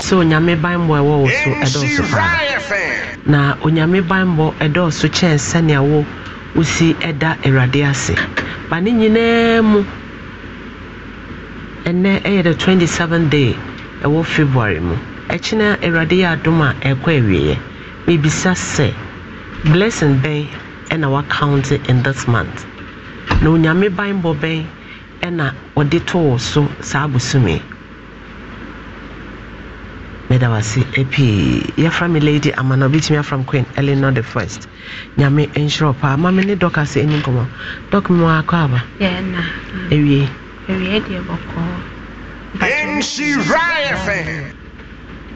sɛ onyame banbɔ ɛwɔ wo so ɛdɔɔso paa na onyame banbɔ ɛdɔɔso kyɛn sɛnea wo wosi ɛda awurade ase ba ne nyinaa mu ɛnɛ ɛyɛ the 27 day ɛwɔ february mu ɛkyena awurade yɛ adom a ɛkɔ awieɛ mebisa sɛ blessing bɛn ɛna wacounte in this month na onyame banbɔ bɛn ɛna ɔde too so saa bosome meda wase pii yɛfra me lady amana obɛtumi afra m queen eleanor the first nyame nhyerɛ paa ma me ne dɔk ase ani nkɔmmɔ dɔk me aba awie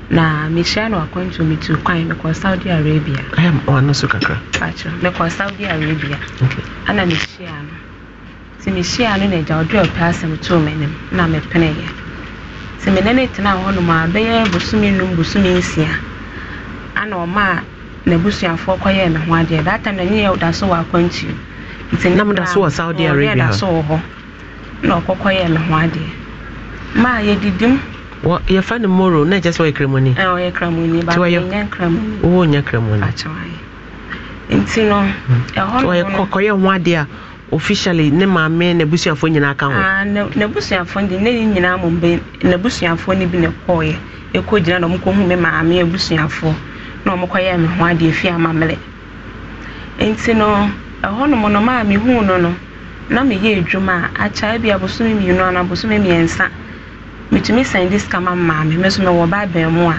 na mehyia no akwanto metu kwan mekɔ saudi arabia ɔno so kakra mekɔ saudi arabia ana mehyia no nti mehyia no na agya ɔdɔ ɔpɛ asɛm too m'anim na mepeneeɛ sɛ mene ne tena hɔnom a bɛyɛ bosome num bosome nsia ana ɔma a n'abusuafoɔ kɔyɛɛ ne ho adeɛ that time n'ani yɛ da so wɔ akwantuo nti nam da so wɔ hɔ na ne ho adeɛ maa yɛdidim yɛfa no moro na ɛkyɛ sɛ nti no ho adeɛ a officially ne maame n'abusuafoɔ nyinaa ka ho. Ah, n'abusuafoɔ de ne nyinaa mo bɛ n'abusuafoɔ ne bi na kɔɔɛ ekɔ gyina na ɔmokɔ hụ me maame abusuafoɔ na ɔmokɔ yɛ me ho adeɛ fi amammerɛ nti no nọ no maa me hu no nọ na meyɛ edwuma a akyaa ebi abosome mmienu anaa abosome mmiɛnsa metumi sɛn de sika ma maame me nso mewɔ ba abɛn mu a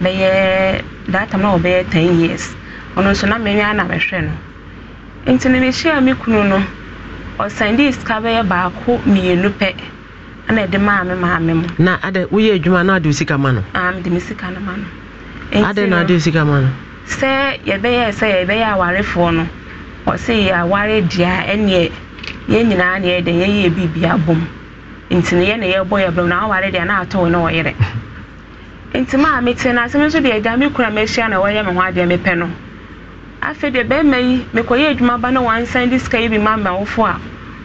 bɛyɛ daatam na wɔbɛyɛ ten years ɔno nso na menyɛ ana mehwɛ no nti no mehyia me kunu no ɔsan de sika bɛyɛ baako mmienu pɛ ɛna ɛde maame maame mu. na ade woyɛ adwuma na ade sika ma no. aa mede me sika no ma no. ade na ade sika ma no. sɛ yɛbɛyɛ sɛ yɛbɛyɛ awarefoɔ no ɔsi aware dea ɛneɛ yɛn nyinaa neɛ de yɛyɛ biribi abom nti no yɛn na yɛbɔ yɛ bɛm na aware deɛ na atɔ na ɔyerɛ nti maame te na asɛm nso deɛ ɛda me kura m'ahyia na wɔyɛ me ho adeɛ mepɛ no. afei deɛ bɛrima yi mekɔyɛ adwuma ba na wansan de sika yi bi ma mmanwofo a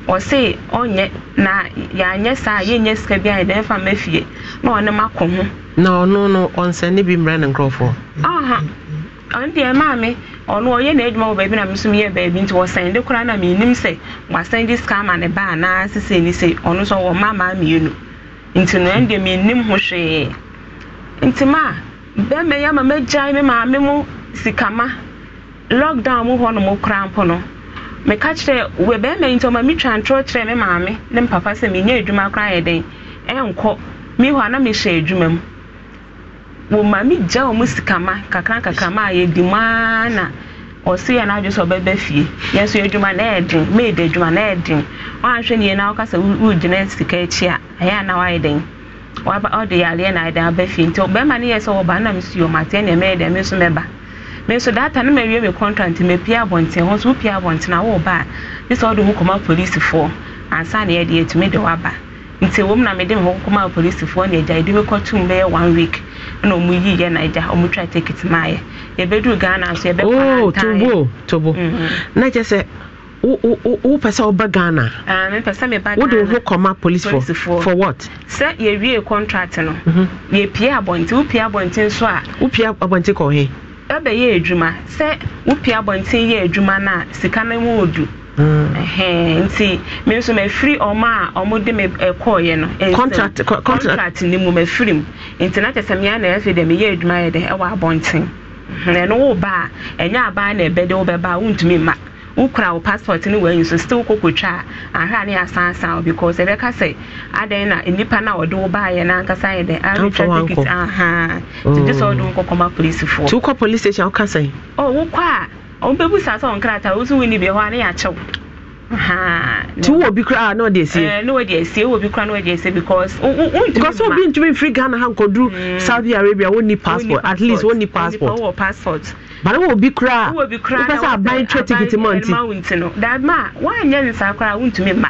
ɔse ɔnyɛ na yɛanyɛ saa a yɛnyɛ sika bi a yɛde fa ma fie na ɔne ma kɔ ho na ɔno no ne bi mmra ne nkurɔfoɔ ɔno deɛ maame ɔno ɔyɛ na baabi nti de na sɛ de sika ama ne ba anaa sesɛ ni sɛ ɔno lockdown mu hɔ no mu kora mpo no meka kyerɛ wɔ bɛrima nti ɔma mi ntorɔ kyerɛ me maame ne mpapa sɛ menyɛ adwuma kora yɛ den ɛnkɔ ana mehyɛ adwuma mu gya sikama kakra kakrama a yɛdi mu ara na adwuma na adwuma na ne sika akyi a na yɛ den fie nti na mi si ɔmo den nso data no ma awie me contract ma pie abɔnten ho nso wopie abɔnten a wɔreba a ne sɛ wode ho kɔma polisifoɔ ansa na yɛde atumi de waba nti wɔm na mede me ho kɔma polisifoɔ na agya yɛde mekɔtom bɛyɛ one week na ɔmo yiiɛ na agya ɔmo twa ticket maayɛ yɛbɛduru ghana nso yɛbɛpa oh, tobo tobo mm-hmm. na kyɛ sɛ wopɛ sɛ wobɛ ghana wode wo ho kɔma police for, for what sɛ yɛwie contract no mm-hmm. yɛpie abɔnte wopie abɔnte nso a ah. wopie abɔnte kɔ he ɛbɛyɛ adwuma sɛ wopia abɔnten yɛ adwuma no a sika no mu ɔdu mm. nti me nso mafiri ɔma a ɔmo de me ɛkɔɔyɛ no contract ne mu mafiri mu nti na kyɛ sɛ mea na ɛfei dɛ meyɛ adwuma yɛ dɛ ɛwɔ abɔnten ɛno wo ba a ɛnyɛ abaa na ɛbɛde wobɛba a wontumi mma wokura wo passport no wɔayi so still kɔkɔtwa a ahwɛ a ne yɛasansan wo because ɛbɛka sɛ adɛn na nnipa no a wɔde wo baayɛ no ankasa yɛ dɛn arɛtrafikit aha nti mm. gye sɛ wode wo nkɔkɔma polisifoɔ nti wokɔ police station woka sɛn wokɔ a ɔmbɛbu saa sɛ ɔnkrataa wo so wo ni biɛ hɔ a ne yɛakyɛw tí wọ́n bi kura ah, náà de esie. Eh, na wọ́n de esie wọ́n bi kura náà de esie because because obi ntumi nfiri Ghana ha nkɔduru mm. Saudi Arabia wọ́n ni passport at least wọ́n ni passport. wọ́n wɔ passport. bana wọ́n bi kura wọ́n bi kura na wọ́n sɛ aban twɛ tikiti mɔ nti. aban twɛ tikiti mɔ nti dama wɔn anyɛ nsa kora a wɔntumi ma.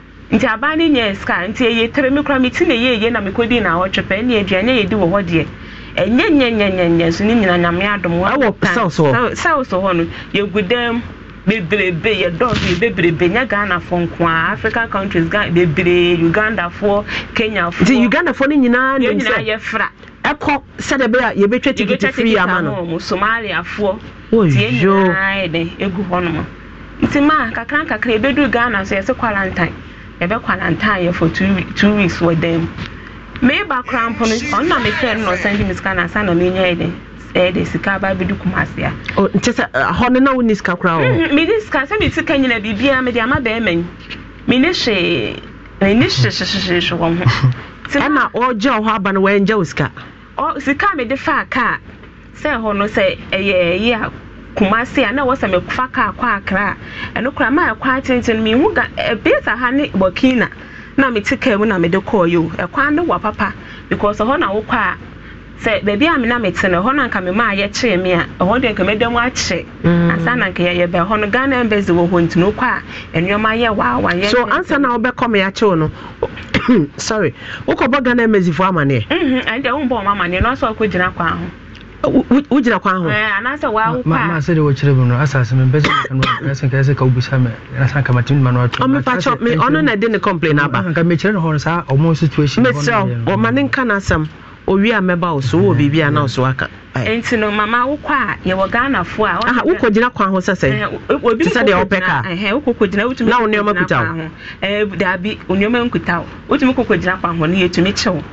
nti abaa no nyɛ sika nti ɛyɛ tere me kora na ɛyɛ na mekɔdi na awɔtwe pɛ ne aduane yɛdi wɔ hɔ deɛ ɛnyɛ nyɛ nyɛ nyɛ nyɛ so ne nyina nyame adom wɔ sɛw so hɔ no yɛgu dam bebrebe yɛ dɔɔso yɛ bebrebe nyɛ ghanafoɔ nko a african countries bebree ugandafoɔ kenyafoɔ nti ugandafoɔ no nyinaa ɛkɔ yɛbɛ kwarantan for two two weeks wɔ them. meeba koraa mpo no ɔno na mefrɛ no na ɔsan gye me sika na ansa na menya yɛ dɛn ɛyɛ de sika aba bi di kumase a. Oh, nkyɛ sɛ eh, hɔ no na wonni sika koraa wɔ. Mhm, mede sika sɛ mede sika nyina biribiara mede ama bɛrima yi mene hwee mene hyehyehyehyehye wɔn ho. ɛna ɔregye ɔhɔ aba no wɔangya wo sika. sika a mede faa kaa sɛ hɔ no sɛ ɛyɛ ɛyɛ a kumase a e, na wɔsɛ mefa kaa kɔ akra a ɛno kora maa ɛkɔ atenten mehu ga ɛbeta ha ne na kaa mu na mede kɔɔ o. ɛkwan e, no wɔ papa because ɛhɔ na wokɔ a sɛ beebi a mena mete no ɛhɔ no maa a ɛhɔ deɛ nka mu mm. akyerɛ na nka yɛyɛ no ghana embassy wɔ hɔ nti a nneɔma yɛ yɛ so ansa na no sorry ghana wogyina kwan ho masɛ de wɔkyerɛ mu no asase me mpɛsɛsɛ ka wobusa me nasanka matimi ma no atomepakyɛ ɔno na de ne complain aba nka mekyerɛ no hɔ no saa ɔmo situation mesrɛ ɔma ne nka no asɛm owie a mɛba wo so wowɔ biribi na wo so aka nti no mama wokɔ a yɛwɔ ghanafoɔ a wokɔgyina kwan ho sɛ sɛte sɛ deɛ wopɛ ka na wo nneɔma kuta wo eh, daabi nneɔma nkuta wo wotumi kɔkɔgyina kwan ho no yɛtumi kyɛ wo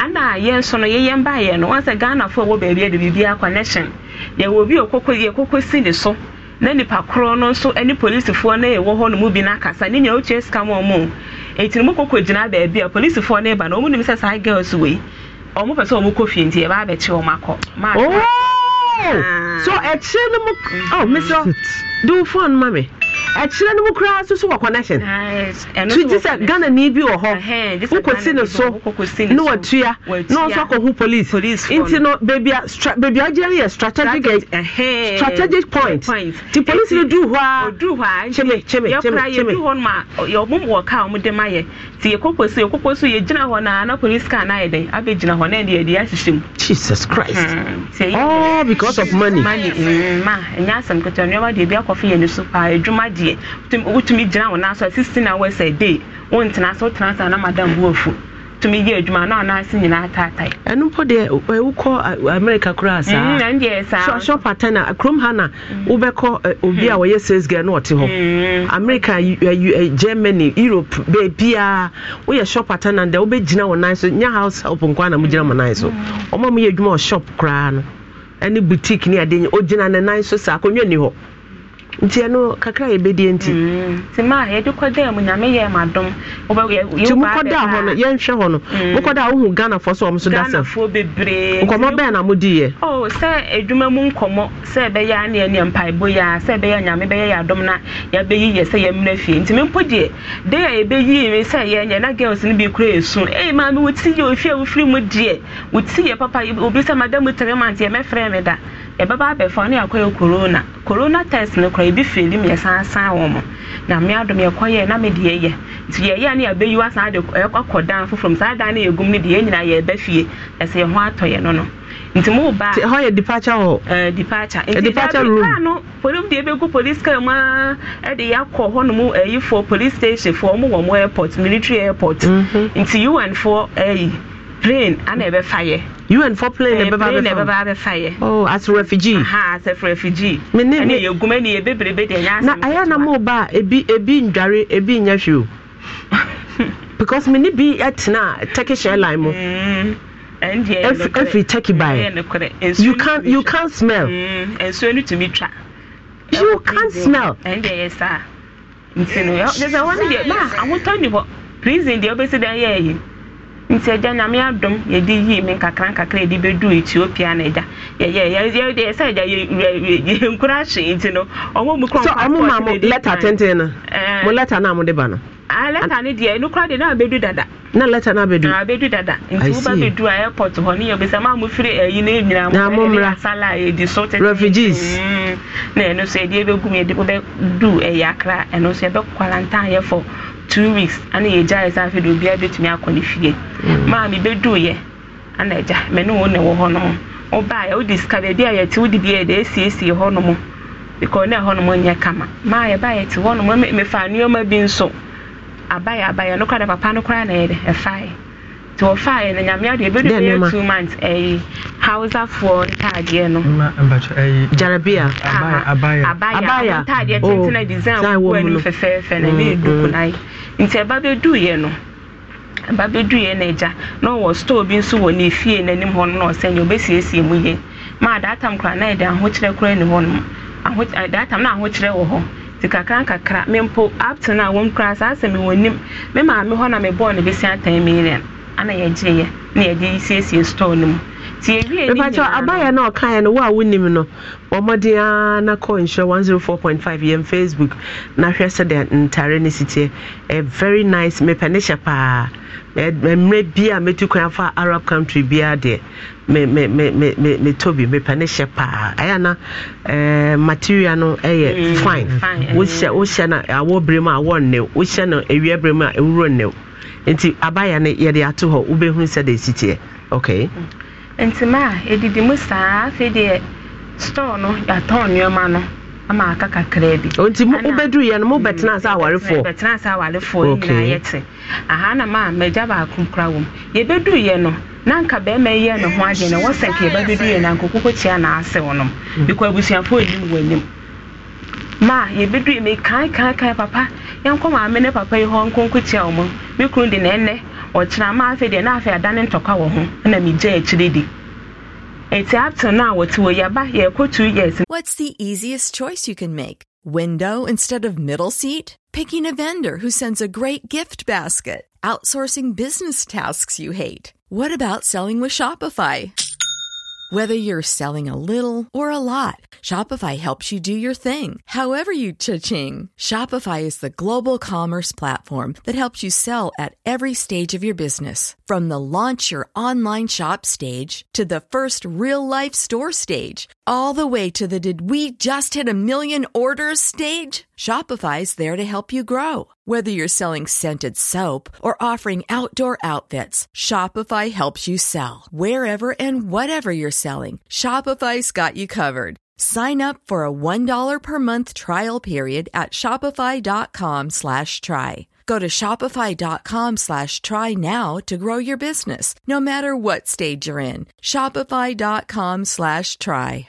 ana yɛn nso no yɛyɛn ba yɛn no wɔn sɛ ghanafoɔ wɔ beebi a de biribi akɔnɛhyɛn yɛwɔ obi a okoko yɛ koko si ne so na nipa korɔ no nso ɛne polisifoɔ no ɛwɔ hɔ no mu bi n'akasa ne nyinaa otua sika mu ɔmo eti no mu koko gyina baabi a polisifoɔ no ba na ɔmo nim sɛ saa girls wei ɔmo pɛ sɛ ɔmo kɔ fie nti yɛba abɛkye ɔmo akɔ. Ah. so ɛkyɛ no mu ɔ oh, mesrɛ do phone ma me ɛkyerɛ no mu kora so so wɔ connection nti gye sɛ ghanani bi wɔ hɔ wokɔsi ne so ne watua na ɔso akɔho police nti no baabi agye no yɛ strategic point nti police no duu hɔ a kyemekyemekyemekyemekyeme jesus christ hmm. all because of money mm, akɔfe yɛn so paa adwuma deɛ wotumi gyina wɔn aso sixteen hours a day wɔn ntena so tena so anam adam bu afu tumi yɛ adwuma na ɔnan ase nyinaa taatae. ɛnu mpo deɛ wokɔ america koraa saa mm, ɛn deɛ saa shop ata na kurom ha na wobɛkɔ obi a mm. wɔyɛ sales girl na ɔte hɔ mm. america germany europe beebiaa woyɛ shop ata na deɛ wobɛgyina wɔn nan so nya house help nkwa na mo gyina mo nan so ɔmo mo yɛ adwuma wɔ shop koraa no ɛne boutique ne adeɛ ogyina ne nan so saa akonnwa ni hɔ nti ɛno kakra yɛbɛdie nti mm. nti maa yɛde kɔda mu nyame yɛ ma dom nti mokɔda hɔ no yɛnhwɛ hɔ no mm. mokɔda a wohu ghanafoɔ sɛ ɔm so da sɛm nkɔmmɔ bɛɛ na modiiɛ oh, sɛ adwuma mu nkɔmmɔ sɛ ɛbɛyɛ a ne ɛne mpaebɔ yi a sɛ ɛbɛyɛ nyame bɛyɛ yɛ adom na yɛbɛyi yɛ sɛ yɛmmerɛ fie nti mempo deɛ de a yɛbɛyii me sɛ yɛnyɛ na girls no bi kora ɛsu ei maame wo ti yɛ ofie a wofiri mu deɛ wo ti yɛ papa obi sɛ madam tɛmɛ manteɛ mɛfrɛ me da yɛbɛba abɛfa ne yɛakɔyɛ corona corona test no kora ebi fili mu yɛsan san wɔn na mmea yɛkɔyɛ na me deɛ yɛ nti yɛyɛ ne yɛabɛyi saa de ɛkɔ dan foforɔ mu saa dan no yɛgum ne deɛ nyinaa yɛbɛ fie ɛsɛ yɛn ho atɔ yɛn no no nti mu ba hɔ yɛ departure hɔ ɛɛ departure nti departure room kaa no polim deɛ ebegu police car mu aa ɛde yɛakɔ hɔnom ɛyi police station fo ɔmo wɔ airport military airport mhm. nti un fo ɛyi. Eh, plane ana ɛbɛfa yɛ un for plane na ɛbɛba abɛfa yɛ oh as refugee aha as a refugee me ne ne yɛ gum ɛne yɛ bebrebe deɛ nyɛ asɛm na ayɛ na mo ba ebi ebi ndware ebi nyɛ hwee o because me ne bi ɛtena turkish airline mu ɛfiri mm, turkey bae eh, you can't you can't smell mm, nsuo no tumi twa you can't eh, smell ɛndeɛ yɛ saa nti no yɛ sɛ wɔn deɛ ba ahotɔ ni hɔ prison deɛ ɔbɛsi dan yɛ ɛyi nti agya nyame adom yɛde yii me nkakra nkakra yɛde bɛduu ethiopia na agya yɛyɛyɛde yɛsɛ agya yɛnkura ahye nti no ɔmo mu kɔn passport ɔmo ma mo lɛta tenten no mo lɛta na mo de ba no. ah lɛta ne deɛ ɛnu kura deɛ na abɛdu dada. na lɛta na abɛdu. na abɛdu dada nti wo bɛdu a airport hɔ ne yɛbisa maa mo firi ɛyi eh, ne nyinaa mo na mo mra asala a yɛdi so tete. refugees. Mm. na ɛno so yɛde ebegu mu yɛde bɛ ɛyɛ akra ɛno so yɛbɛ kwalantan yɛ for two weeks ɛna yɛgya yɛ san afei de obiara bɛtumi akɔ ne fie. Mm. maame bɛduuyɛ ana agya mɛne wo ne wɔ hɔ nom wobaeɛ wode sika baabi a yɛte bi yɛ de esiesie hɔ nom because ne hɔ nom nyɛ kama maa yɛ yɛba yɛte hɔ nom mefa nneɛma bi nso abayɛ abayɛ no koraa papa no koraa na yɛde ɛfaeɛ nti wɔfaeɛ no nyame adeɛ bɛdu bɛyɛ two months ɛyi hausafoɔ ntaadeɛ no jarabia abayɛ ntaadeɛ tenten a design wɔ mu anim fɛfɛɛfɛ na ne yɛ mm, duku mm. no ayɛ nti ɛba bɛduuyɛ no ba bɛduiɛ no agya na ɔwɔ store bi nso wɔ ne fie n'anim hɔ no na ɔsɛ nyɛ ɔbɛsiesie mu yie ma daatam kora na yɛde ahokyerɛ kora ni hɔ no daatam na ahokyerɛ wɔ hɔ nti kakra nkakra mempo apte no a wɔm kora saa sɛ mewɔ nim me maame hɔ na mebɔɔ no bɛsi atan million ana yɛgyeeɛ na yɛde siesie store no mu mepakyɛ abayɛ no ɔkaeɛ no wo a wonim no ɔmmɔden a na kɔ nhyɛ 104.5 yɛm facebook na hwɛ sɛdeɛ ntare no siteɛ ɛ very nice mepɛ ne hyɛ paa mmerɛ bi a mɛtu kwan afa arab country me me me bi mepɛ ne hyɛ paa ɛyɛ na eh, material no ɛyɛ mm, mm, fine wohyɛ no awɔ berɛ mu a wɔnnew wohyɛ na awia berɛ mu a ɛwuro nnew nti abayɛ no yɛde ato hɔ wobɛhunu sɛdeɛ siteɛ okay mm ntoma a ɛdidi mu saa afei deɛ store no yɛatɔn nneɛma no ama aka kakraa bi oh, nti wobɛduru yɛ no mobɛtena sɛ awarefoɔ bɛtena sɛ awarefoɔ nyinaa yɛte aha na ma magya baako kora wɔ m yɛbɛduru yɛ no na nka bɛrima yɛ ne ho adeɛ no wɔsɛ nka yɛbɛbɛduru yɛ no ankokoko kyia na asew nom bikɔ abusuafoɔ anim wɔ anim ma yɛbɛduru yɛ mekaekaekae papa yɛnkɔ maame ne papa yi hɔ nkonko kyia wɔ mu me kunu na ɛnɛ deɛ na afei adane ntɔkwa wɔ ho na megya akyire di What's the easiest choice you can make? Window instead of middle seat? Picking a vendor who sends a great gift basket? Outsourcing business tasks you hate? What about selling with Shopify? Whether you're selling a little or a lot, Shopify helps you do your thing, however you cha-ching. Shopify is the global commerce platform that helps you sell at every stage of your business. From the launch your online shop stage to the first real life store stage, all the way to the did we just hit a million orders stage. Shopify's there to help you grow. Whether you're selling scented soap or offering outdoor outfits, Shopify helps you sell. Wherever and whatever you're selling, Shopify's got you covered. Sign up for a $1 per month trial period at shopify.com slash try. Go to shopify.com slash try now to grow your business, no matter what stage you're in. Shopify.com slash try.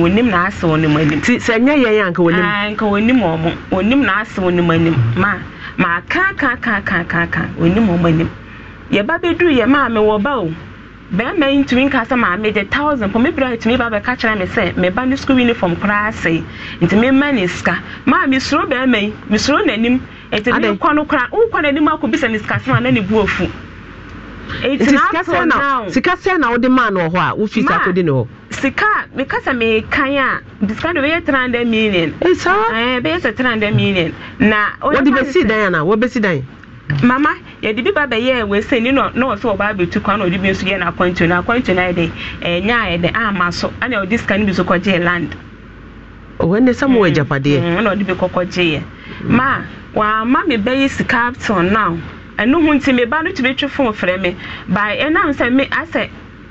wonim na asɛ wɔnim anim nti sɛ nyɛ yɛn anka wonim anka wonim ɔmo wonim na asɛ wɔnim anim ma ma aka aka aka aka aka aka wonim ɔmo anim yɛba bɛduru yɛ maame wɔ ba o bɛrima yi ntumi nkasa maame de thousand pɔn mebira ntumi ba bɛka kyerɛ mi sɛ meba ne school uniform koraa asɛe nti mema ne sika maame soro bɛrima yi mesoro n'anim nti ne kɔ no koraa wokɔ n'anim akɔ bisa ne sika sɛm a na ne bu afu sika sɛn na wode maa no wɔ hɔ a wofi sa kɔdi ne hɔ sika mekasa mekan a sika de bɛyɛ 300 million bɛyɛ sɛ 300 million na wode bɛsi dan ana wɔbɛsi dan mama yɛde bi ba bɛyɛ wɛsɛ ni no na ɔsɛ ɔbaa bɛtu kwan na ɔde bi nso yɛ n'akwantu na akwantu na yɛde ɛnya a yɛde ama so ana ɔde sika no bi so kɔgyee land wɔn ne sɛ mo wɔ mm, agyapadeɛ mm, na ɔde bi kɔkɔgyeeɛ ma wama me bɛyɛ sika up till now ɛno ho nti me ba no tumi twe fon frɛ me ba ɛnam sɛ me asɛ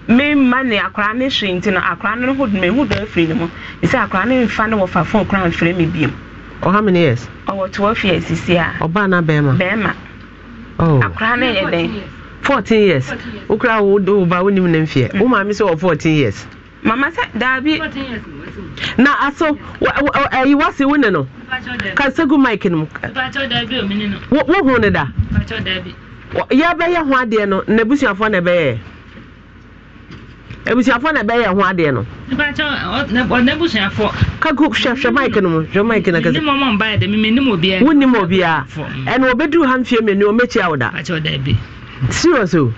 me mma ne akwaraa ne hwee nti no akwaraa no ho me ho dɔ afiri ne mu ɛsɛ akwaraa ne mfa ne wɔfa fon koraa mfrɛ me biom ɔha mene yes ɔwɔ twelve years sisi a ɔbaa na bɛrima bɛrima oh. akwaraa no yɛ dɛn fourteen years wokora wo ba wonim ne mfeɛ wo maame sɛ wɔ fourteen years mama sɛ daabi na aso ɛyi wase wo ne no kasa gu mic no mu wohu ne da yɛbɛyɛ ho adeɛ no na abusuafoɔ na ɛbɛyɛ abusuafoɔ na ɛbɛyɛ ho adeɛ no kago hwɛ hwɛ mic no mu hwɛ mic no kasa wonim obiaa ɛna wɔbɛduru ha mfie mmienu ɔmɛkyia wo da serious o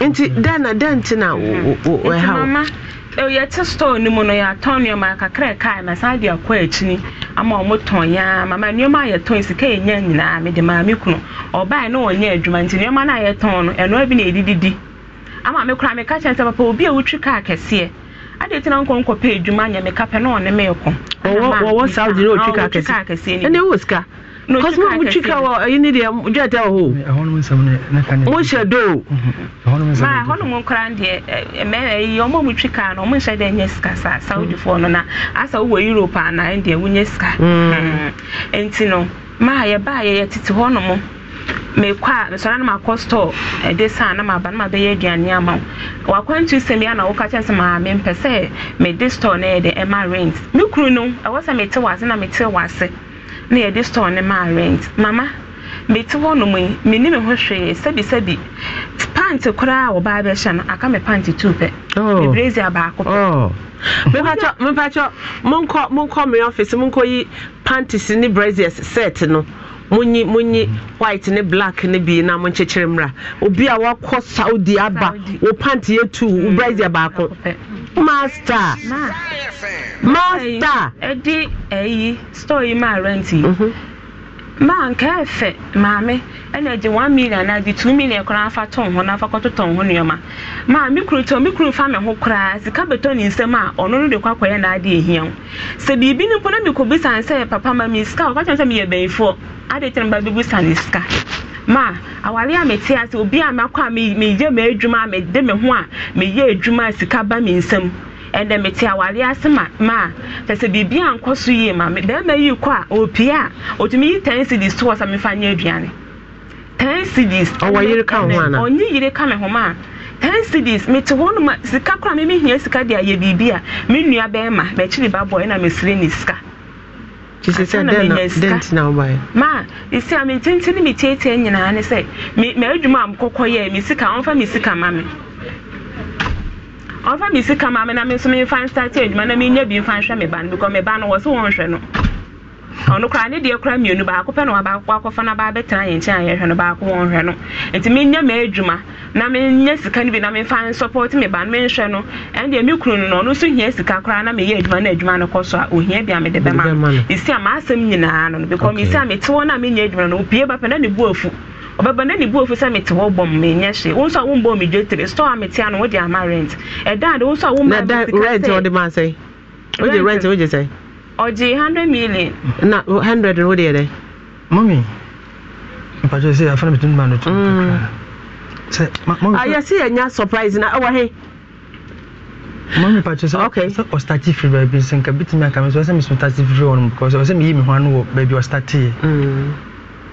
nti da na da nti na ɛha yɛ te store no mu no yɛatɔn nneɛma kakra kae na saa de akɔ akyini ama ɔmo tɔn yɛa mama nneɛma a yɛtɔn sika yɛnya nyinaa mede maame kunu ɔbae na ɔnyɛ adwuma nti nneɛma no a yɛtɔn no ɛnoa bi na ɛdididi ama me koraa meka kyerɛ sɛ papa obi a wotwi kaa kɛseɛ ade tena nkɔ nkɔpɛ adwuma nyɛ meka pɛ na ɔne meekɔ wɔwɔ saa wode ne ɔtwi kaa kɛseɛ ɛne wɔ sika kɔsmo twika wɔ ɛyi ne deɛ dwata wɔ hɔ mohyɛ do mm-hmm. ma hɔno nkora deɛ ɛyi ɔma mu twika no ɔmonhyɛ dɛ nyɛ sika saa no na asa europe eh, deɛ sika mm. mm. eh, no mekɔ eh, a store ɛde saa na na aduane ama na sɛ maa sɛ mede store ɛma na mete wɔ na yɛde store ne maa rent mama meti hɔ nom yi meni me ho hwee sɛbisɛbi pant koraa a wɔbaa bɛhyɛ no aka me pant tu pɛ mebrezia oh. baako pɛ oh. mepakyɛ mepakyɛ monkɔ monkɔ me office monkɔ yi panties ne braziers set no munyi mm. white ne black ne bi na monkyekyere mmra obi a wakɔ saudi aba wo panty yɛ tu wo mm. bride baako master master ɛdi ɛyi store yi maa rent yi. Mhm. bank ɛfɛ maame ɛna gye one million na de two million koraa afa tɔn ho na afa kɔtɔtɔn ho nneɛma maa me kuru tɔn me kuru fa me ho koraa sika bɛtɔ ne nsam a ɔno no de kɔ akɔyɛ n'adeɛ ehia ho sɛ biribi no mpo na mi kɔ bisa nsɛ papa ma mi sika ɔka kyerɛ sɛ mi yɛ bɛnfoɔ adeɛ kyerɛ ba bi bisa ne sika ma awale a mete ase obi a makɔ a meyɛ m'adwuma a mede me ho a meyɛ adwuma a sika ba me nsam ɛnna mete awari ase ma ma a sɛ biribi a nkɔ so yie ma bɛrima yi kɔ a opi a otumi yi ten cities to ɔsa mefa nye aduane ten cities. ɔwɔ yiri ka ho ana ɔnye yiri ka ho ma a ten cities mete hɔ nom a sika koraa mi mi hia sika de ayɛ biribi a mi nua bɛrima bɛkyiri ba bɔ ɛna mesiri ne sika. kyesɛ sɛ dɛn tena wobaɛ ma ɛsi a mententene metietie uh, nyinaa ne sɛ maadwuma a mkɔkɔ yɛ me sika ɔmfa me ma me ɔfa mi sika maame na mi nso nfa nsa te na mi nya bi nfa nhwɛ mi ba no bikɔ mi ba no wɔ so wɔn nhwɛ no ɔno kora ne deɛ kora mmienu baako pɛ na ɔbaako akɔfa na baa bɛtena yɛn nkyɛn a yɛhwɛ no baako wɔn hwɛ no nti mi nya mi adwuma na mi nya sika no bi na mi nfa nsɔpɔt mi ba no mi nhwɛ no ɛndeɛ mi kunu no ɔno nso hia sika kora na mi yɛ adwuma na adwuma no kɔ so a ohia bi a mi de bɛma no esi a maa asɛm nyinaa no bikɔ mi si a mi te hɔ na mi nya adwuma no opie ba pɛ na ne bu afu ɔbɛba na ne bu ofi sɛ mete hɔ bɔ me nyɛ hye wo nso a wombɔ me dwe tiri store a mete ano wode ama rent ɛda de wo nso a woma rent wode ma sɛ wogye rent wogye sɛ ɔgye hundred million na 100 no wodeɛ dɛ mami mpatwɛ sɛ afana metum ma no to mm. ayɛ sɛ ah, yɛnya surprise na ɛwɔ he mami patwɛ sɛ sɛ ɔstati firi baabi sɛ nka bɛtumi aka me so sɛ mesotati firi hɔ no because ɔsɛ meyi me ho ano wɔ baabi ɔstatiɛ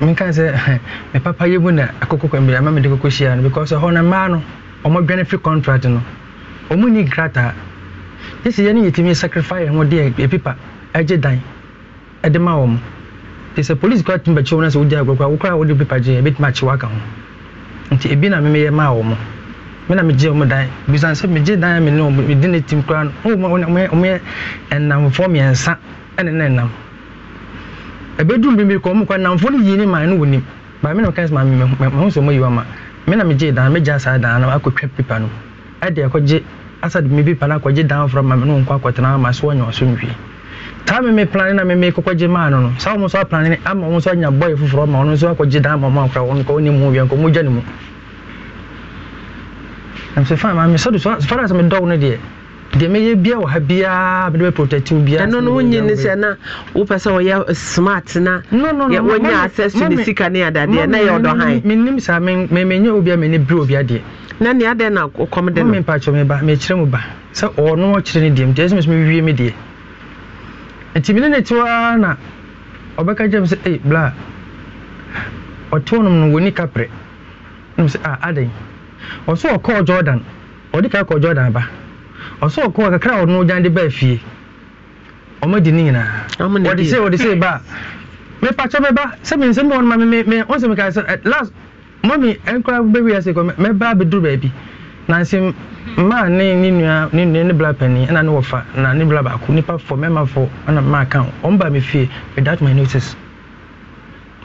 menka sɛ me papa yɛbu na akoko kwambere ama mede kɔkɔ hyia no because hɔ no mmaa no ɔmɔdwane firi contract no ɔmu ni grataa gye sɛ yɛne yɛtumi sacrifice ho de ɛpipa agye dan ɛde ma wɔ m nti sɛ police kora tumi bɛkyɛw no sɛ wogya agorɔ wo kora wode pipa gye ɛbɛtumi akyew aka ho nti ebi na memeyɛ maa wɔ mo me na megye ɔmo dan bisane sɛ megye dan a mene mede ne tim koraa no ɔmoyɛ ɛnamfoɔ mmiɛnsa ɛne ne nam ɛbɛdum bi mi kɔ mu kɔ namfo no yie ne maa no wɔ nim baa mi na ɔka ma ma ho sɛ ɔmɔ yiwa ma mi na mi gye dan mi gye asa dan na akɔtwa pepa no ɛde ɛkɔ gye asa de mi pepa no akɔ gye dan foro ma mi no nkɔ akɔtena ma so ɔnyɛ ɔso nwie taa mi mi plan na mi mi kɔkɔ gye maa no no saa ɔmo nso aplan ne ama ɔmo nso anya bɔyɛ foforɔ ma ɔno nso akɔ gye dan ma ɔmo akora ɔno kɔ ɔne mu wiɛ nkɔ ɔmo gya ne mu ɛnso mi sɔdo sɔdo asɛ mi dɔw deɛ mɛyɛ bia wɔ ha biaa mede bɛ protective bia ɛno no wonye ne sɛ na wopɛ sɛ wɔyɛ uh, smart na wɔnya access to ne sika ne adadeɛ na yɛ ɔdɔ han mennim saa menyɛ obi a mene berɛ obi adeɛ na nea adɛn na kɔm de no mempakyɛ meba mekyerɛ mu ba sɛ ɔno ɔkyerɛ ne deɛ mdeɛ sɛ mewie me deɛ nti mene ne tewa na ɔbɛka gyam sɛ ei bla ɔtew nom no wɔni kaprɛ nem sɛ ah, adɛn ɔso ɔkɔɔ jordan ɔde ka kɔɔ jordan ba ɔsɛ ɔkɔ kakra ɔno gyan de baa fie ɔmo di ne nyinaa ɔde se ɔde se ba mepakyɛ mɛba sɛ mi nsɛm bi wɔn ma mi mi mi ɔnsɛm kaa sɛ last mɔmi nkora bɛwi ase kɔ mɛba abɛduru baabi nansi mmaa ne ne nua ne nua ne bla panyin ɛna ne wɔfa na ne bla baako nipa fɔ mɛma fɔ ɛna mmaa kan wɔn ba mi fie without my notice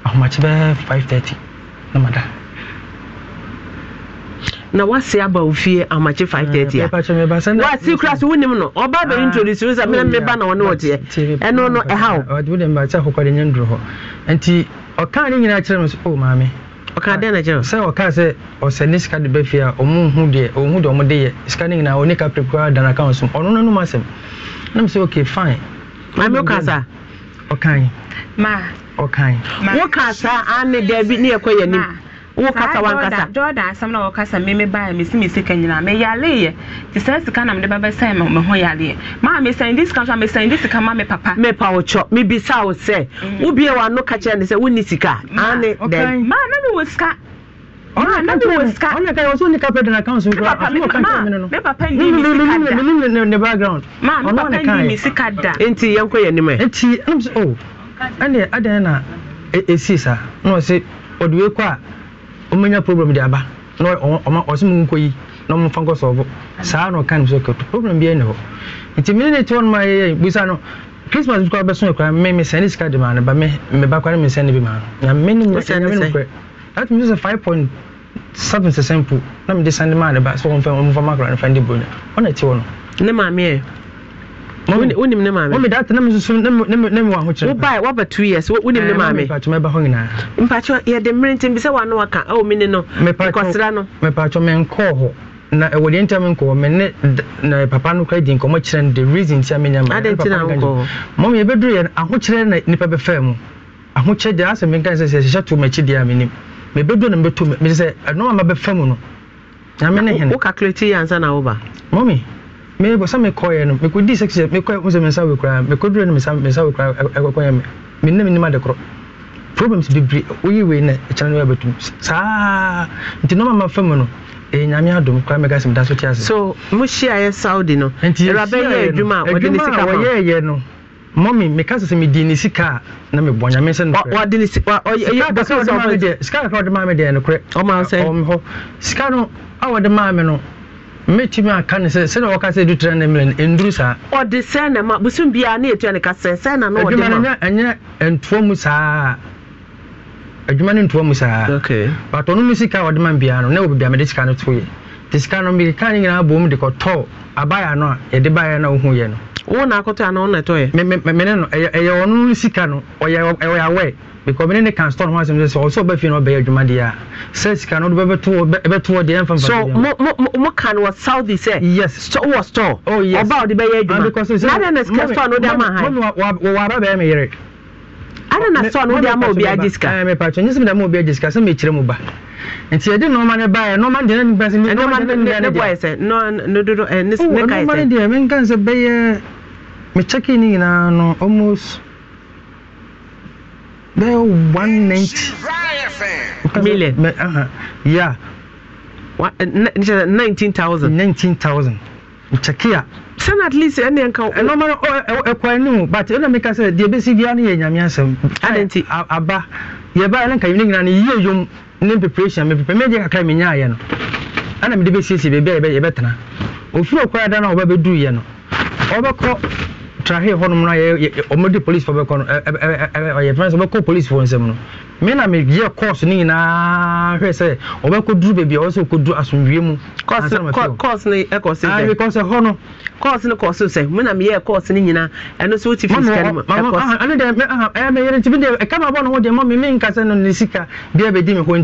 ahomakye bɛɛ five thirty na ma da na wase aba ofie amakye 530 eh, wase kura so wonim no ɔba bɛ ah, introduce wo sɛ mena meba na ɔne wɔteɛ ɛno no ɛhaw nti ɔka ne nyinaa oh, ah, kyerɛ me sɛ o maame ɔka dɛn na kyerɛ sɛ ɔka sɛ ɔsɛ ne sika de ba fie a ɔmo hu deɛ ɔmo hu deɛ ɔmo de yɛ sika ne nyinaa ɔne kapre kura dan account so ɔno no no asɛm na me sɛ okay fine maame ɔka sa ɔkan ma ɔkan wo ka sa ane dabi ne yɛkɔ yɛ nim wo kasa wa nkasa jordan asɛm na wɔkasa meme baa mesi me sika nyinaa meyaleeɛ te saa sika na mede bɛbɛsɛn me ho yaleɛ maa mesɛn de sika so a mesɛn de sika ma me papa mepa wo kyɔ mebisa wo sɛ wobie w'ano ka kyerɛ ne sɛ wonni sika ane dɛn maa na mewɔ sika nti yɛnkɔ yɛ nim ɛ ɛne adɛn na ɛsii saa na ɔse ɔde wei kɔ a ɔmanya problem de aba na ɔma ɔsɛ mu nkɔ yi na ɔmfa nkɔ sɔɔfo saa na ɔka ne so kɛto problem bi ɛne hɔ nti mene ne te hɔ no ma yɛyɛ busa no christmas bi koraa bɛso akora me me sɛne sika de maa no ba me meba kora me nsɛne bi maa no na me ne nyame no korɛ atumi sɛ five point seven sɛ sample na mede sɛne maa ne ba sɛ ɔmfa ɔmfa ma akora no fa ne de bronya ɔna ɛte hɔ no ne maameɛ wonim ne mamewobae waba two years wonim ne maame yɛde mmerɛ bi sɛ wano waka ao oh, mene no mekɔsra no mepakyɛ menkɔɔ hɔ na ɛwɔ eh, deɛ ntam nkɔɔ me na papa no kora di nkɔmmɔ kyerɛ no the reason ntia menyama mɔm yɛbɛduruyɛ no ahokyerɛ na nnipa bɛfaa mu ahokyerɛ deɛ asɛ menka sɛ sɛ hyehyɛ to makyi deɛ a menim mebɛduru na mebɛto mesɛ sɛ ɛno bɛfa mu no nyame ne hene wo ansa na woba mɔmi mebɔ sɛ mekɔɛ no mekɔdii sɛ kyɛ mekɔɛ wo sɛ me nsa wɔ koraa mekɔdurɛ no me nsa wɔ koraa ɛkɔkɔyɛ me menna menim ade korɔ problems bebree woyɛ wei na ɛkyɛne no wɛbɛtum saa nti nɔma ma fa mu no ɛyɛ nyame adom koraa mɛka sɛ meda so te ase so mohyiaeɛ saudi no awuraba yɛ adwuma a wɔde ne sika ma wɔyɛɛyɛ no mɔmi meka sɛ sɛ medi ne sika a na mebɔ nyame sɛ nokorɛ sika kakra wɔde maa me deɛ nokorɛ ɔma sɛ hɔ sika no a wɔde maa me no mɛtumi aka ne sɛ sɛna wɔka sɛ ɛdu trɛ ne mmerɛ no ɛnduru saa ɔde sɛ na ma bosom biaa ne ɛtua ne ka sɛ sɛ na na ɔde ma ɛnyɛ ɛnyɛ ntoa mu saa adwuma no ntoa mu saa but ɔno mu sika a ɔde ma biaa no na wɔ baabi a mede sika no toeɛ nti sika no mede ne nyinaa bɔ de kɔtɔ abaya no a yɛde baeɛ no a no wo na akɔtɔ anaa wo na ɛtɔ yɛ. mene no ɛyɛ ɔno sika no ɔyɛ ɔyɛ awɛ because mene ne kan store no ho asɛm sɛ ɔsɛ ɔbɛfie na ɔbɛyɛ adwuma deɛ a sɛ sika no wode bɛbɛto wɔ deɛ ɛmfa so mo mo kan wɔ saudi sɛ yes wɔ store Oh ɔba wode bɛyɛ adwuma na deɛ na sika store no wode ama ha wɔwɔ aba bɛyɛ meyere ana na sɔɔ no wode eh, ama obi agye nyɛ sɛ mede ama obi agye sɛ mekyerɛ mu ba nti yɛde nɔɔma no baɛ nɔɔma no eh, oh, deɛ na nipa sɛ nɔɔma no deɛ menka sɛ bɛyɛ mekyɛkee no nyinaa no almost bɛyɛ 190 million yeah 19000 19000 mekyɛkee a sɛn at least ɛne nka ɛnɔma ɛkɔ o but ɛna meka sɛ deɛ bɛsi bia no nyamia nyame asɛm nti aba yɛba ɛna nka yɛne ni no yie yom ne preparation mepepɛ megye kakra menyaayɛ no ana mede bɛsiesie baabi a yɛbɛtena ɔfiri ɔkɔ ada no a wɔbɛbɛduruyɛ no ɔbɛkɔ trahe hɔnom no a ɔmɔde policefoɔ bɛkɔ no ɔyɛ fɛ sɛ ɔbɛkɔ policefoɔ nsɛm no me na meyɛ course no nyinaa hwɛ sɛ ɔbɛkɔ duru baabi a ɔwɔ sɛ ɔkɔduru asomdwie mu course se sɛ ah, course hɔ no course no kɔɔ so sɛ me na meyɛ course no nyinaa ɛno so me menka sɛ no ne sika bia bɛdi me hɔ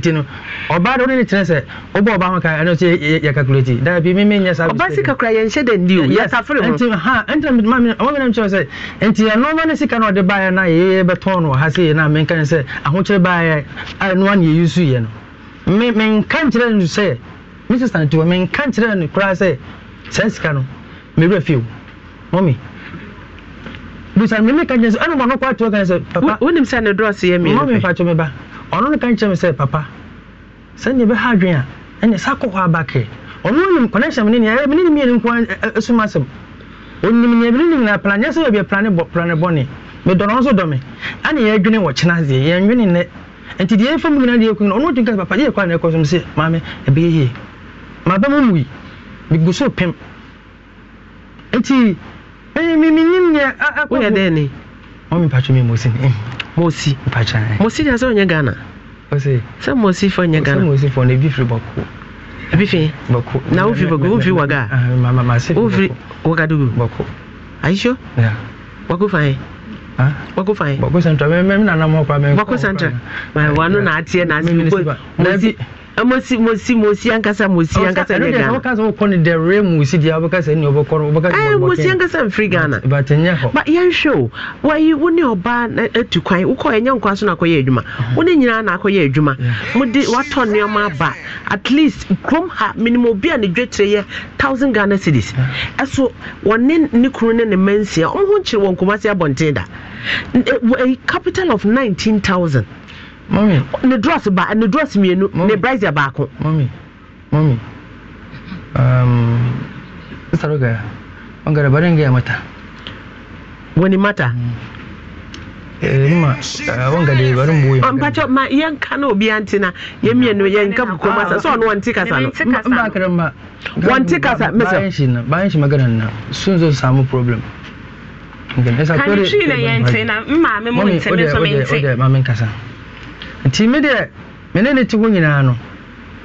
baeɛ a ɛno ane yɛyi so yɛ no menka nkyerɛ no sɛ me sista no tiwɔ menka nkyerɛ no koraa sɛ saa sika no mewura fie o mɔmi bisa me meka kyerɛ sɛ ɛne ɔno kɔ atoɔ kan sɛ papa wonim sɛ ne dɔɔso yɛ mmiɛmɔmi mpakyɛ me ba ɔno no ka nkyerɛ me sɛ papa sɛnea ɛbɛha adwen a ɛne saa kɔ hɔ aba kɛ ɔno nim connection mene neɛ mene ne mmiɛ no nko asum asɛm ɔnim neɛ mene nim na plan nyɛ sɛ baabi plane bɔ plane bɔne medɔno nso dɔ me ane yɛadwene wɔ kyena deɛ yɛnwene nnɛ nti deɛ yɛfa mu nyina deɛ yɛkɔ ɔno ɔtumi ka papa deɛ yɛkɔ ana ɛkɔ so m sɛ maame ɛbɛyɛ yie maba mu mui megu so pem nti menyim nyɛ woyɛ dɛ mosi mosi mosi sɛ ɔnyɛ ghana sɛ mosi fɔ ghana mosi fɔ ebi firi bɔko ebi fi bɔko na bɔko waga ah, wagadugu bɔko bako fain bako central mɛ mɛ nana mɔ kura mɛ bako central wa n'o na tiɛ na se mi ko mosi ah, mosi mosi ankasa mosi ankasa ne gana ɔka sɛ wokɔ no dɛwerɛ mu si deɛ wobɛka sɛ nea wobɛkɔ no wobɛka mosi ankasa mfiri ghana but ɛnyɛ hɔ but yɛnhwɛ o wayi wo ne ɔbaa atu kwan wokɔ ɛnyɛ nkwa so na akɔyɛ adwuma uh-huh. wo ne nyinaa na akɔyɛ adwuma mode watɔ nneɔma aba at least kurom ha menim obi a ne dwakyerɛ yɛ thousand ghana cities ɛso wɔne ne kunu ne ne ma nsia nkyere wɔ nkɔmmɔ se abɔnten da capital of 19000 mami ne dress ba ne dress mienu ne brazier baako mami mami um saruga ongara bare nge mata wani mata mm. eh, eh oh, ma wanga de bare mu yi ampacho ma yanka na obi antina ye mienu yanka buko masa so no wanti kasa no mba wanti kasa mesa bayan shi na na sun zo samu problem kan shi na yantina mma me mu ntene so mente ode kasa nti me deɛ me ne ne te ho nyinaa no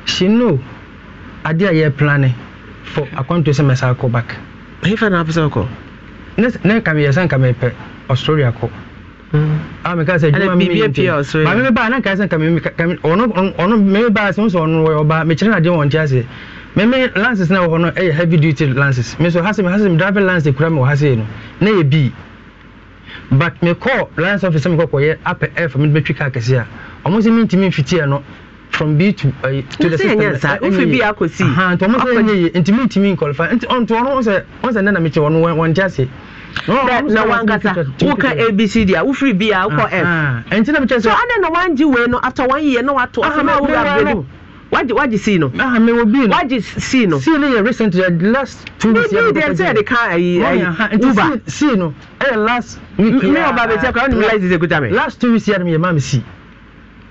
she know adeɛ a yɛ plane for akwanto sɛ mɛsa akɔ back hefa na apɛsɛ kɔ ne ne nka meyɛ sɛ nka mepɛ australia kɔ mm. a meka sɛ adwuma mmemma me baa na nka sɛ nka me ɔno ɔno me baa sɛ sɛ ɔno wɔyɛ ɔbaa mekyerɛ no adeɛ wɔn nte aseɛ meme lances na wɔ hɔ no ɛyɛ heavy duty lances me so hase me hase me driving lance kura me wɔ hase no na yɛ bii but me mekɔ lines office sɛ mekɔkɔyɛ apɛ f mede bɛtwi kaa kɛse a ɔmo sɛ mentumi mfitiɛ no from B to uh, to the system. Nse enyansa ofi bi akosi. Aha nti ọmọ sọ yẹ yẹ nti mi nti mi nkwalify nti ọ nti ọno ọsẹ ọsẹ nana mi kye wọn wọn wọn kya se. na wankasa woka abcd a wofiri bi a wokɔ f. nti na mi kye sɛ. so adan na wanji wei no after one year na wato asɛm a wura abiri wagye wagye sii no. ah mi wo bii no wagye sii no. sii no yɛ recent yɛ last two weeks yɛ bɛ kɛ sɛ yɛ de ka ayi ayi uber sii no ɛyɛ last week yɛ mi ɔba bɛ se akɔ ɛni mi light is ekuta mi. last two weeks yɛ ni mi yɛ maa mi sii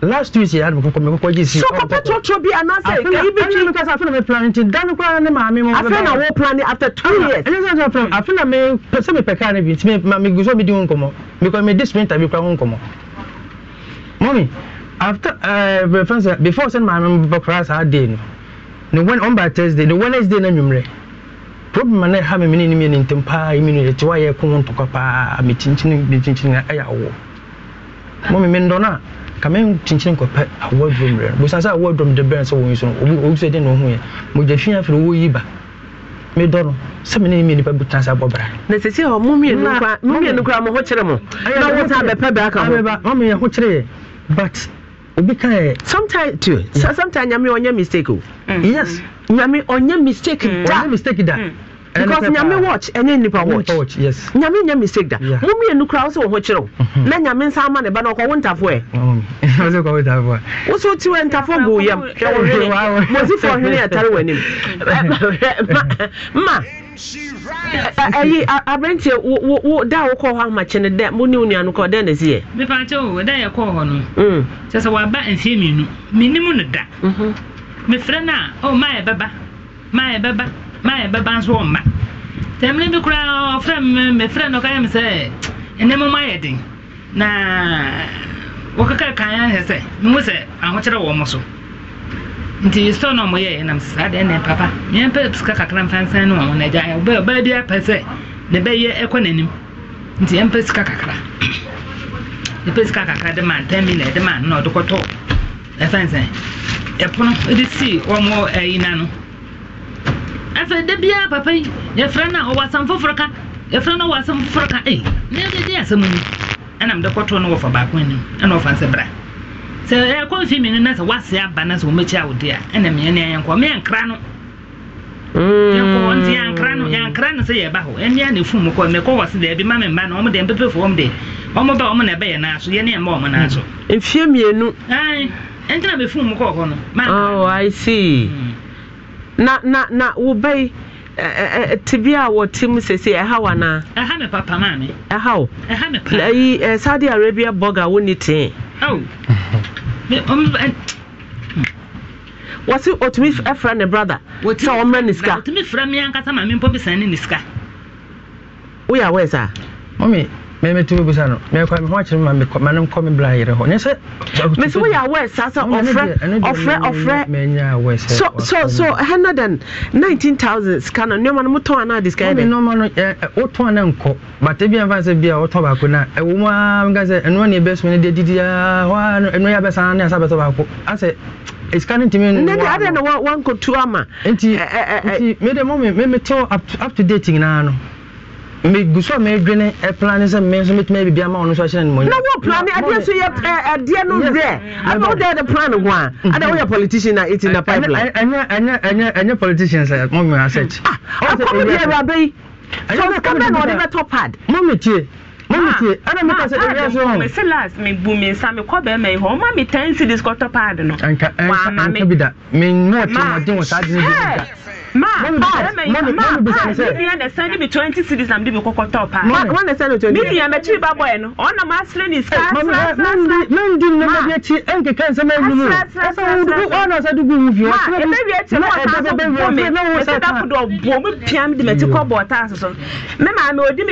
last two weeks yɛ ni mi kɔkɔ mi kɔkɔ gye sii. so kɔpɛ tɔtɔ bi anase eyi bi twi. afɛn na afɛn na mi plan ti dani kura ne maame mo. afɛn na wo plan after two ah, years. ɛnɛ sɛ afɛn na afɛn na mi sɛ mi pɛ kaa ne bi nti mi ma mi guso bi di nkɔmɔ because mi di sprinter bi kura nkɔmɔ mɔmi after uh, before sɛ maame bɛkora saa day no ne wen on by thursday ne wednesday na nwummerɛ problem na ɛha me mene nim yɛ ne ntɛm paa mi no yɛte wayɛ ko ho ntɔkwa paa mekyinkyini mekyinkyini na ɛyɛ eh, awoɔ mo me mendɔ no a ka me kyinkyini nkɔpɛ awoɔ aduro mmerɛ no bosan sɛ awoɔ aduro mde bɛn sɛ wɔyi so no obi sɛ de ne ho yɛ mogya fi afiri wɔyi ba medɔ no sɛ mene nim yɛ nipa bi tena sɛ abɔ bra na sɛsi hɔ mo mmienu kora mo ho kyerɛ mo na wo ta bɛpɛ bɛ aka ho mama yɛ ho kyerɛ but sometimes too yeah. sometimes nyame ɔnyɛ mistake o. Mm. yes mm. nyame ɔnyɛ mistake mm. da ɔnyɛ mistake da. Mm. because nyame watch ɛnyɛ nipa watch nyame mistake da yeah. mmienu kura wɔ ho kyerɛw mm-hmm. na nyame nsa ama ne ba na ɔkɔ wo ntafo ɛ wosɛ mm. kɔ wo gu yam fɔ wɔ anim ma ayi eh, eh, eh, aberanteɛ wo wo da a wokɔ hɔ ahomakyɛ no dɛ mo ne wo nua no kɔ dɛn na si yɛ. nipa kyɛ o da yɛ kɔɔ hɔ no. Mm. sɛ sɛ waba mfe mmienu minimu no da. Mhm. mefrɛ no a o oh, maa yɛ bɛba maa yɛ bɛba maa yɛ bɛba nso ɔmma. tɛmini bi koraa ɔfrɛ mi o no kɔyɛ mi sɛ ɛnɛma mo ayɛ den na wɔkeka kan yɛn ahɛ sɛ mo sɛ ahokyerɛ wɔ mo so nti sɛ na ɔmo yɛyɛ nam saa deɛ na papa yɛmpɛ sika kakra mfansan no wɔn agya ayɛ ɔbaa ɔbaa bi apɛ sɛ ne bɛyɛ ɛkɔ n'anim nti yɛmpɛ sika kakra yɛmpɛ sika kakra de ma ten million de ma na ɔde kɔtɔ ɛfɛn sɛn ɛpono ɛde si ɔmo ɛyi na no afɛ de bia papa yi yɛfrɛ no a ɔwɔ asɛm foforɔ ka yɛfrɛ no ɔwɔ asɛm foforɔ ka ɛyi eh, ne yɛde di asɛm mu ɛnam de kɔtɔ no wɔfa baako sɛ ɛyɛ kɔ mfe mmienu na sɛ woase aba na sɛ wɔmɛkyi awode a ɛna meɛ ne ɛyɛnkɔ meɛnkra no yɛnkɔ hɔ nti yɛankra no mm. yɛankra no sɛ yɛba hɔ ɛnea na ɛfu mu kɔ mɛkɔ wɔ se daabi ma memba no ɔmde mpepefo ɔm de ɔmba ɔm na ɛbɛyɛ naa so yɛne ɛmba ɔm naa so mm. mfie mmienu ɛnti na mɛfu mu kɔɔ hɔ no oh, mm. na na na wobɛi eh, eh, eh, tibi a wɔte mu sese ɛha wa na. ɛha mi papa ɛha o. ɛha papa. ayi saudi arabia ni Um, um, wɔsi otumi ɛfrɛ ne brother sɛ ɔmrɛ ne sika otumi frɛ mi ankasa maame mpɔ bi sɛn ne ne sika. woyɛ awɔ yɛ saa. mɔmi mɛmɛtu bi bisa no mɛkɔ mi ho akyerɛ mi ma mi kɔ ma ne mi bila yɛrɛ hɔ nye sɛ. mɛsi wo yɛ awɛ saa sɛ ɔfrɛ ɔfrɛ ɔfrɛ so so so hundred and nineteen thousand sika no nneɛma no mo tɔn anaa disika yɛ dɛ. nneɛma no ɛ o tɔn ne nkɔ bata bi anfa sɛ bi a wɔtɔn baako na ɛwɔ mu aa nka sɛ ɛnua ne ebɛsum ne de didi aa hɔ a ɛnua yɛ abɛsan asa abɛtɔ baako asɛ esika ne ntumi nwa eh, no ade na wɔn kotu ama. nti eh, eh, nti mɛ de mɔ mi mɛ mi tɔ up to date nyinaa no megu so medwene plane sɛ me nso mɛtumi biribi ama ɔno nso ahyɛ no mmɔnyam na wo plane adeɛ so yɛ adeɛ no dɛ ama wodɛ de plan ho a mm-hmm. ada woyɛ politician a ɛti na pipeline ɛnyɛ politician ah, sɛ mɔmea sɛkyi akɔme deɛ awuraba yi so sika bɛ na ɔde bɛtɔ pad mɔmetie mọmìtì ah, ẹnna mi kasa ah, ẹbi ẹsẹ wọn. mẹsẹ last mi bu mi nsa mi kọ bẹẹ mẹ ihọ ọma mi ten cedis kọtọ paadi nọ. nka nka nka bi da mi n mú ọtí ọmọdé wọn sáà dín ní bí wọn da maa maa bibi ya na ɛsɛn de bi twenty cities na mi de bi kɔkɔ tɔ paa maa na ɛsɛn de twenty bibi ya mɛ kiri ba bɔ yɛ no ɔna maa sere ni sira sira sira mɛ n dun na mɛ bi ekyi ɛn keka nsɛm ɛn numu ɛsɛ wo dugu ɔna ɔsɛ dugu wu fi ɔsɛ ɛbɛ bi ekyi mɛ ɔta so bɔ mi mɛ sɛ dapo dɔ bɔ mi piam de mɛ ti kɔ bɔ ɔta soso mɛ maa mi odi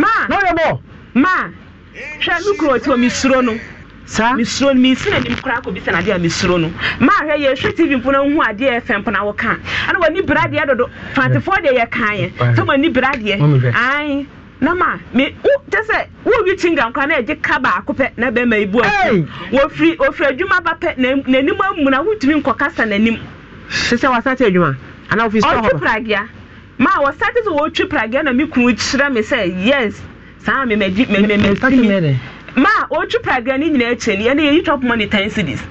ma ma hwɛ me kuro ti o misuro no saa misuro no misi n'anim koraa kɔ bisa n'adeɛ a misuro no ma hwɛ yɛ hwɛ tv mpo na adeɛ fɛn mpo na wɔka ɛna wɔn ani bira adeɛ dodo fantifoɔ deɛ yɛ kan yɛ sɛ wɔn ani bira adeɛ na ma me wo te sɛ wo wi chinga nkora na ɛgye ka baako pɛ na bɛrima yi bu afi wofiri wofiri adwuma ba pɛ n'anim amu na wotumi nkɔkasa n'anim. te sɛ wasa adwuma anaa ofisi ɔtwi pragea ma wɔsa te sɛ wɔtwi pragea na mi kunu kyerɛ mi sɛ yes saa mmemmadi mmemmadi maa otu praga ne nyinaa akyire no yɛne yɛyi money ten cities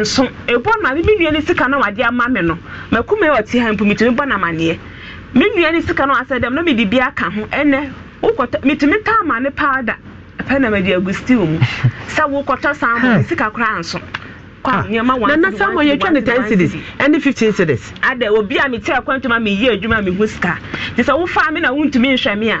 nso ebu ɔna mi nua ne sika na wade ama mi no mako mi ɔte ha mpo tumi bɔ n'amaneɛ mi nua ne sika na wasɛ dɛm na mi de aka ho ɛnɛ wokɔtɔ mi tumi taa ne paada pɛ na ma de agu steel mu sɛ wokɔtɔ saa mo sika koraa nso. nana samu yɛ twa ne ten cities ɛne fifteen cities. ada obi a mi tẹ ɛkwan mi yie adwuma mi hu sika sɛ wofa mi na wuntumi nhwɛ mi a.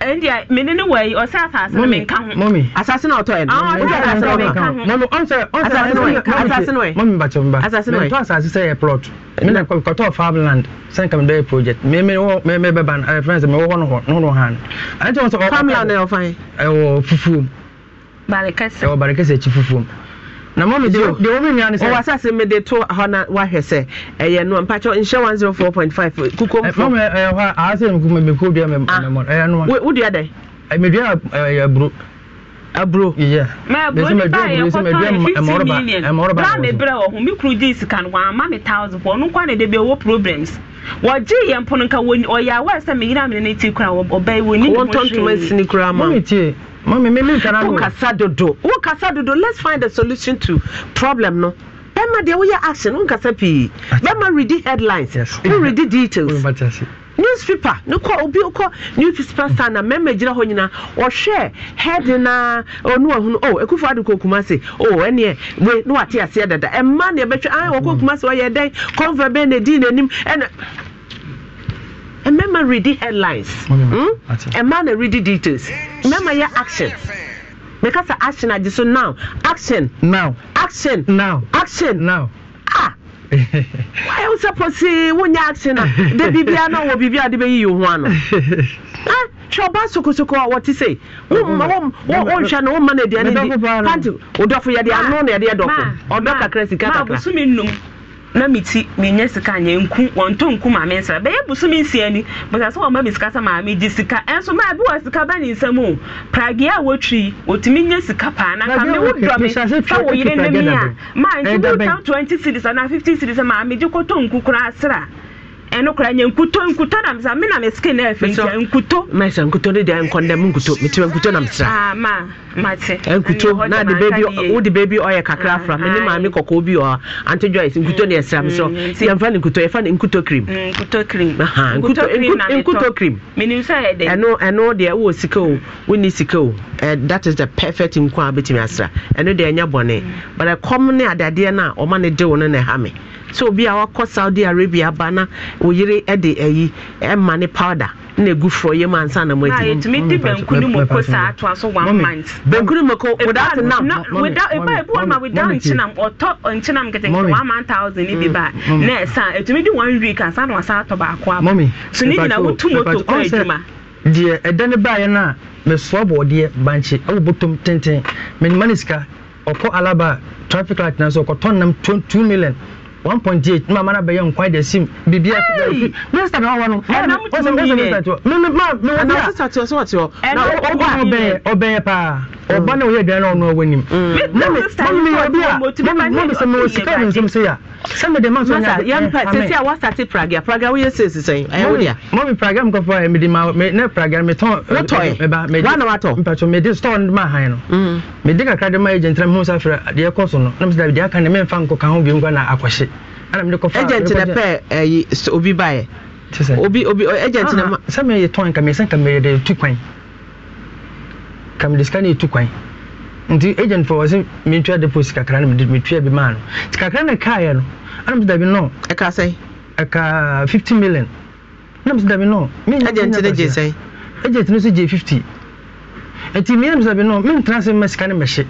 ɛndia mene ne wɔyi ɔsɛ asase no menka ho mɔmi asase na ɔtɔ yɛ no ɔsɛ asase na ɔmenka ho mɔmi ɔnsɛ ɔnsɛ asase no yɛ mɔmi bakyɛ mba asase no yɛ mɛtɔ asase sɛ yɛ plot mena kɔtɔ farmland sɛn kam bɛyɛ project mɛmɛ wɔ mɛmɛ bɛba no ɛyɛ friends mɛwɔ hɔ no hɔ no no han ɛnti wɔn sɛ ɔkɔ farmland yɛ ɔfan ɛwɔ fufuom barikɛsɛ ɛwɔ barikɛsɛ akyi fufuom na mɔmi deɛ deɛ wɔn nyinaa ni sɛ ɔwɔ asase mi de to hɔ na wahwɛ sɛ ɛyɛ no mpatsɔ nhyɛ one zero four point five kukom fo. mɔmi ɛyɛ hɔ a asɛ mi mi ko dua mi ah. mɔ ɛyɛ no. wo dua dɛ. mi dua ɛyɛ aburo. aburo. yiyɛ mɛ aburo ni yɛ kɔtɔn yɛ fifty million brown de brɛ wɔ ho mi kuru gyi sika no wɔn ama mi thousand fɔ ɔno kɔn de bi ɔwɔ problems wɔgye yɛ mpono nka ɔyɛ awɔ sɛ mi yina mi ne ti kura ɔbɛn wɔn ni wɔn tɔntɔn mami mi mi nkara no. wokasa dodo wokasa dodo let's find a solution to problem no bɛma deɛ woyɛ action wonkasa pii bɛma redi headlines woredi details newspaper ne kɔ obi kɔ newspaper mm. stand na mɛma gyina hɔ nyinaa ɔhwɛ head na ɔno ɔhunu o ekufo adi kɔ kuma se o ɛneɛ we e e mm. ne wate aseɛ dada ɛmma ne ɛbɛtwɛ an wɔkɔ kuma se ɔyɛ dɛn kɔnfɛ bɛn na edi n'anim ɛna mmarima redi headlines mmaa na redi details mmarima yɛ action mɛka sa action agye so now action now action now action now ah wayɛ ah, wo sɛ pɔsee wonyɛ action a de biribia na wɔ biribia a de bɛyi yɛ ho ano twɛ ɔba sokosoko a wɔte sɛ wonhwɛ no woma no aduane di panti wodɔfo yɛde ano na yɛde yɛ dɔfo ɔdɔ kakra sika kakra na mi ti mi nyɛ sika nyɛ nku wɔn to nku maame nsira bɛyɛ busumi nsia ni bɔtɔ sɛ wɔn ma mi sika sɛ maame gye sika ɛnso maa bi wɔ sika ba ne nsam o pragia a wotwi wotumi nyɛ sika paa na ka mi wo fa wo yere ne a maa nti bi o tam twenty series ana fifty series maame gye kɔtɔ nku koraa sira. ɛno kora nkuto nkuto nam sa me na me skin na ah, eh, nkuto mɛsɛ nkuto ne deɛ nkɔndɛm nkuto metema nkuto nam tra ma na de baabi wode baabi ɔyɛ kakra ah, fra me maame kɔkɔɔ bi ɔ ante joyce nkuto ne ɛsra me so mm, mm, yɛmfa ne nkuto yɛfa mm, ne nkuto cream nkuto cream ɛno deɛ wowɔ sika o wonni sika o eh, that is the perfect nko bɛtumi asra ɛno deɛ ɛnyɛ bɔne but ɛkɔm eh, ne adadeɛ no a ɔma ne de wo no na ɛha me so obi a wakɔ saudi arabia ba na oyere de ayi ɛma ne powder na egu forɔ yam ansa na mo adi. yɛtumi di banku ni mo ko saa ato aso one month. banku ni mo ko without nam. eba ebu ma without nkyinam ɔtɔ nkyinam nketenkete one man thousand ni bi mm, ba na ɛsan etumi di one week ansa na wasan atɔ baako aba. so ne nyinaa wotu moto kɔ adwuma. deɛ ɛda ne baayɛ no a mesoa bɔɔdeɛ bankye ɛwɔ bɔtɔm tenten menyima ne sika ɔkɔ alaba traffic light nan so ɔkɔtɔ nam two million one point eight maa mana bɛ yɛ nkwan de sim bibi ɛfɛ minister náà wà nù. ɛnna mo ti mi yie ɛnna mo ti mi yie ɛnna mo ti mi yie ɛnna mo ti mi yie ɛnna mo ti mi yɛ paa ɔba na oyɛ dan na ɔno awa nim mmeyɛde a msɛ sika ne nsɛm sɛ a sɛ mede ma sɛsɛsɛ a wasate praga praga woyɛ sɛ sesɛn ɛwo dea mami praga mkɔfa mede ne praga metɔnna watɔ mpatɔ mede store no ma han no mede kakra de ma agent na mehu sa frɛ deɛ kɔ so no na mesɛ dabideɛ aka ne memfa nkɔka ho biom kɔ na akɔhye ana mede kɔfa agent na pɛ ayi obi baɛ obi obi agent na ma sɛ meyɛ tɔn ka mesɛ ka meyɛ de tu kwan kamede sika ne ɛtu kwan nti agent fo wɔ sɛ metua deposit kakra no mede metua bi maa no nti kakra no ɛkaeɛ no ana mede dabi no ɛka sɛn ɛka 50 million na mede dabi no agent no gye sɛn agent no so gye 50 nti mea mede dabi no mentena sɛ ma sika no mɛhye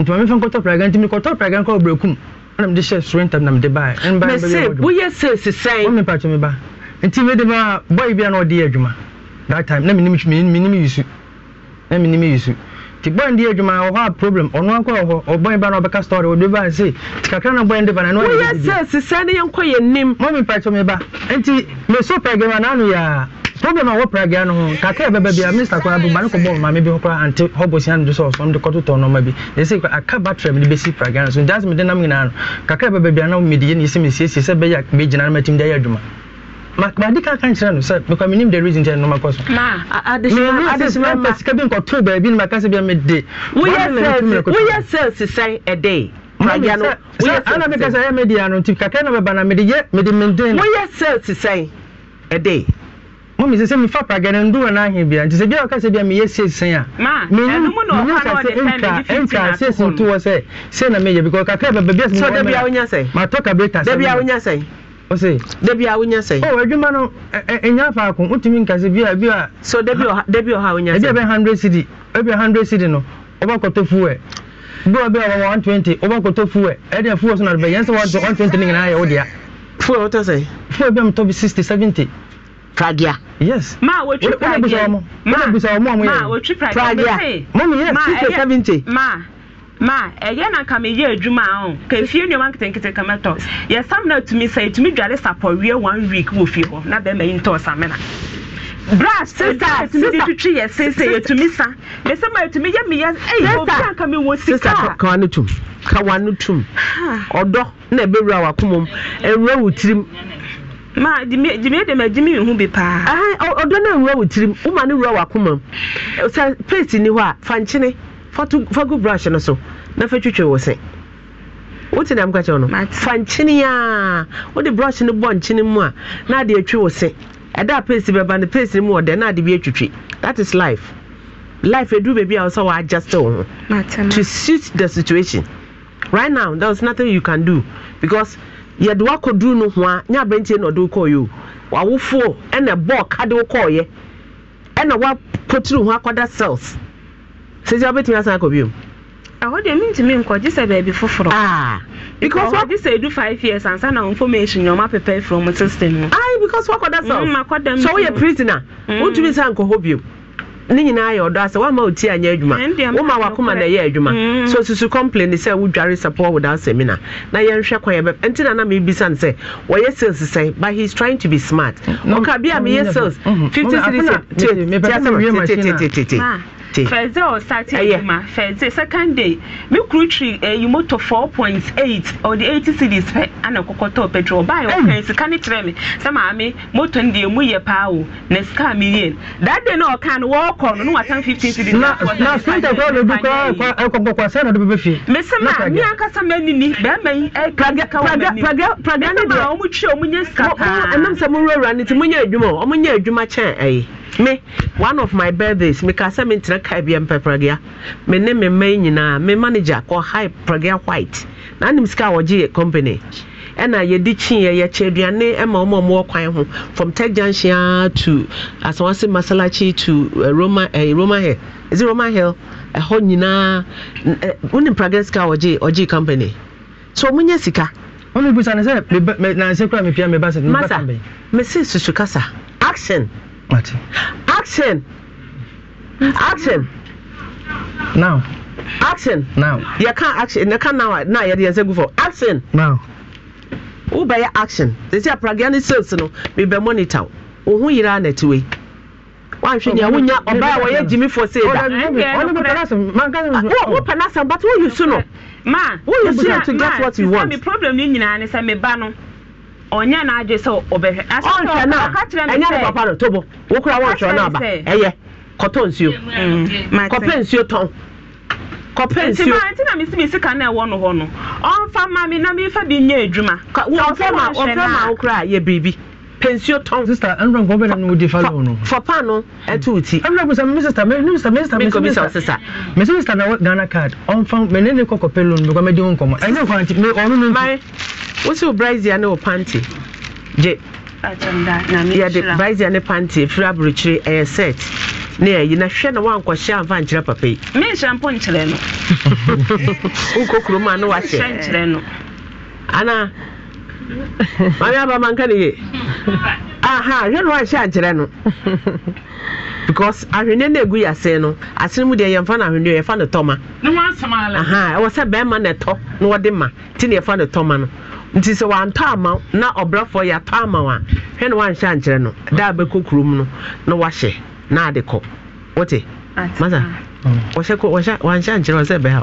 nti ma mefa nkɔtɔ praga nti mekɔtɔ praga nkɔ brɛkum ana mede hyɛ sorentam na mede baɛ mɛse woyɛ sɛsi sɛn mepatwo me ba nti mede baa bɔe bi a na ɔde yɛ adwuma that time na menim yusu na menim yi su nti bɔn di adwuma wɔ hɔ a problem ɔno ankɔ hɔ ɔbɔn ba na ɔbɛka story ɔde ba se kakra na bɔn de ba na ɛno ɔyɛ didi woyɛ sɛ sisa ne yɛnkɔ yɛ nim mo mi pɛtɔ mi ba nti me so pɛgɛ ma na ano yɛ a problem a wɔ pɛgɛ no ho kakra yɛ bɛbɛ bi a mr kora bi ma ne kɔ bɔ maame bi ho kora ante hɔ bɔ si ano sɛ ɔsɔm de kɔtɔ tɔn nɔɔma bi na esi aka battery mi de besi pɛgɛ no so ntaase mi de na mi de yɛ made ka ka nkyerɛ no sɛ because menim the reason kyɛ no makɔ so mepɛ sika bi nkɔtoo baabi no makasɛ bia mede woyɛ sɛ sesɛn ɛdɛ ana meka sɛ ɛyɛ media no nti kakra na bɛba na mede yɛ mede menten woyɛ sɛ sesɛn ɛdɛ mọmi sẹ sẹ mi fa pagẹrẹ ndu wọn n'ahin bia nti sẹ bi a ọka sẹ bi a mi yẹ sie sẹn a. ma ẹnu mu na ọha na ọdi ten na ifi ti na se si ntu wọ sẹ sẹ na mi yẹ because kakra bẹbẹ bi a sẹ mi wọn na ma tọ kabe ta sẹ mi. dẹbi a wonya sẹn ɔsɛ dabi a wonya sɛ oh adwuma no ɛnya faako wotumi nkase bi a bi a so dabi ɔha dabi ɔha wonya sɛ ebi a hundred cd ebi a hundred cd no ɔbɛkɔtɔ fuwɛ bi a bɛ ɔwɔ one twenty ɔbɛkɔtɔ fuwɛ ɛdi a fuwɛ so na bɛ yɛn sɛ one twenty ne nyinaa yɛ o deɛ fuwɛ wotɔ sɛ fuwɛ bi a mutɔ bi sixty seventy pragia yes ma wotwi pragia ma wotwi pragia ma wotwi pragia ma ɛyɛ ma ma ɛyɛ na nka meyɛ adwuma a ka efie nneɛma nketenkete ka mɛtɔ yɛsam na atumi sɛ etumi dware sapɔwie one week wɔ fie hɔ na bɛrima yi ntɔ samena na ebewura wa kumom ewura wɔ tirim ma jimi edema jimi ihu ɔdɔ na ewura wɔ tirim woma ne wura wa kumam sɛ ni hɔ a fankyene. fa gu brush no so na fa twitwe wɔ se wote na mka kyɛw no fa nkyene a wode brush no bɔ nkyene mu a na ade atwi wo se ɛda a pace bɛba no pace no mu ɔdɛ na ade bi atwitwi that is life life edu baabi a wɔsɛ wɔadjust wo ho to suit the situation right now there is nothing you can do because yɛde wakɔduru no ho a nyɛ aberanteɛ na ɔde wokɔɔyɛ o wawofoɔ ɛna ɛbɔɔ kade wokɔɔyɛ ɛna wapotiri ho akɔda cells sisi wobɛtumi asan akɔ biom ɛhɔ deɛ mentumi nkɔgye sɛ baabi foforɔ because wɔgye sɛ ɛdu five years ansa na information nyɛ ɔmapɛpɛ from system mu ai because wakɔda sɛ mm, so woyɛ prisoner wontumi sa nkɔ hɔ biom ne nyinaa yɛ ɔdɔ asɛ woama ɔti anyɛ adwuma woma wakoma na ɛyɛ adwuma so susu complain sɛ wodware support without seminar na yɛnhwɛ kwan yɛbɛ nti na na mebisa no sɛ wɔyɛ sales sɛn but he's trying to be smart ɔka bi a meyɛ sales 50 mm-hmm. cities te fɛdze a ɔsate adwuma fɛdze second day me kuru tiri eyi eh, moto four point eight the eighty cedis fɛ ana kɔkɔtɔ petrol ɔbaa yɛ ɔkan sika ne kyerɛ mi sɛ maame moto ne deɛ mu yɛ paa o na sika mi that day na ɔkan no wɔɔkɔ no no watan fifteen cedis na na senta kɔ na dukɔ ɛkɔkɔkɔ sɛ na de bɛbɛ fie. mesema mi ankasa ma nini bɛrima yi ɛkaka ka wɔn anim praga praga ne deɛ ɛnam sɛ mo nwura nwura ne ti mo nyɛ adwuma o mo nyɛ adwuma kyɛn me one of my birthdays meka sɛ mentena kae bia mpɛ pragea me ne me mma nyinaa me manager kɔhae pragea white na anim sika a wɔgye company ɛna yɛde kyiiɛ yɛkyɛ aduane ma ɔma ɔmowɔ kwan ho from tech junction a to asawase masalachi to eh, roma eh roma hill is it roma hill ɛhɔ uh, nyinaa eh, wonim pragea sika a wɔgye ɔgye company so ɔmonyɛ sika ɔno bisa ne sɛ nanse kora mepia meba sɛ masa mese susukasa action action action now action now yɛka action yɛka now na yɛde yɛn nsa gu fɔ action now wobɛyɛ action a apragea ne sales no mebɛ monitor wo ho yera na ɛte wei wahwɛ nea wonya ɔbaa a wɔyɛ gyimi fɔ sei da wopɛ no asɛm but woyusu no woyusu no to get what you want problem no nyinaa ne sɛ meba no ɔnyɛ n'adwe sɛ ɔbɛhwɛ asɔrɔ ɔka kyerɛ mi sɛ ɛnyɛ ne papa no tobo wokura wɔntwerɛ no aba ɛyɛ kɔtɔ nsuo kɔpɛ nsuo tɔn kɔpɛ nsuo nti maa nti na mi si mi sika na ɛwɔ no hɔ no ɔnfa ma mi na mi fa bi nyɛ adwuma ɔnfɛ ma ɔnfɛ ma okura yɛ biribi pensio tɔn. sista ɛnura nkɔ bɛna n'o di falo no. fɔpa no ɛtu ti. ɛnura musa mi sista mi mi sista mi sista mi sista mi sista na ghana card ɔnfa mɛ ne de kɔkɔ pe loan mi kɔ mɛ di n kɔmɔ ɛnura nkɔ ɔno n'o wosi wo brazia ne wo panty gye yɛde brazia ne panty efiri aburukyire ɛyɛ set ne ɛyi na hwɛ na wankɔhyɛ anfa nkyerɛ papa yi. mehyɛ mpo nkyerɛ no. nkɔ eh. kurom a ne wahyɛ. mehyɛ ana maame aba manka ne ye. aha hwɛ na wahyɛ nkyerɛ no. because ahwenneɛ no egu yase no asene mu deɛ yɛmfa no ahwenneɛ yɛfa no tɔma. ne ho asɛm ala. aha ɛwɔ sɛ bɛrima na ɛtɔ na wɔde ma ti na yɛfa no tɔma no nti sɛ wantɔ ama na ɔbrafoɔ yɛatɔ ama wa hwɛ ne wanhyɛ ankyerɛ no da a bɛkɔ kurom no na wahyɛ na ade kɔ wote masa ah. wɔhyɛ wanhyɛ ankyerɛ wɔ sɛ ɛbɛha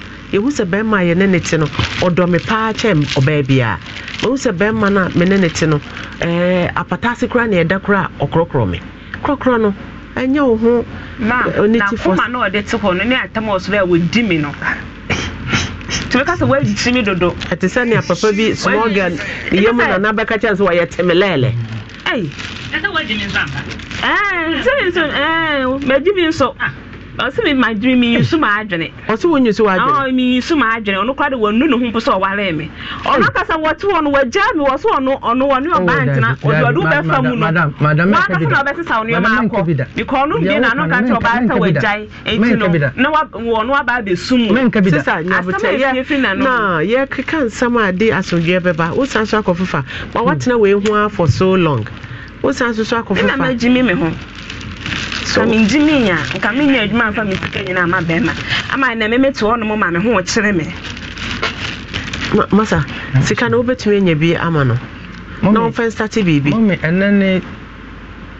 yɛhu sɛ bɛrima a yɛne ne te no ɔdɔ me paa kyɛ ɔbaa bi a sɛ bɛrima no me ne ne te no apata ase koraa ne ɛda koraa ɔkorɔkorɔ me korɔkorɔ no ɛnyɛ wo ho ne tifɔ ma na ɔde te hɔ no ne atam a ɔsoro a wɔdi me no tumi sɛ woagyikyi me dodo ɛte sɛ nea papa bi small girl ne yɛ mu nana bɛka kyɛn sɛ wɔyɛ teme lɛɛlɛ ɛi ɛsɛ woagye me nsa mpa ɛɛ sɛ me nso ɛɛ magye me nso ah. ɔsɛ mi ma diri mi ma adwene. ɔsɛ wɔn yusu wa adwene. adwene ɔno kora de wɔn ne ho mpo sɛ ɔware mi ɔno akasa wɔte no wɔ so ɔno ɔno wɔne oh, ɔbaa ntena ɔde ɔde wobɛfa mu na ɔbɛsesa akɔ bikɔ ɔno na ano ka na wɔno na yɛkeka nsɛm a de asomdwoeɛ bɛba wosan so akɔ fofa hmm. ka mendimi a nka menya adwuma amfa me sika nyina ama bɛrima ama na memete hɔ nom ma me ho kyere me masa sika no wobɛtumi anya bi ama no na womfa nstate biribi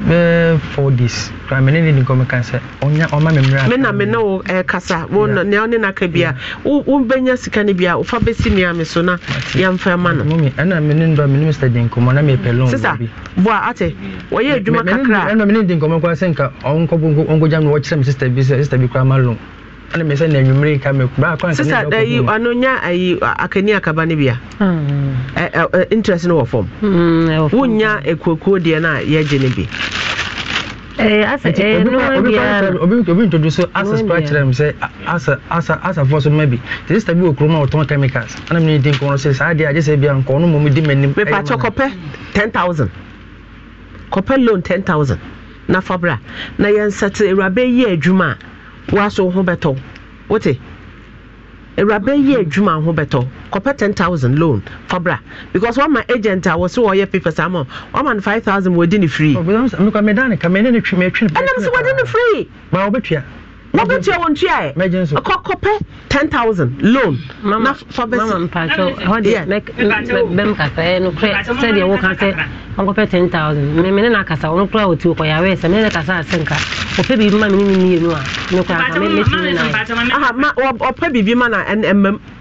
bɛɛ four days rami ne ne ni nkɔmɛ kan sɛ ɔnya ɔma mi mìíràn. mi na mi na o oh, ɛ eh, kasa wo na ne ne na ka bia mm. wo wo bɛ nya sika ne bia o fa bɛ si ne ami so na yan fɛn ma na. mumi ɛna eh, mi ne dɔ mi ne mr di na mi pɛ lɔn wɔ bi. bua ate wɔyɛ adwuma kakra. ɛna eh, mi ne di nkɔmɔ kura sɛ nka ɔnkɔ ɔnkɔ jaamu wɔkyerɛ mi sista bi sista bi kura ma lɔn ɛna mɛ sɛ na anwummere ka mɛkuma eh, akwansa ne yi ɔno eh, nya ayi akani akaba no bia interest no wɔ fam wonya akuakuo deɛ no a yɛgye no bi obi ntodo so asas kora kyerɛ m sɛ asafoɔ so ma bi sɛ sista bi wɔ kurom a wɔtɔn chemicals ana mene di nkɔ no sɛ saa deɛ agye sɛ bia nkɔ no mmom di m'anim mepakyɛ kɔpɛ 10000 kɔpɛ loan 10000 na fa na yɛnsɛte eh, awuraba yi yɛ adwuma a poa so ho bɛtɔ wote awuraba yi adwuma ho bɛtɔ kɔpɛ ten thousand loan fabra because wama agent a wɔsi wɔyɛ papers ama wama no five thousand wɔdi ne free. ɛnam sɛ wɔdi ne free. ma wɔbɛtua. Mwen bete yon chye, akwa kope ten tawzen loan. Mwen patyo, mwen kase, mwen kase ten tawzen. Mwen menen akase, mwen kase, mwen menen akase, mwen menen akase, mwen menen akase. Mwen patyo, mwen menen akase, mwen menen akase.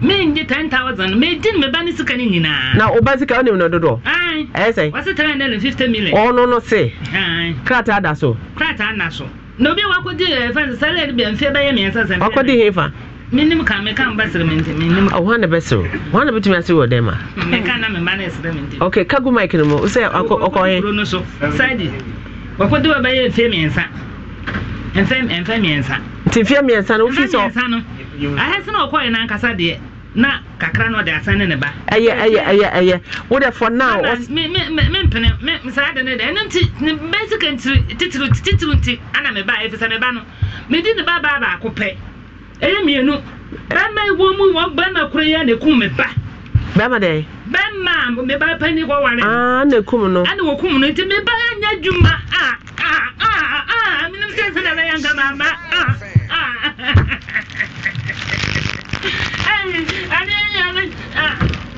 menye ten thousand medin meba ne sika no nyinaa na woba sika wonim no dodoɔ ɛyɛ eh, sɛ wɔse three hundred and fifty million ɔno oh, no se krataa da so krataa na so na obi wakɔdi ɛfa eh, sɛ sɛre ɛde bia mfeɛ bɛyɛ miɛnsa sɛ wakɔdi he fa menim ka meka mbɛsere me nti menim ah, woa na bɛserew woa na bɛtumi ase wɔ dɛn ma meka na memba no ɛsere me nti okay ka gu mike no mu sɛ ɔkɔhe no so sadi wakɔdi wɔ bɛyɛ mfeɛ miɛnsa mfɛ mfɛ miɛnsa nti mfeɛ miɛnsa no wofi sɛ ahɛ sɛ na ɔkɔyɛ nankasa deɛ na kakra na ɔde asan ne ne ba. ɛyɛ ɛyɛ ɛyɛ ɛyɛ wo de for now. mi mi mi mi mpene mi saa de ne de ɛnum ti ne bɛsika ntiri titiri titiri nti ana me, ba efisɛ me, ba no mi di ne ba ba baako eh, pɛ ɛyɛ mienu bɛrima wo mu wɔn bɛrima koro yɛ ne kum me, ba. bɛrima de bɛma meba pani kɔware ah, ɛna kum no ɛna wɔkum no nti meba anya adwuma menem sɛ sɛ na bɛyɛ nka mama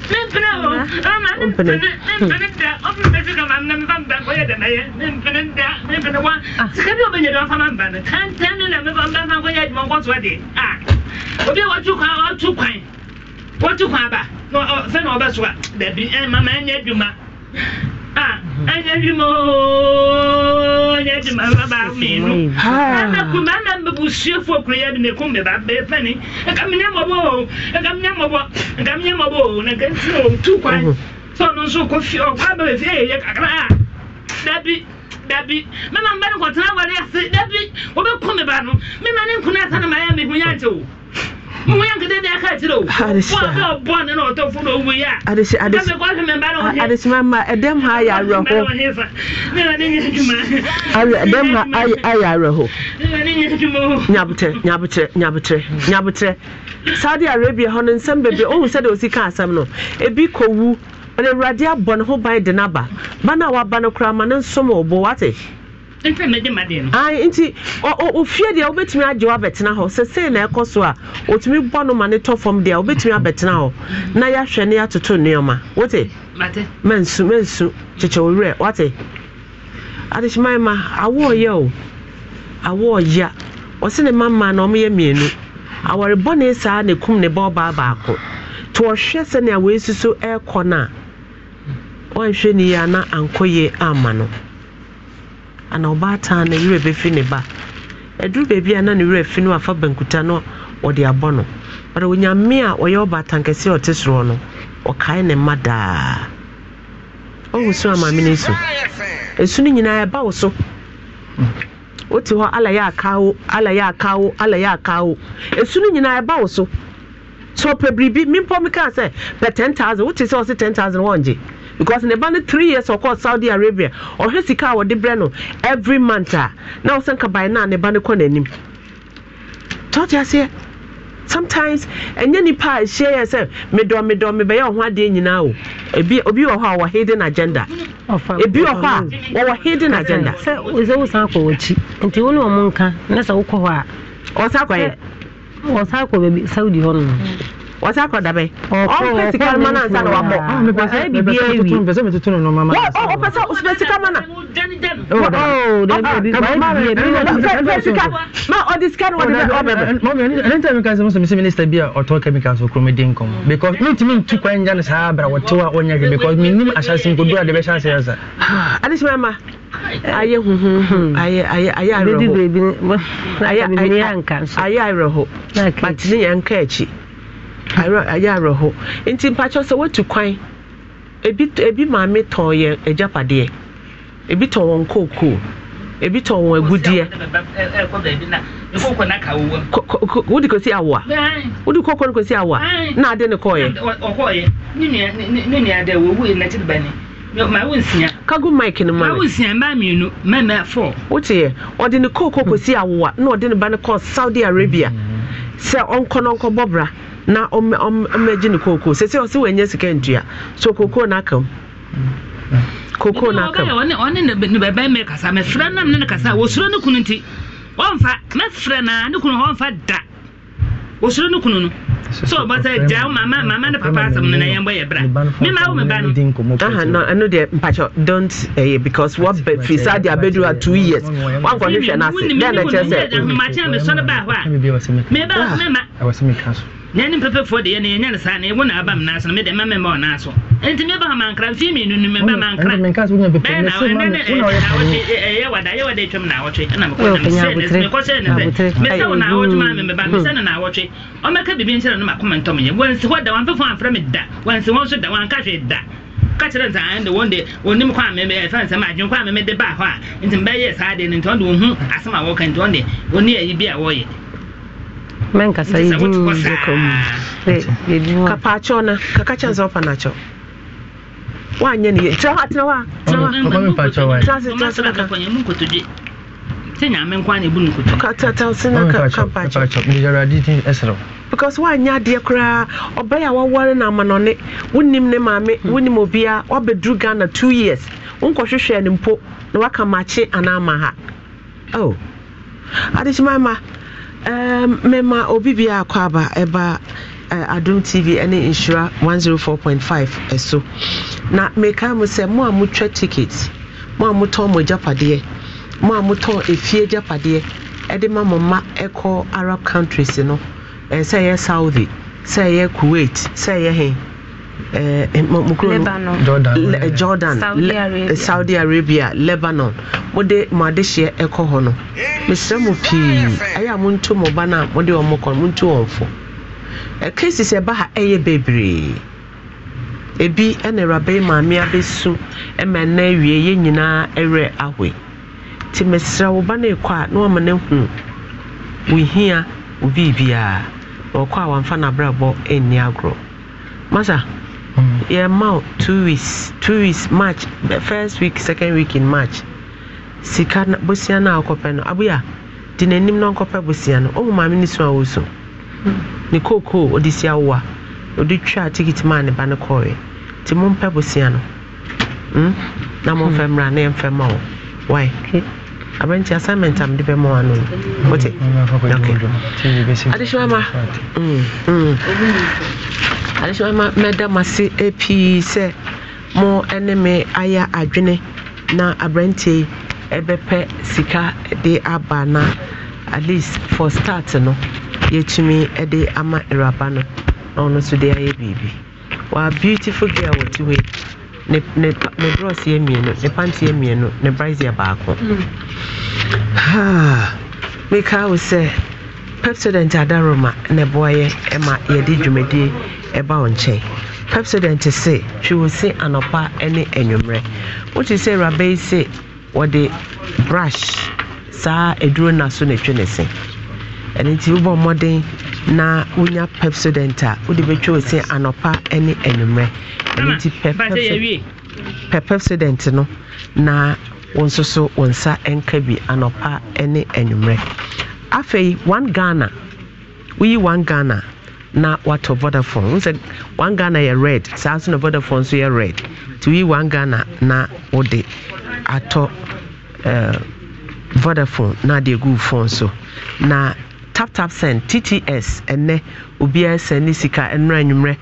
mempene o ama mempene da ɔpene bɛsi ka mam na mefa mba kɔyɛ dɛmɛyɛ da mempene wa sika bi ɔbɛnyɛ dɛ ɔfama mba no tantɛn ne na mefa mba fa nkɔyɛ adwuma nkɔsoa deɛ obi a watu kwan wɔtu kwan aba na oh, sɛ na ɔbɛso a baabi eh, ɛma eh, ma ɛnyɛ ah, eh, adwuma a ɛnyɛ adwuma ooo oh, ɛnyɛ adwuma baba mmienu ɛna ah, ah, kuma ɛna mbusuafo okuro yɛ bi na ekum beba bɛpɛni ɛka mi nyɛ mɔbɔ o oh. ɛka mi nyɛ mɔbɔ ɛka mi nyɛ mɔbɔ o na nka o tu kwan mm-hmm. sɛ ɔno nso kɔ ɔkɔ aba fi ɛyɛ kakra a dabi dabi mɛma mbɛ kɔtena awari ase dabi wɔbɛ kum beba no mɛma ne nkuna asa na ma yɛ mi hu mo yɛ nkete de ɛka na ɔtɔ fo na owu yi a adesi adesi kɔmi kɔmi mɛmba ha ayɛ awerɛho ne ha ayɛ ayɛ awerɛho ne na ne saudi arabia hɔ no nsɛm bebree ohun sɛ de osi asɛm no ebi kɔ wu ɔno awurade abɔ ne ho ban de n'aba ba na waba no koraa ma ne nsom wɔ bo wate. nti ofie deɛ wobɛtumi agye wabɛtena hɔ sɛ na ɛkɔ so a ɔtumi bɔ no ma ne tɔfam deɛ wobɛtumi abɛtena hɔ na yɛahwɛ ne yɛatoto nneɛma. wote mansu mansu kyekyɛ wo werɛ wate adehyemae ma awoɔyɛ o awoɔya ɔse ne mama na ɔmoyɛ mmienu awɔrebɔne saa ne kum ne bɔɔbaa baako nti ɔhwɛ sɛnea wei suso ɛrekɔ no a wanhwɛ ni yie ana ankɔ yie amma no ana ɔbaataa no werɛ bɛfi ne ba ɛduru baabi a na ne werɛ fi no afa bankuta no ɔde abɔ no ɔde onyame a ɔyɛ ɔbaatankɛse a ɔte soro no ɔkae ne mma daa ɔhu so amame no nsu ɛsu no nyinaa ɛba wo so wote hɔ alayɛ akawo alayɛ akawo alayɛ akawo ɛsu no nyinaa ɛba wo so so ɔpɛ biribi mempɔ mekaa sɛ pɛ 10000 wote sɛ ɔse 10000 wɔngye because ne ba three years Saudi Arabia ɔhwɛ sika a wɔde brɛ no every month a na ɔsɛ nka bae ne ba no kɔ n'anim sometimes ɛnyɛ nipa a ɛhyia yɛ sɛ medɔ medɔ mebɛyɛ ɔho adeɛ nyinaa o ebi obi wɔ hɔ a wɔ hidden agenda ebi wɔ hɔ a wɔwɔ hidden agenda. sɛ sɛ wosan akɔ wɔkyi nti wo ne ɔmo nka sɛ wokɔ hɔ a. yɛ. baabi Saudi hɔ nom. wɔsɛ akɔda bɛ ɔmpɛ sika eh, ah, ah, ma na nsa na wabɔ ayɛ biribi awi ɔpɛ sɛ ɔpɛ sika ma na ɔpɛ sika ma ɔde sika na ɔde bɛ ɔbɛ bɛ. ɛne ntɛ mi ka sɛ mo sɛ mi sɛ minister bi a ɔtɔ chemicals okuro mi di nkɔmɔ because mi ntumi ntu kwan gya no saa abira wɔtew a wɔnyɛ hwɛ because mi nim ahyase nkodu a de bɛ hyɛ aseɛ sa. adesima ma ayɛ huhun ayɛ ayɛ ayɛ awerɛho ayɛ ayɛ ayɛ awerɛho but ne yɛn ka akyi. aya awerɛho nti mpakyɛw sɛ woatu kwan ebi maame tɔn yɛ agyapadeɛ ebi tɔn wɔn kookoo ebi tɔn wɔn agudeɛ wode kɔsi awoa wode kɔkɔ no kɔsi awoa na ade ne kɔɔyɛ kago mike no mawoteɛ ɔde ne kookoo kɔsi na ɔde ne ba kɔɔ saudi arabia mm-hmm. sɛ ɔnkɔ na ɔmagye ne kookoo sɛ sɛ ɔsɛ wanya sika ntua so kookoo no aka m kookoo no aka ɔne ne bɛbɛ mmerɛ kasa mɛfrɛ nam ne ne kasa wɔsuro ne kunu nti wɔmfa mɛfrɛ naa ne kunu wɔmfa da wɔsuro ne kunu no so bɔsɛ gya mama mama ne papa na bra wo no don't ɛyɛ because be, firi saa deɛ abɛduru a two years woankɔhwehwɛ no ase dɛn na kyerɛ sɛ a na ne mpɛpɛfoɔ deɛ no yɛnyɛ no saa na ɛwo na aba m naaso no mede mɛmɛ ma ɔnaa so nti meba ha mankra mfii mmienu no meba mankraɛyɛ wada yɛ wada atwam naawɔtwe ɛna mekɔ sɛ ne sɛ mesɛ wo naawɔtwe ma memeba mesɛ no naawɔtwe ɔmɛka biribi nkyerɛ no makoma ntɔmyɛ wansi hɔ da wampɛfo amfrɛ me da wansi hɔ nso da wanka hwee da ka kyerɛ nsa ɛn eh, de wɔn de onim kwan mɛmɛ ɛfɛn nsɛm adwene kwan mɛmɛ de baa hɔ a nti mbɛyɛ saa de no nti ɔn de ohu asɛm a wɔka nti ɔn de oni ayi bi a wɔyɛ menkasa yɛdinze kɔmu kapakyɛw na kaka kyɛ sɛ wopa nakyɛw woanyɛ ne yɛ hɔ atena hɔ a because woanyɛ adeɛ koraa ɔbɛyɛ a waware no amanɔne wonim ne maame wonim obiaa wabɛduru ghana two years wonkɔhwehwɛ no mpo na waka makye anaa ha adekyima ma mɛma um, obi bia akɔ aba ebe eh, adum tv ne nhyira 104.5 ɛso na meka mu sɛ mo a motwa ticket mo a motɔn mo agyapadeɛ mo a motɔn efie agyapadeɛ ɛde ma mo mma ɛkɔ arab countries no ɛsɛ eh, ɛyɛ saudi sɛ ɛyɛ kuwait sɛ ɛyɛ hen Eh, eh, jordan eh, saudi arabia lebanon mode mo adehyeɛ ɛkɔ hɔ no mesrɛ mu pii ɛyɛ a monto mo ba no a mode ɔ mokɔ no sɛ ɛba ha ɛyɛ bebree ebi ɛna awuraba yi maame abɛsu ɛma ɛna awie nyinaa mesrɛ wo ba no a na wama no hu wo hia wo na ɔkɔ a n'abrabɔ ɛnni agorɔ masa Mm. yɛma two weeks two weeks march first week second week in march sika bosia no a wokɔpɛ no abuya de n'anim na ɔnkɔpɛ bosia no ɔmu oh, maame ne so a wɔso mm. ne kookoo ɔde si awoa ɔde twa tikiti maa ne ba no kɔɔɛ nti mompɛ bosia no na momfɛ hmm. mmra na yɛmfɛ ma wo wae okay abɛnti assignment am de bɛ mɔ ano wote adesua ma mm, mm. adesua ma mɛda ma se sɛ mo ne me ayɛ adwene na aberanteɛ yi ɛbɛpɛ sika de aba na at least for start no yɛtumi de ama awuraba no na ɔno nso de ayɛ biribi wa beautiful girl wɔ ti hɔ yi ne ne ne drɔs yɛ mmienu ne panti yɛ mmienu ne brais yɛ baako mm. haa mika awo sɛ pepsodent adaroma na ɛboa yɛ ɛma yɛde dwumadie ɛba wɔn nkyɛn pepsodent se twiwo se anɔpa ɛne anwummerɛ wotu sɛ awuraba yi se wɔde brush saa aduro na so na etwe ne se ɛno nti wobɔ mmɔden na wonya pepsodent a wode bɛtwa o sɛ anɔpa ne anwummerɛ ɛno nti pɛ pepsodent no na wo nso so wo nsa nka bi anɔpa ne anwummerɛ afei one ghana woyi wan ghana na watɔ vodafone wo sɛ ghana yɛ red saa nso na vodafone nso yɛ red nti woyi one ghana na wode atɔ uh, vodafone na de gu phone so na tap tap send tts ɛnɛ obiara send ne sika nnura nnwummerɛ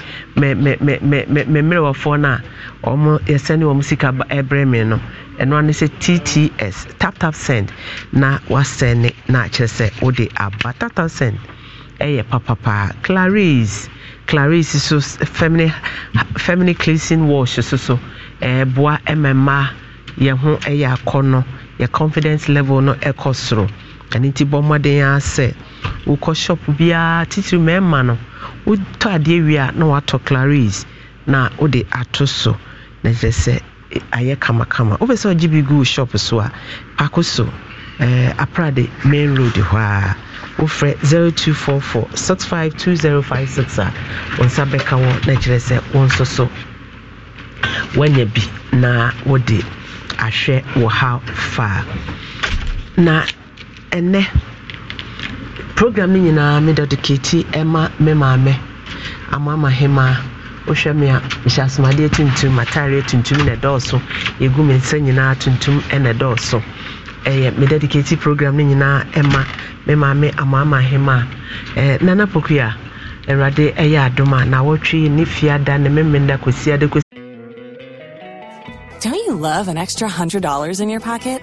mmerɛwɔfoɔ no a wɔn yɛsɛne wɔn sika ɛbrɛ me no ɛno ano sɛ tts tap tap send na wasɛne na akyerɛ sɛ wode aba tap tap send ɛyɛ papapaa clarice clarice so feminine feminine cleansing wash so so ɛɛboa e, ɛmɛ e, mmaa yɛn ho ɛyɛ akɔnɔ yɛ confidence level no ɛkɔ e, soro ɛno nti bɔ mmɔden ara wokɔ shop biara titiri mmarima no wotɔ adeɛ wie a na watɔ claris na wode ato so na kyerɛ sɛ e, ayɛ kamakama wopɛ sɛ ɔgye bi gu shop so a pako so eh, aprade main road hɔ a wofrɛ 0244 652056 a wo nsa bɛka wɔ na kyerɛ sɛ wo nso so woanya bi na wode ahwɛ wɔ ha faa na ɛnɛ program no nyinaa me dedicate ɛma me maame wohwɛ me a mehyɛ asomadeɛ tuntum matareɛ tuntum na ɛdɔɔso yɛgu me nsa nyinaa tuntum ɛna ɛdɔɔso ɛyɛ me dedicate program no nyinaa ɛma me maame ɛɛ nana pokua awurade ɛyɛ adom a na wɔtwe ne ne memenda Don't you love an extra $100 in your pocket?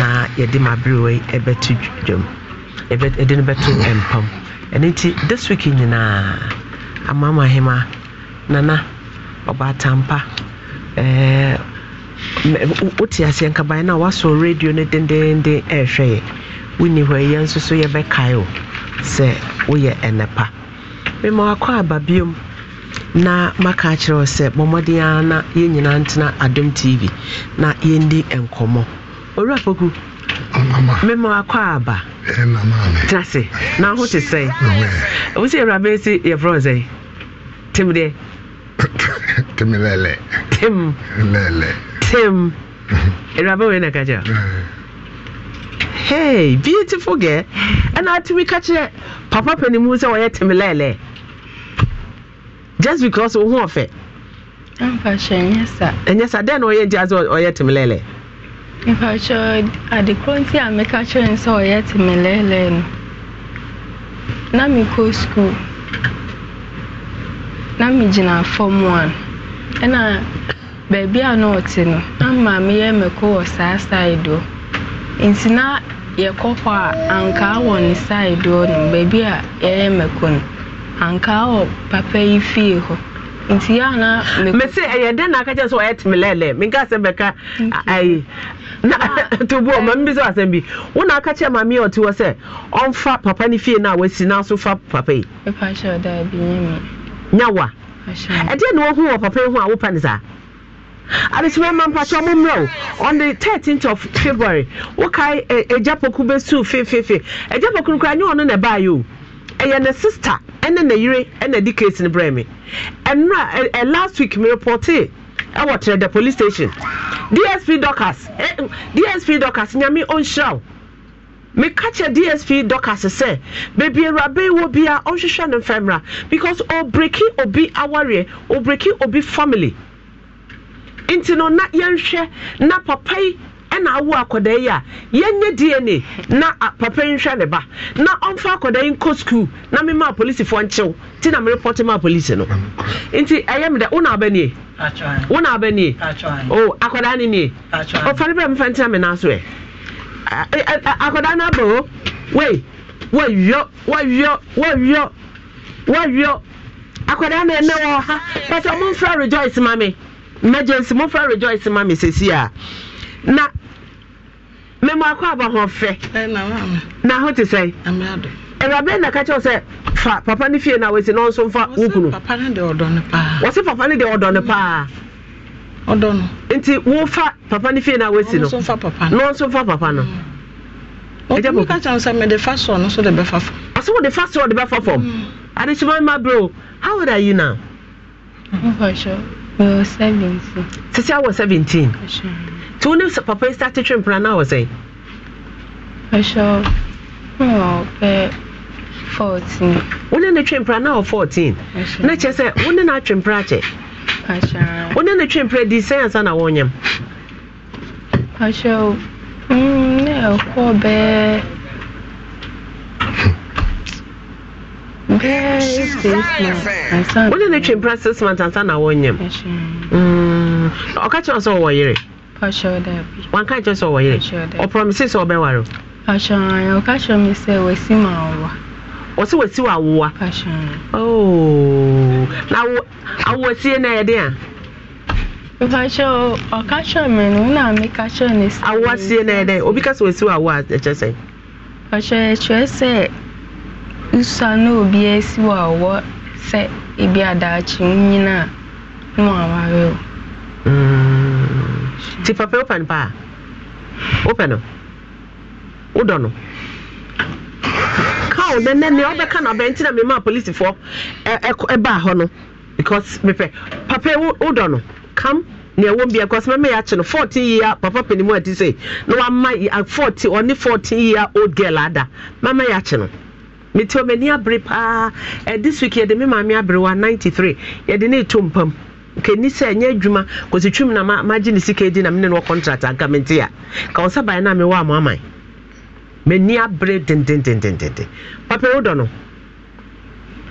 na yɛde maberɛwa yi ɛbɛto dwam yɛde no bɛto mpam ɛno nti this week nyinaa amama hema nana ɔbaatampa wote aseɛ nkaban no a woasɔ radio no dendenden ɛrehwɛ yɛ wonni hɔ yɛ nso so yɛbɛkae o sɛ woyɛ ɛnɛpa mema wakɔ aba biom na maka akyerɛ wo sɛ bɔ ara na yɛn nyinaa ntena adom tv na yɛndi nkɔmmɔ owura foku mmemme akɔ aba tena se na ho te sɛn wo sɛ awuraba si yɛfrɛ sɛn tem deɛ tem lɛlɛ tem lɛlɛ tem awuraba wei na ka kyerɛ hey beautiful girl ɛna atumi ka kyerɛ papa panimu sɛ wɔyɛ tem lɛlɛ just because wo ho ɔfɛ ɛnyɛ sa dɛn na ɔyɛ nti asɛ ɔyɛ tem lɛlɛ mpakyɛ adekorɔ nti a meka kyerɛ n sɛ ɔyɛ te me lɛɛlɛɛ no na mekɔ skuul na megyina fam one ɛna baabi a na ɔte no na maameyɛ mɛkɔ wɔ saa side nti na yɛkɔ hɔ a ankaa wɔ ne side hɔ no baabi a yɛyɛ mɛkɔ no ankaa wɔ papa yi fie hɔ nti yɛ ana mɛkɔ mɛsɛ ɛyɛ dɛn na aka kyerɛ sɛ ɔyɛ te me lɛɛlɛɛ menka sɛ bɛka ayi Na bu ọma mbi so asɛm bi wọn na aka kyerɛ maame ɔte hɔ sɛ ɔmfa papa ni fie na wasi na so fa papa yi. papa ahyɛ ɔda ebi nye mi. nyawa ɛdeɛ na wɔhu wɔ papa yi ho a wopa ne saa adesimɛ mma mpakyɛ ɔmo mmerɛ on the thirteenth of february wokae ɛgya poku bɛsu fefefe ɛgya poku nkura ni ɔno na ɛbaa yi o ɛyɛ ne sister ɛne ne yere ɛna di case ne brɛ mi ɛnura ɛ last week mi repɔtee ɛwɔ kyerɛ the police station dsp docas eh, mm, dsp docas nyame ɔnhyiraw meka kyerɛ dsp docas sɛ baabi awurabɛn wɔ bi a ɔnhwehwɛ no mfɛmra because ɔbreki obi awareɛ ɔbreki obi family nti no na yɛnhwɛ na papa yi ɛna awo akwadaa yi a yɛnyɛ dna na papa yi nhwɛ ne ba na ɔmfa akwadaa yi nkɔ sukuu na mema polisifoɔ nkyew ti na merepɔte maa polisi no nti ɛyɛ mi dɛ wona abɛ oh, nie wona abɛ nie o akwadaa ne nie ɔfa ne bɛ mfa ntina mi nan so yɛ e, e, akwadaa na abɛ o wei wɔyɔ wɔyɔ wɔyɔ wɔyɔ akwadaa na ɛnɛ wɔ ha pɛtɛ mo nfra rejoice mami mi emergency mo nfra rejoice mami mi sisi a na mema akɔ aba ho fɛ eh, na ho te sɛ awurade na ka kyerɛw sɛ fa papa ni fie na wɔsi na ɔnso mfa wo kunu wɔse papa ni no deɛ ɔdɔne paa nti wofa papa ni fie na wɔsi no na ɔnso mfa papa no ɛgya papa sɛ mm. wode fa fa. wo sɛ wode fa fam mm. adekyema ma bro how old are you now uh, seventeen. sisi awɔ seventeen nti wo ne papa yi start twe mpena na wɔ sɛn wo ne ne twe mpena na wɔ 14 na kyerɛ sɛ wo ne na atwe mpena akyɛ wo ne ne twe mpena di sɛn ansa na wɔnyam ne ɛkɔ bɛɛ ne twe mpena six months ansa na wɔnyam ɔka kyerɛ sɛ wɔwɔ yere wanka kyerɛ sɛ ɔwɔ yere ɔpromise sɛ ɔbɛn ware ɔka kyerɛ me sɛ wasi ma awowa ɔsɛ wasi wɔ awowa na awowasie no ɛyɛ den a mpakyɛ ɔka kyerɛ me no na meka kyerɛ ne sɛ awowasie no ɛyɛ den obi ka sɛ wasi wɔ awowa ɛkyerɛ sɛ ɔkyerɛ kyerɛ sɛ nsa na obi asi wɔ awowa sɛ ebi adaakye mu nyinaa na waware o nti papa open no paa wopɛ no wodɔ no kao na nea wobɛka no abɛn nti na mema polisifoɔ ɛbaa hɔ no because mepɛ papa wodɔ no kam nea ɛwɔ bia because mɛmɛ yɛ akye no fourteen year papa panimu ati sɛ na wama fourteen ɔne fourteen year old girl ada mɛmɛ yɛ akye no mete ɔm'ani abere paa ɛ this week yɛde me maame abere wa ninety three yɛde ne eto mpam. kɛni sɛ ɛnyɛ adwuma kɔsi twim na magye ne sika di na mene no wɔ contract anka mente a ka wo sɛ baɛ no a mewɔ a aman m'ani abere dendendendendenden papa wo no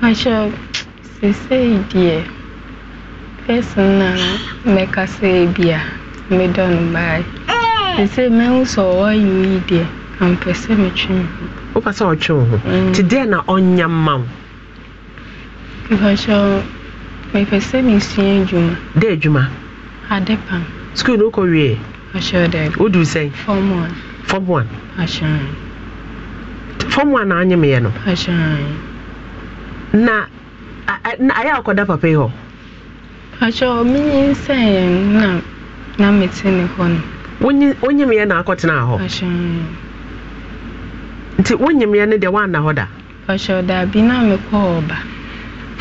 akyɛ sesei deɛ person na mɛka bi a medɔ no bae eh! sesei mahu sɛ ɔwɔ yi deɛ ampɛ sɛ me ho wopɛ sɛ ɔtwe wo ho nti na ma wo mepɛ mesua adwuma dɛ adwuma ade skul no wokɔ wie akyerɛ dɛ sɛn one Fom one one na no akyerɛ na na ayɛ akɔda papa yi hɔ akyerɛ sɛ na na mete ne hɔ no na akɔtena hɔ nti no deɛ woanna hɔ da Bi na ɔba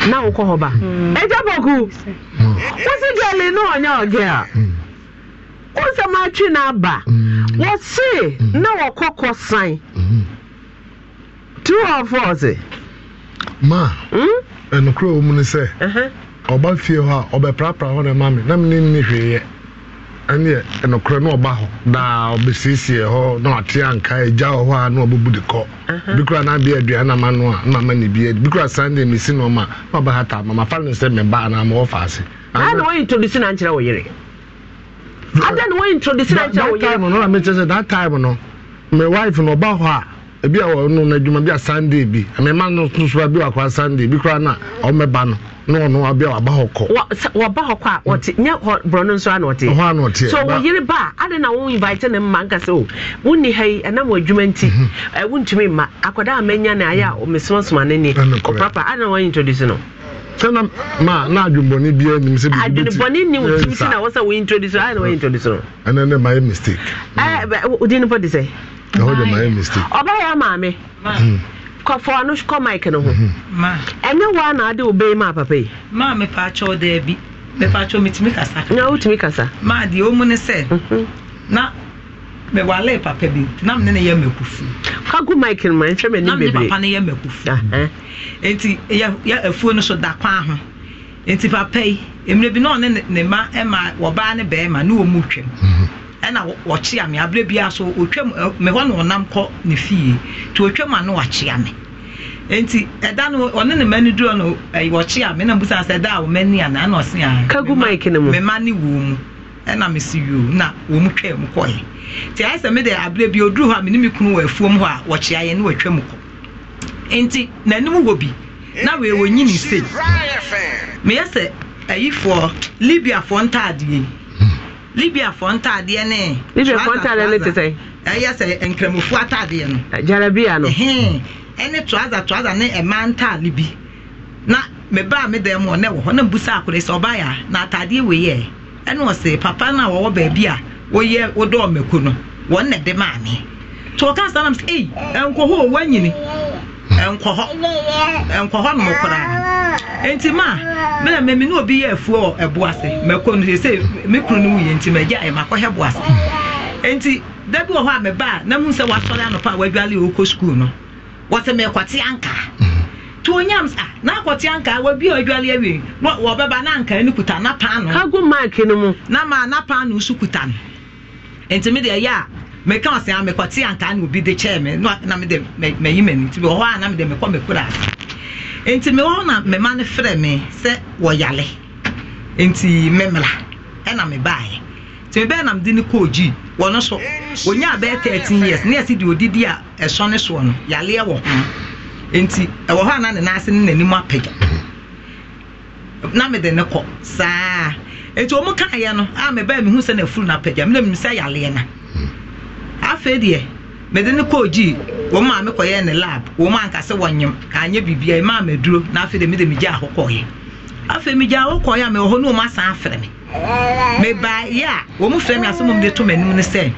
na wokɔ hɔ ba ɛgya bɔku wosi gɛle na ɔnyɛ a wosɛm hmm. na aba hmm. wɔse hmm. na wɔkɔ san two or four ma ɛnokorɛ wɔ mu no sɛ ɔba fie hɔ a ɔbɛprapra hɔ na ma me na ɛneɛ ɛnɔkorɛ na ɔba hɔ na ɔbɛsiesie hɔ na ɔte anka agya wɔ hɔ a na ɔbɛbu de kɔ bi kora na adeɛ aduane nama no a na ama ne bi adi bi kora sunday mesi no ma na ɔba hata ama mafa no sɛ meba anaa ma fa ase ana wɔyɛ introduce na nkyerɛ wo yere ada na wɔyɛ introduce na nkyerɛ wo yere that time no na mekyerɛ sɛ that time no my wife no ɔba hɔ a ebi a ɔno no adwuma bi a sunday bi mmarima no nso bi wakɔ sunday bi koraa na ɔmɛba no na ɔno abi a waba hɔ kɔ. waba hɔ kɔ a ɔte nye borɔno nso ana ɔte. ɔhɔ ana ɔte. so wò yiri ba adi na wọn invite ne mma nkasa o wọn ni ha yi ɛnam wɔ adwuma nti mhm. ɛwọn ntumi mma akwadaa amenya na ayɛ a mhm. ɔmɛsɛmɛsɛmɛ ne nie ɔpapa adi na wɔn introduce no sɛna ma na adwenbɔne biara nim sɛ adwenbɔne ni wo eh, tim si na wɔ sɛ wo introduce ayɛ na eh. introduce no ɛnɛ ne ma yɛ mistake. ɛɛ odin nipa hold on my mistake ɔbɛyɛ maame hmm. kɔfɔ no kɔ mike no ho hmm. ɛne wa na ade obey ma papa yi maa mepa akyɛw daa bi mepa akyɛw metumi kasa na wotumi kasa maa deɛ ɔmu ne sɛ mhm. na mewale papa bi na mene ne yɛ mɛkufu kagu mike no ma nhwɛ m'anim bebree na mene papa no yɛ enti yɛ afuo no so da enti papa yi mmerɛ bi na ɔne ne ma ɛma wɔbaa ne bɛrima ne wɔ mu twam mhm. ɛna wɔkyea me aberɛ biara so ɔtwam me hɔ na ɔnam kɔ ne fie nti ɔtwam a na wakyea nti ɛda no ɔne ne mani duro no wɔkyea me na busa sɛ ɛda a wɔmani ana ɛna ɔse a ah, kagu mike no mu me ne wɔ mu ɛna si wio na wɔ mu mu kɔɛ nti ayɛ sɛ de aberɛ bi ɔduru hɔ a me ne kunu wɔ afuom hɔ a wɔkyea yɛ ne wɔtwa mu kɔ nti n'anim wɔ bi na wei wɔnyini stage meyɛ sɛ ayifoɔ libiafoɔ ntaadeɛ yi libiafoɔ ntaadeɛ ne libiafoɔ ntaadeɛ ne te sɛ ɛyɛ sɛ nkramofoɔ ataadeɛ no jarabia no ɛne trouser trouser ne ɛmaa ntaade bi na mebaa me dan mu ɔnɛ wɔ hɔ ne busa akora sɛ ɔbaa na ataadeɛ wei yɛ ɛna ɔsɛ papa na a wɔwɔ baabi a wɔyɛ wɔdɔɔ mako no wɔn na de maame to ɔka sa nam sɛ ei nkɔhɔ wɔn anyini nkɔ hɔ nkɔ hɔ nom koraa nti ma mena mɛmi ne obi yɛ afuo wɔ ɛboase mɛkɔ no sɛ me kuro no wuyɛ nti magya ɛ makɔhɛ boase nti da bi wɔ hɔ a mebaa na mu sɛ wasɔre anɔpa a wadwale wokɔ sukuu no wɔsɛ mɛkɔte ankaa nti onyam sa na akɔte ankaa wabi a wadwale awie na wɔbɛba na ankaa no kuta na paano ago maake no mu na ma na paano nso kuta no nti mede ɛyɛ a meka ɔsɛ a mekɔte ankaa na obi de kyɛɛ me na mede mayi m'ani nti wɔhɔ a na mede mekɔ mekura nti mewɔ na mema no frɛ me sɛ wɔyale nti memra ɛna mebaeɛ nti mebɛɛ na mede no kɔɔ gyi wɔno so ɔnya bɛɛ 13 years ne yɛse deɛ ɔdidi a ɛsɔ ne soɔ no yaleɛ wɔ ho nti ɛwɔ hɔ a na ne naase ne n'anim apagya na mede ne kɔ saa nti ɔmo kaeɛ no a mebɛɛ mehu sɛ na afuru na apagya mena menim sɛ yaleɛ na afei deɛ mede ne kɔɔ gyii wɔn maame kɔyɛ ne lab wɔn anka sɛ wɔnyem kanyɛ biribiara maa mi duro na afei deɛ mede mi gya ahɔ kɔɔyɛ afei mi gya ahɔ kɔɔyɛ a mɛ wɔ hɔ ne wɔn asan afrɛ mi mɛ baa yɛ a wɔn frɛ mi asɛm wɔn de to mɛ anim ne sɛ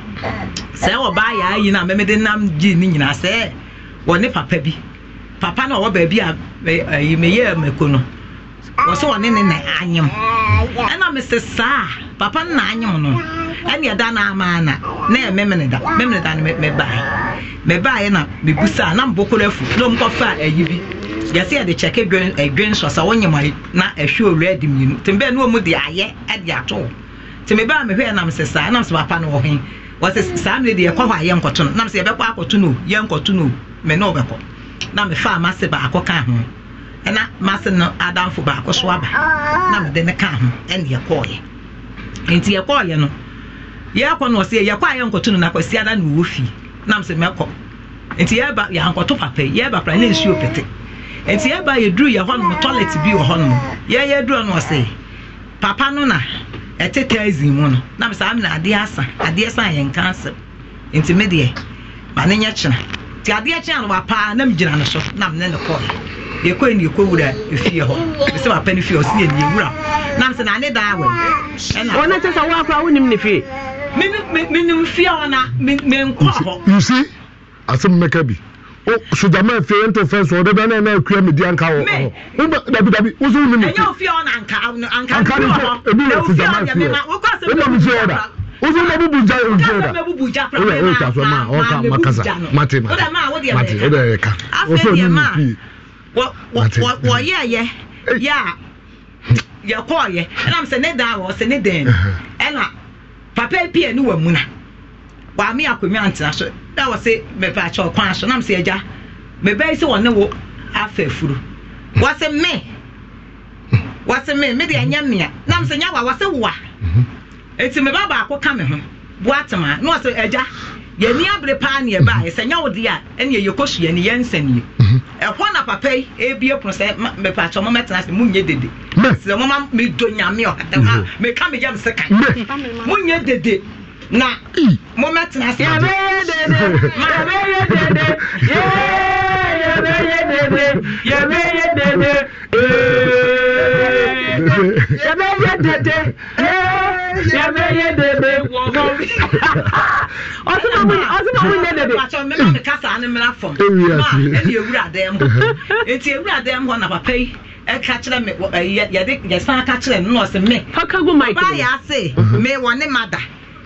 sɛ ɔbaa yɛ ayi na mɛ mede nam gyii ne nyinaa sɛ wɔ ne papa bi papa na ɔwɔ baabi a ɛyi mɛ yɛ mɛko no. wɔsɛ wɔne ne na anyem ɛna saa papa nna na anyem no ɛne ɛda no amaa na na ɛ memene da memene da no mebae mebaeɛ na mebusaa na mbokoro afu na ɔmkɔfaa ayi bi yɛsɛ yɛde kyɛke wonyem na ɛhwɛ owura adi mmienu nti ne ɔmu de ayɛ ɛde atoo nti mebaa mehwɛ ɛnam sɛ saa ɛnam sɛ papa no wɔ he wɔsɛ saa mmerɛ de yɛkɔ hɔ a yɛnkɔto no na mefaa ma ɛna mase no adamfo baako so aba ah. na dị mede ne ka ho ɛne yɛkɔɔyɛ nti ya no yɛkɔ no ɔsɛ yɛkɔ a ya no nakwasi ada na na ɔwɔ fie nam sɛ mɛkɔ nti ya nkọtụ papa ya yɛba pra na nsuo pete nti yɛba ya hụ na toilet bi wɔ hɔnom yɛyɛ duru no ɔsɛ papa no na ɛte taizin na no nam sɛ amena adeɛ asa adeɛ ya yɛnka asɛm nti dị ya ma ne nyɛ kyena nti adeɛ kyena no wapaa na megyina no so na mene ne kɔɔyɛ yɛkɔ ni yɛkɔ wura efie hɔ sɛ wapɛ ne fie hɔ sɛ yɛni ewura nam sɛ naane daa wɔ ɛna wɔn na kyɛ sɛ wɔn akora wɔnim ne fie. mi fie hɔ na mi nkɔ hɔ. you see asem mɛka bi o sojama fie yɛn to fɛn so ɔdɛ bɛn na ekuya mi di anka wɔ hɔ o dabi dabi o sɛ wuli ne fie. ofie hɔ na anka anka bi wɔ hɔ ebi yɛ sojama fie o ma mi fie hɔ da o sɛ ma bubu ja o fie da o yɛ o yɛ ta so ma ɔka wɔyɛ yɛ yɛ a yɛkɔɔyɛ ɛnam sɛ ne dan wɔ sɛ ne dan ɛna papa pia ne wɔ mu na wɔame akonnwa antena so na wɔ se mepaakyɛ ɔkwan so nam sɛ agya mebɛyi sɛ wɔne wo afa afuru wɔse me wɔse me mede ɛnyɛ mmea nam sɛ nyɛ wa wɔse wa mhm. eti meba baako ka me ho boatema na wɔse agya yɛni abere paa ne ɛbaa yɛ sɛ nyɛ wo deɛ a ɛne yɛkɔ suani yɛnsɛn yie ɛhɔ na papa yi ebi epono sɛ mepatɔ mo mɛtena ase mo nye dede sɛ mo ma mi do nyame ɔhata meka mi yam sika mo nye dede na mo mɛtena ase yabɛ yɛ dede yabɛ yɛ dede yabɛ yɛ dede yabɛ yɛ dede ee yɛbɛyɛ dede yɛbɛyɛ dede ɔsoma mu ɔsoma mu nyɛ dede. pàtó mẹ́ta mi kásá ni mìíràn fọ̀ máa ẹni ewúrẹ́ adẹ́m hɔ etí ewúrẹ́ adẹ́m hɔ na papa yi ɛka kyerɛ mi yɛde yɛsan aka kyerɛ mi na ɔsi mi. kaka gu maiki. báyà ase mi wɔ ne ma da.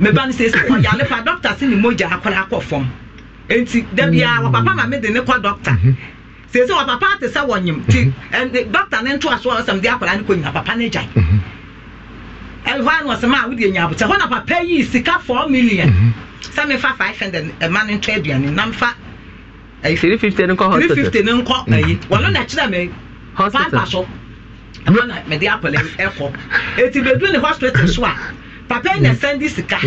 meba mhm. mhm. mhm. no sɛ sɛ ɔyare pa dɔkta se ne mogya akɔre akɔ fam nti da biara wɔpapa ma mede ne kɔ dɔkta sɛ sɛ wɔpapa te sɛ wɔnyem nti dɔkta ne ntoa so ɔsɛm de akɔra ne kɔnyina papa no agyae ɛhɔ a ɔsɛm a wode anya abokyɛ hɔ na papa yii sika 4 million sɛ mefa 500 ɛma no ntɔ aduane na mfa 350 no nkɔ 350 no nkɔ ayi wɔno na kyerɛ me pampa so ɛhɔ e na mede apɔle ɛkɔ ɛti bɛduru ne hospital so a papa yi na ɛsɛn di sika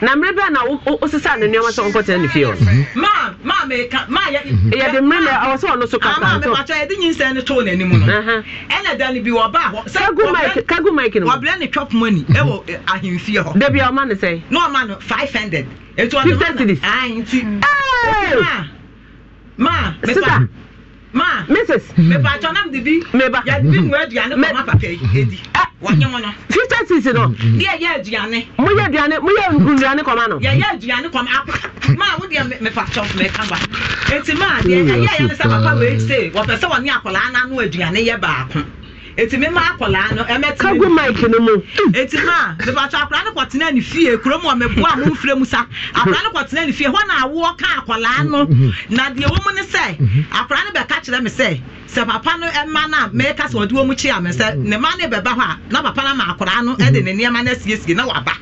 na mmerɛ bɛɛ na osisa ne nneɛma sɛ ɔnkɔtɛ ne fie hɔ. maa mm-hmm. maa mi ka maa yɛ. Mm-hmm. yɛde mmerɛ na ɔwɔ sɛ ɔno so kasa. maa mi pàtó yɛde nyinsɛn ne too n'anim no ɛna da ne bi wɔ ba hɔ. kagu maik kagu maik no. wɔbrɛ ne twɔp mɔni mm-hmm. ɛwɔ eh, ahemfie hɔ. debi a ɔma ne sɛ. na ɔma no five hundred. etu ɔno ma na ayi ti. maa maa mi pa ma mrs hmm. meba atwa nam de bi meba yɛde bi nwa aduane kɔma papa hmm. edi ah. wɔnye mu no fifty six hmm, no deɛ yɛ aduane moyɛ aduane moyɛ nduane kɔma no yɛyɛ aduane kɔma akɔ ma wo deɛ mepa atwa meka ba eti ma deɛ yɛyɛ yɛn sɛ papa wei se wɔpɛ sɛ wɔne akɔlaa n'ano aduane e yɛ baako eti mi ma akwaraa no ɛmɛ ti mi kagu mic no mu eti ma mibatɔ akwaraa no kɔtena ne fie kurom wɔ mɛ bua mu nfire mu sa akwaraa no kɔtena ne fie hɔ na awoɔ ka akwaraa no na deɛ wɔn mu ne sɛ akwaraa no bɛ ka kyerɛ mi sɛ sɛ papa no ɛma na mɛka sɛ ɔde wɔn mu kyi ame sɛ ne ma ne bɛba hɔ a na papa no ma akwaraa no ɛde ne nneɛma no asiesie na waba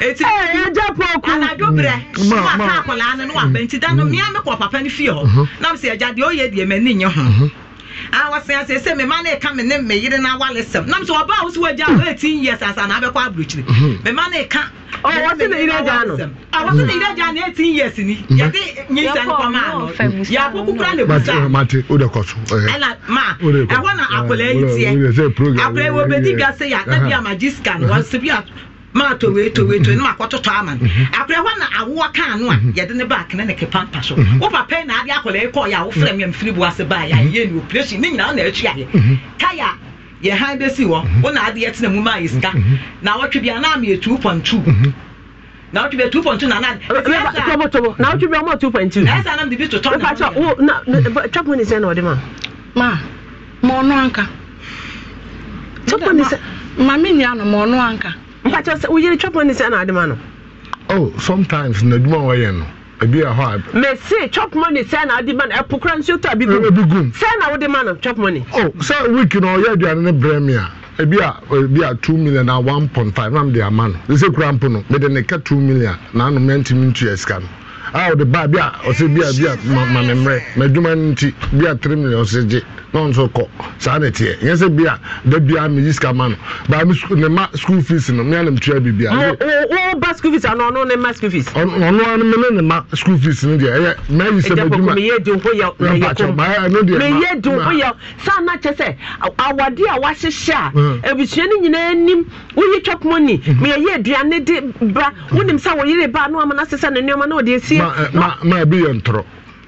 eti ɛyɛgya pɔku anadwo brɛ mm. wa ka akwaraa no no waba nti da no mmea mi kɔ papa no fie hɔ mm-hmm. nam sɛ ɛgya deɛ ɔyɛ deɛ mɛ ne nye ho. Mm-hmm a wɔsɛn sɛ sɛ mɛma ne ka me ne me yere na wale sɛm nam sɛ ɔbaa wosi wagya a eighteen years asa na abɛkɔ aburukyiri mɛma mhm. ne ka ɔwɔ oh, sɛ ne yere agya no ɔwɔ sɛ ne yere agya no eighteen years ni mhm. yɛde nyinsa nipa maa no yɛakoko kura ne busa eh, mate o de kɔ so ɛna ma ɛhɔ na akwadaa yi tiɛ akwadaa yi wɔ bɛ di gase ya na bi ama gyi scan wɔn sɛ bi a maa to wei to wei to ne ma kɔ totɔ mm-hmm. ama no mm-hmm. abirɛ hɔ na awoɔ kaa no a mm-hmm. yɛde ne baake ne ne kepa mpa so wo papa yi na adi akɔla ekɔ yɛ awo fira mi mfiri bu ase baa yɛ ayɛ ni operation ne nyinaa na etu ayɛ kaya yɛ han besi hɔ wo na adi yɛ tena mu maa yɛ sika na wɔtwe bi anaa mi yɛ two point two na wotwe bɛ two point two na nan. tobo tobo na wotwe bɛ ɔmɔ two point two. ɛsɛ anam de bi totɔ na. wopatɔ wo na twɛpo ni sɛ na ɔde ma. ma ma ɔno anka. twɛpo ni sɛ. ma mi nua no ma ɔno anka mpakyɛ sɛ woyere twa ne sɛ na ade no oh sometimes na adwuma wɔyɛ no ebi yɛ a. mese chop money sɛ na ɔde ma no ɛpo kura nsuo tɔ abi gum ebi eh, gum sɛ na wɔde ma no chop money. oh sɛ week na ɔyɛ aduane ne brɛ mi a ebi a ebi a two million na one point five na mi de ama no ese kura mpo no mi de ne ka two million na anum yɛn ti mi ntu yɛ sika no a wɔde baa bi a ɔsɛ bi a bi a ma me mmerɛ ma adwuma no nti bi a three million ɔsɛ gye na ɔnso kɔ saa na ɛteɛ nyɛ sɛ bi a da bi a meyi sika ma no baa mi ne ma school fees no me anam tua biribi a. wo ba school fees ano ɔno ne ma school fees. ɔno ano me ne ne ma school fees no deɛ ɛyɛ mɛ yi sɛ ma adwuma. ɛjɛ bɔkɔ meyɛ dun ko yɛ meyɛ kom meyɛ dun ko yɛ saa na kyɛ sɛ awade a wahyehyɛ a ebusua mm. no nyinaa nim woyɛ twɛ pomo ni meyɛ yɛ de ba wonim sɛ wɔyere no ama no asesɛ ne nneɛma Eh, ma ma ebi yɛ ntorɔ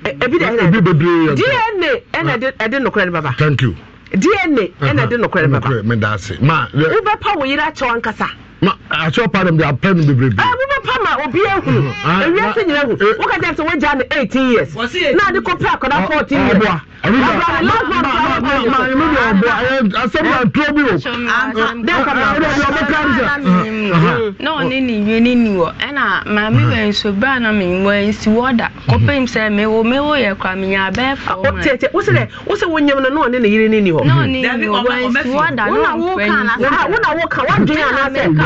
eh, ebi de eh, ebi bebree yɛ ntorɔ dna ɛna ɛde nokora ne baba thank you dna ɛna ɛde uh-huh. nokora ne baba mi da ase ma. wobɛpa wo yere akyɛw ankasa ma aso pa dem de apɛ no bebrebe. ɛɛ bíbá pa ma obi ehunu mm-hmm. ah, ewia se nyina hu eh, wọ́n kẹ́tẹ́ sẹ́ wọ́n gya ni eighteen years náà de kọ́ pẹ́ akọ́dá fourteen years. ɛbua ɛbua ma ma ma ma emu de ɔbɔ ɛɛ asɛm na nturo bi o. ɛɛ ɛdɛ ɛdɛ ɔbɛ kan jɛ. na ɔne ni nwi ni ni wɔ ɛna maame mm-hmm. wɛ nso bra na mi wɔ nsi wɔda mm-hmm. kɔpɛ mu sɛ mewo mewo yɛ kura mi nya abɛɛ fa oh, wɔn. tètè wosɛ dɛ wosɛ wɔn nyɛm no na ɔne ne yiri ni ni wɔ. na ɔne ni wɔ nsi wɔda na ɔfɛ ni. wọn na wọ kan wọn adwene anasɛ.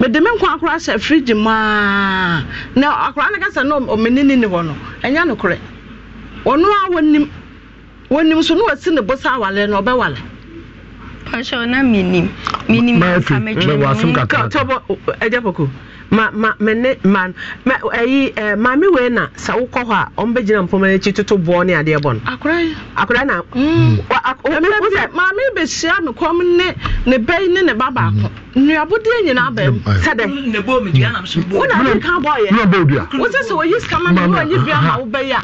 mede me nkwa akora hyɛ fridge maa na akora no kasa na ɔmene ne ne hɔ no ɛnyɛ nokorɛ ɔno a wɔnim wɔnim so na wɔsi ne bosa awale no ɔbɛwale ɔhyɛ na menim menim akamɛtwɛmɛgyapɔko ma ma mene ma ma ɛyi ɛ eh, maame wei na sa wokɔ hɔ a ɔn bɛ gyina mpɔmɔ n'akyi toto boɔ ne adeɛ bɔ no. akora yi. akora na. Mm. Mm. wa akora mi wosɛ. maame bɛ hyia no kɔm ne ne bɛyi ne ne ba baako mm. nnuabodeɛ nyinaa bɛ mu. sɛdɛ ne bɔ omi dua na mo so bɔ. wọn na adi kan bɔ yɛ. wosɛ sɛ oyi sikama ne bɔ oyi dua ma wo bɛ yɛ a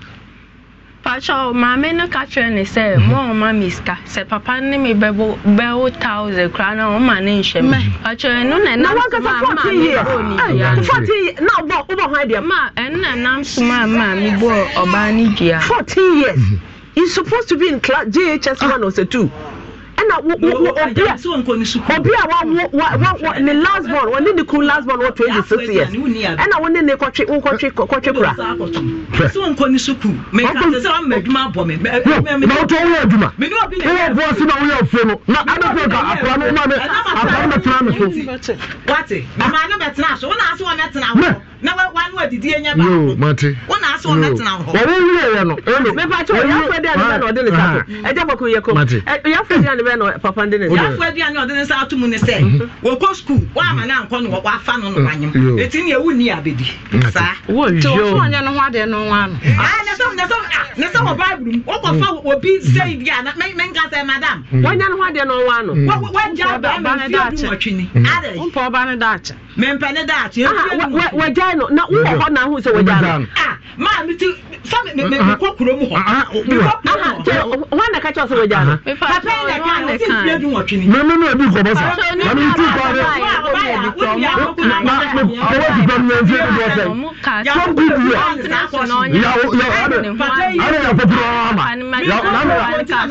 pakyɛw oh, maame no ka kyerɛ ne sɛ mhm. mo a ɔma me sika sɛ papa ne me bɛbo bɛwo thousand koraa na ɔma ne nhyɛ mu pakyɛw ɛno na ɛnam soma a maa me bɔɔ ne years. no na wobɔ wobɔ hwan deɛ ma ɛno na ɛnam soma a maa me bɔɔ ɔbaa ne fourteen years you mhm. supposed to be in class jhs one or oh two. Ah ɛna obi a wawo ne last ball wɔne ne kun last ball wɔ twenty six years ɛna wone ne kɔtwe nkɔtwe kɔtwe kura. n'awo tɔ woyɛ adwuma woyɛ bɔ si na woyɛ ofo no na ana ko ka akora no ma ne akora no bɛ tena ne so. wate na wa wa nua didi enya ba yo mate wọn na asọ ọna tena hɔ wọn wuli ɛyɛ no ɛno mepa kyɛ yafo aduane bɛ na ɔde ne sa to ɛgya bɔ Mate. yɛ ko yafo aduane bɛ na papa de ne sa yafo aduane ɔde ne sa to mu ne sɛ mhm. wɔkɔ sukuu wɔama na nkɔ no wɔafa no no mm. wanyam eti ne ewu ni abedi saa wɔn yo tɔ wɔn nyɛ no ho adeɛ no wa no aa ne sɛ ne sɛ ne sɛ wɔ baibulu mu wɔkɔ fa obi sɛyi bi a na mɛ mɛ nka sɛ madam wɔn nyɛ no ho ah, ah, mm. adeɛ mm. no wa no wɔgya bɛrima ne fi odu wɔtwi ni adɛ mpɔ ɔba ne daakye mɛmpɛ ne daakye wogyae no na wowɔ hɔ na ho sɛ wogya no maa mi ti sani mi mi kɔ kurom hɔ mi kɔ kurom hɔ hɔn na kakyɛ ɔsɛ wogya no papa yi na kan na si nfiɛ dun wɔtwi ni. mɛmi na ebi nkɔmɔ sa mɛmi ti kɔ de na na kɔmɔ ti pɛm yɛn fiɛ bi wɔsɛ sɔm bi bi yɛ yawo yawo ade ade yɛ fɔpura ama yawo na na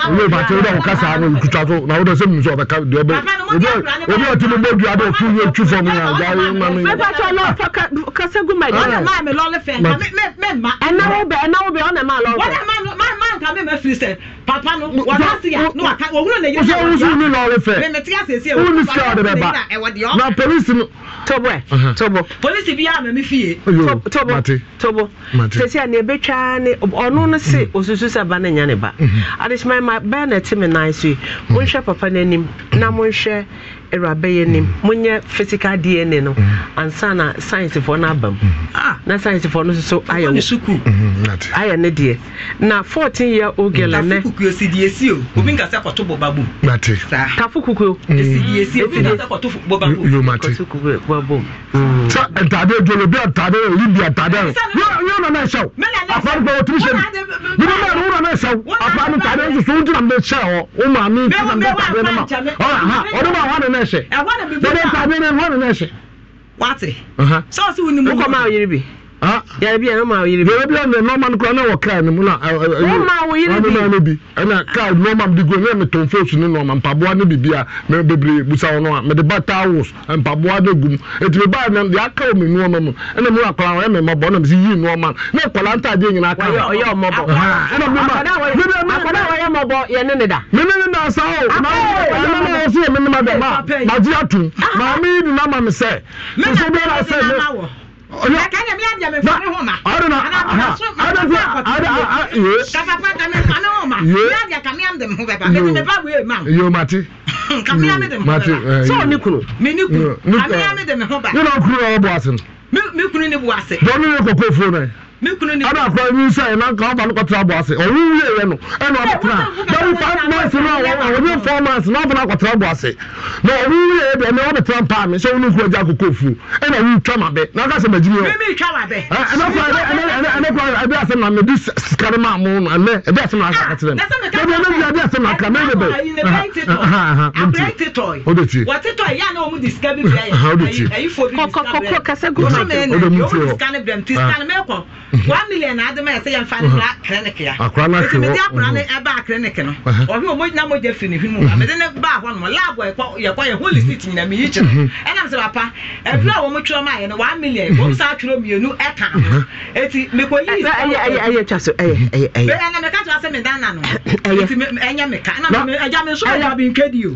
wo ba tɛ o da o kasa ne kuta so na o da se muso ɔbɛ ka deɛ bɛ obi obi ɔti mi bɔ dua de o tu yɛ tu fɔ mu ya yawo ma mi ase gu ma wọn na maa mi lɔri fɛ nka mi mi ma. ɛnáwó bɛ ɛnáwó bɛ ɔna maa lɔri fɛ. wọn na maa maa maa nka mi ma firi sɛ papa no wa na se ya no wa ka owurɔ na eyi sɛ wọn sɛ wọn lɔri fɛ. mi mi ti ka se se ewu papa mi ni na ɛwɔ di ɔfɛ. na polisi no tɔbɔ ɛ tɔbɔ. polisi bi y'a mɛ mi fi ye. tɔbɔ tɔbɔ sɛsi ani ebe twa ni ɔno no se osusu sɛ ba ne nya ne ba adesima ma bɛɛ na ɛte mi nan so mo n hwɛ papa n'anim na mo n hwɛ awuraba yɛ nim mm. monyɛ physical dna no mm. ansa na sciencefoɔ no aba mu mm. ah, na sciencefoɔ no nso ayɛ mm-hmm, ayɛ ne deɛ na fourteen year old girl nɛ tafo kukuo sɛ ntaade dolo bi ataade libi ataade yɛna na ɛhyɛw afaade pɛ wɔtumi hyɛ mi bi mɛ wona na ɛhyɛw afaade ntaade nso so wogyina mbɛhyɛ hɔ wo maame ntina mbɛtaade no ma ɔde ma hɔ ne na ɛhyɛ. ɛhɔ na bibi na. sɛdeɛ ntaade no ɛhɔ na ɛhyɛ. wate. sɛ ɔsi wo ni mu. nkɔmɔ ayiri bi yàrá bi ẹ̀ma yiri bi. yàrá bi ẹ̀ma normal kura náà wọ kaa ni mu na. wọ́n máa wọ yiri bi. wọ́n bi ẹ̀na kaa normal di gun ẹ̀mi tó fóòsù ni nọ̀ọ̀ma mpaboa ni bibi a mẹ bebree busa wọn a mẹde ba towels mpaboa de gum etu mi baa yà á ká omi nu ọmọ mu ẹ̀na mi wà wọn ẹ̀mẹ̀ mọ̀bọ̀ ẹ̀na mi si yí nu ní ẹ̀kọ́lá ń tàdé yìnyín aka. ọyọ mọ̀bọ̀ akọ́dá kanya mi adi mi fani ho ma. ọdún na ana so ma ma so akọtun. kasafa kami fani ho ma. mi adi a kami am dem ho bẹba. mi ti mi ba bu o ma ti. kami am dem ho bẹba. sọ ni kunu. mi ni kunu. kami am dem ho ba. nínú ọkùnrin ọwọ́ bu ana afra ni nsa yɛ nanka ɔba no kɔtena abo ase ɔwo wuyɛ yɛ no ɛna ɔbɛtena bɛbi five months no a ɔbɛ four months na ɔba no akɔtena abo ase na ɔwo wuyɛ yɛ deɛ na ɔbɛtena mpaa mi sɛ ɔno nkuro gya akoko fu ɛna ɔwo twa ma bɛ na ɔka sɛ mɛgyini yɛ ɛnɛ ɛnɛ ɛnɛ kura ɛbi asɛm na mɛdi sikari maa mu no ɛnɛ ɛbi asɛm na aka kyerɛ mi ɛbi ɛnɛ bi ɛbi asɛm na aka mɛ ɛbɛ ɛhɛn ɛhɛn Mhm. one million adi ma ɛsɛ yɛn fa ne la clinic ya akora mhm. na hwɛ wɔ ɛdi akora ne ɛba clinic no ɔhun omo na mo jɛ fi ne fi mu amadi ne ba hɔ nom laabu ɛkɔ yɛkɔ yɛ holy street nyina mi yi kyerɛ ɛnam sɛ papa ɛdun a wɔn twerɛ mu ayɛ no one million wɔn sa atwerɛ mienu ɛka eti meko yi sɛ ɛyɛ ɛyɛ ɛyɛ twa so ɛyɛ ɛyɛ ɛyɛ ɛnam ɛka to asɛ mi dan na no eti ɛnyɛ mi ka ɛnam ɛgya mi nso ɛyɛ bi nkedi o.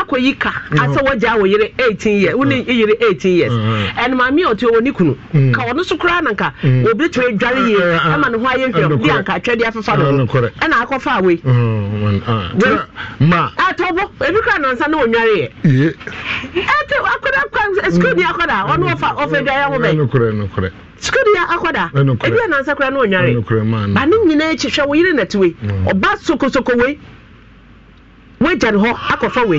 akɔyi ka mhm. asɛ wɔgya wɔ yere 18 years wone yere eighteen years mhm. mhm. ɛno maame a ɔte ɔwɔ ne kunu ka ɔno so koraa nanka obi tumi dware yie ɛma ah, ah, ah, ne ho ayɛ nhwɛm de anka atwɛde afefa no ho ɛna akɔfa awei mm, ma atɔbɔ ebi koraa nansa na ɔnware yɛ ɛte eh, akɔda kwa sukuu ni akɔda ɔno mm. ɔfa ɔfa dware ho bɛn eh, sukuu ya akɔda eh, ebi anansa koraa na ɔnware ba ne nyinaa akyi hwɛ wɔ yere nɛtiwe mm. ɔba sokosoko wei wagya ne hɔ akɔfa wei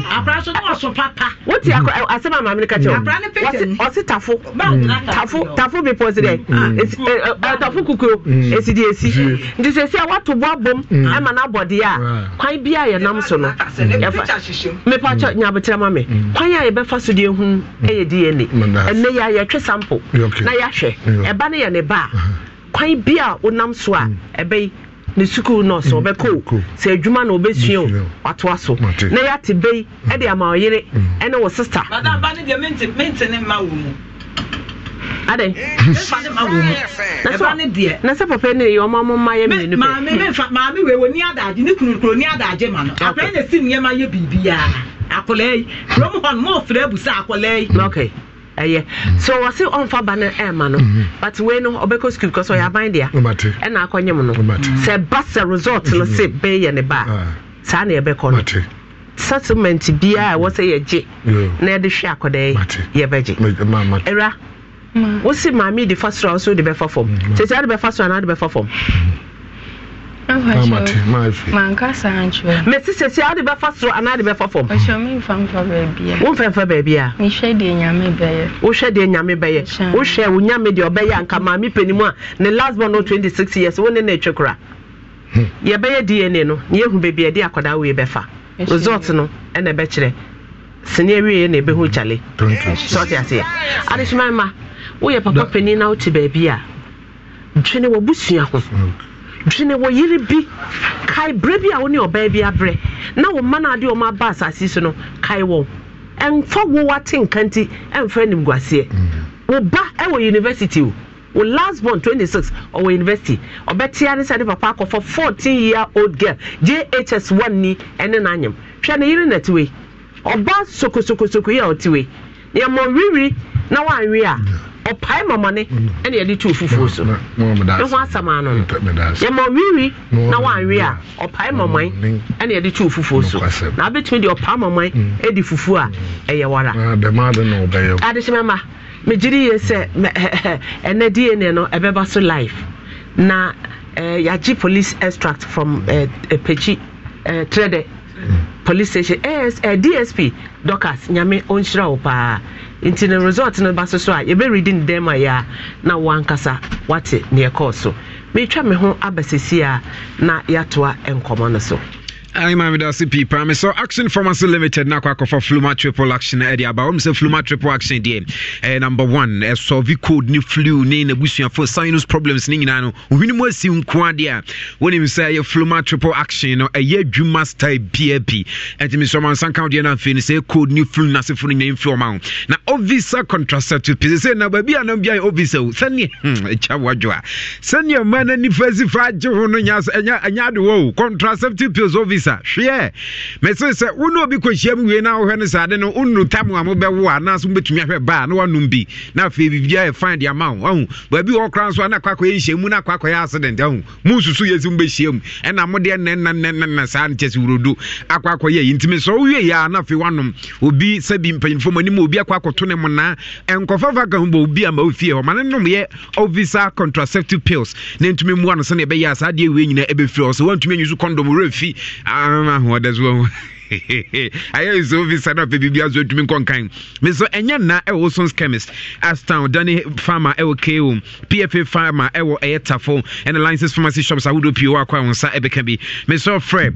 wote asɛm a maame no ka kyɛ ɔse tafo mm. tafo tafo bepɔ se dɛ mm. tafo kukuro ɛsi mm. de ɛsi nti sɛ si a woato bo abom ama no abɔdeɛ a kwan bi a yɛnam so no mepa kyɛ nyabotrɛ ma me kwan a yɛbɛfa so deɛ hu ɛyɛ dna ɛnɛ yɛ a yɛtwe sample na yɛahwɛ ɛba no yɛ ne ba a uh-huh. kwan bia a wonam so a ɛbɛyi ne sukuu nurse mm, ɔbɛkɔ o sɛ adwuma na ɔbɛsua o watoa so na yɛate bɛyi mm. ɛde ama ɔyere mm. ɛne wo sister. madam ba ne deɛ mente ne mma wo mu adɛn eh, na sɛ papa ne yɛ ɔma moma yɛ mmienu pɛ maame wei wɔ ni adagye ne kunukuro ni adagye ma no apɛ na si nneɛma yɛ biribiara akwadaa yi kurom hɔ no ma ɔfrɛ abusa akwadaa yi ɛyɛ so wɔsi ɔnfa ba no ɛɛma mm-hmm. no but wei no ɔbɛkɔ sukuu kɔsɔ ɔyɛ aban dea ɛna akɔ nyɛm no sɛ ba sɛ resort no se mm-hmm. bɛyɛ ne ba ah. saa mm-hmm. na yɛbɛkɔ no settlement biara ɛwɔ sɛ yɛgye na yɛde hwɛ akɔda yi yɛbɛgye ɛwura wosi maame de fa soro a wɔso de bɛfa fam kyekya de bɛfa soro anaa de bɛfa fam. mɛsi sɛsi ade bɛfa soro anaa de a di deɛ nyame bɛyɛ di wo nyame deɛ ɔbɛyɛ anka maame panimu a ne last born no 26 years hmm. wo na atwe kora yɛbɛyɛ dna no na yɛhu baabi ɛde akɔdaa wei bɛfa resort no ɛna ɛbɛkyerɛ sene awieɛ na ɛbɛhu kyale sɛ ɔte aseɛ adehyema ma woyɛ papa panin na wote baabi a dwene ho dwene wɔ yere bi kae berɛ bi a wo ne ɔbaa bi abrɛ na wo mma no ade ɔma aba asase so no kae wɔn ɛmfa wo wate nka nti ɛmfa animguaseɛ mm. wo ba ɛwɔ university o wo last born 26 ɔwɔ university ɔbɛtea ne sɛ ne papa akɔfɔ 14 year old girl jhs 1 ni ɛne n'anyam hwɛ ne yere na tiwei ɔba sokosokosoko yi a ɔtiwei nea mɔ na wanwe a ɔpae mamɔne ɛne yɛde too fufuo so ne ho asɛm ano no yɛma wiwi na wanwe a ɔpae mamɔe ɛne yɛde too fufuo so na abɛtumi deɛ ɔpae mamɔe ɛdi mm. fufuo a ɛyɛ wara adehyemɛ ma megyere yie sɛ ɛnɛ dna no ɛbɛba so live na yɛagye police extract from pɛkyi trɛdɛ mm. police station dsp docas nyame ɔnhyira wo paa nti no result no ba so so a yɛbɛredi ne dɛm ayɛ a na wankasa wate neɛ kɔɔ so meretwa me ho aba a na yɛatoa nkɔmmɔ no so ayimamidase pii paa me sɛ action pharmacy limited na akɔ akɔfa fluma triple action ɛde aba wɔm sɛ fluma triple action deɛ ɛyɛ eh, number one ɛsɔvi eh, cold ne flu ne n'abusuafo sinus problems ne nyinaa no ohwini mu asi nko adeɛ a wɔnim sɛ ɛyɛ fluma triple action no ɛyɛ adwuma style bia bi ɛntimi sɛ ɔma nsa nka wodeɛ no afei no sɛ cold ne flu nasefo no nyina mfiri ɔma ho na ovisa contraceptive pese sɛ na baabi a nam biayɛ ovisa o sɛneɛ ɛkya wɔdwo a sɛneɛ ma no nifa si agye ho no nyɛ ade wɔ o contraceptive pills ovisa sa hweɛ mɛse sɛ wo ne obi kɔhyia mu wie na wohwɛ no saa de no wonu tam a mobɛwo a anaasɛ mobɛtumi ahwɛ baa na woanom bi na afei biribiaa ɛfan de ama wo ahu baabi wɔ kora nso a na kwakɔyɛ nhyia mu na kwakɔyɛ accident ahu mu nsusu yɛ si mobɛhyia mu ɛna modeɛ nnɛnnɛnnɛnnɛ saa nkyɛ sɛ wurodo akɔ akɔyɛ yi ntimi sɛ wowie yɛ na afei woanom obi sɛ bi mu anim obi akɔ akɔto ne mo naa ɛnkɔfafa ka ho bɔ obi ama wofie hɔ ma ne nomyɛ ovisa contraceptive pills na ntumi mmoa no sɛ woantumi anyi so condom werɛ ama ahoɔdɛ so wɔn ayɛ nso ofi sa na ɔpɛ biribi aso atumi nkɔnkan me nso ɛnyɛ nna ɛwɔ wilson's chemist astown dani farmer ɛwɔ ko pfa farmer ɛwɔ ɛyɛ tafo ɛna license pharmacy shops ahodoɔ pii wɔ akɔ a wɔn nsa ɛbɛka bi me nso frɛ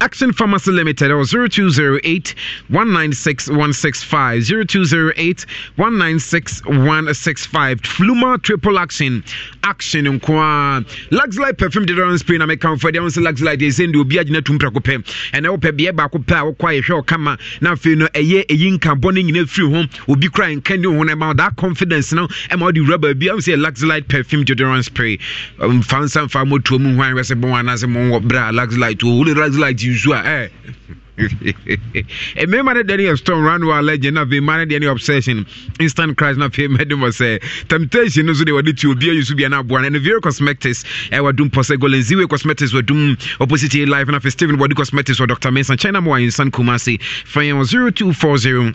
Action Pharmacy Limited or 0208 196 165. 0208 196 165. Fluma Triple Action. Action nkwa. Luxlight perfume deodorant spray na meka mfa de onse Luxlight dey send obi agina tum prako pɛ. Ɛna wo pɛ bia ba ko pɛ a wo kwa yɛhwɛ o kama na afei no ɛyɛ eyi nka bɔne nyina firi ho. Obi kra nka ne ho na ma that confidence no ɛma wo di rubber bi am say Luxlight perfume deodorant spray. Mfa nsa mfa mo tuo mu hwan wɛsɛ bɔn anase mo wɔ bra Luxlight. Wo Luxlight eh. nsu a mmarima no daniel storm ranwa legend na afei mmaa no deɛ ne obsession instant crash na afei mɛde mɔ sɛ temptation no nso deɛ wɔde ti obi ayi so bia no aboa no ɛno vero cosmetics wɔadum pɔ sɛ golenziwe cosmetics wɔadum opposite life na afei stephen wɔde cosmetics wɔ dr mensa china ma wɔ ayɛnsan kumase fa yɛn wɔ 0240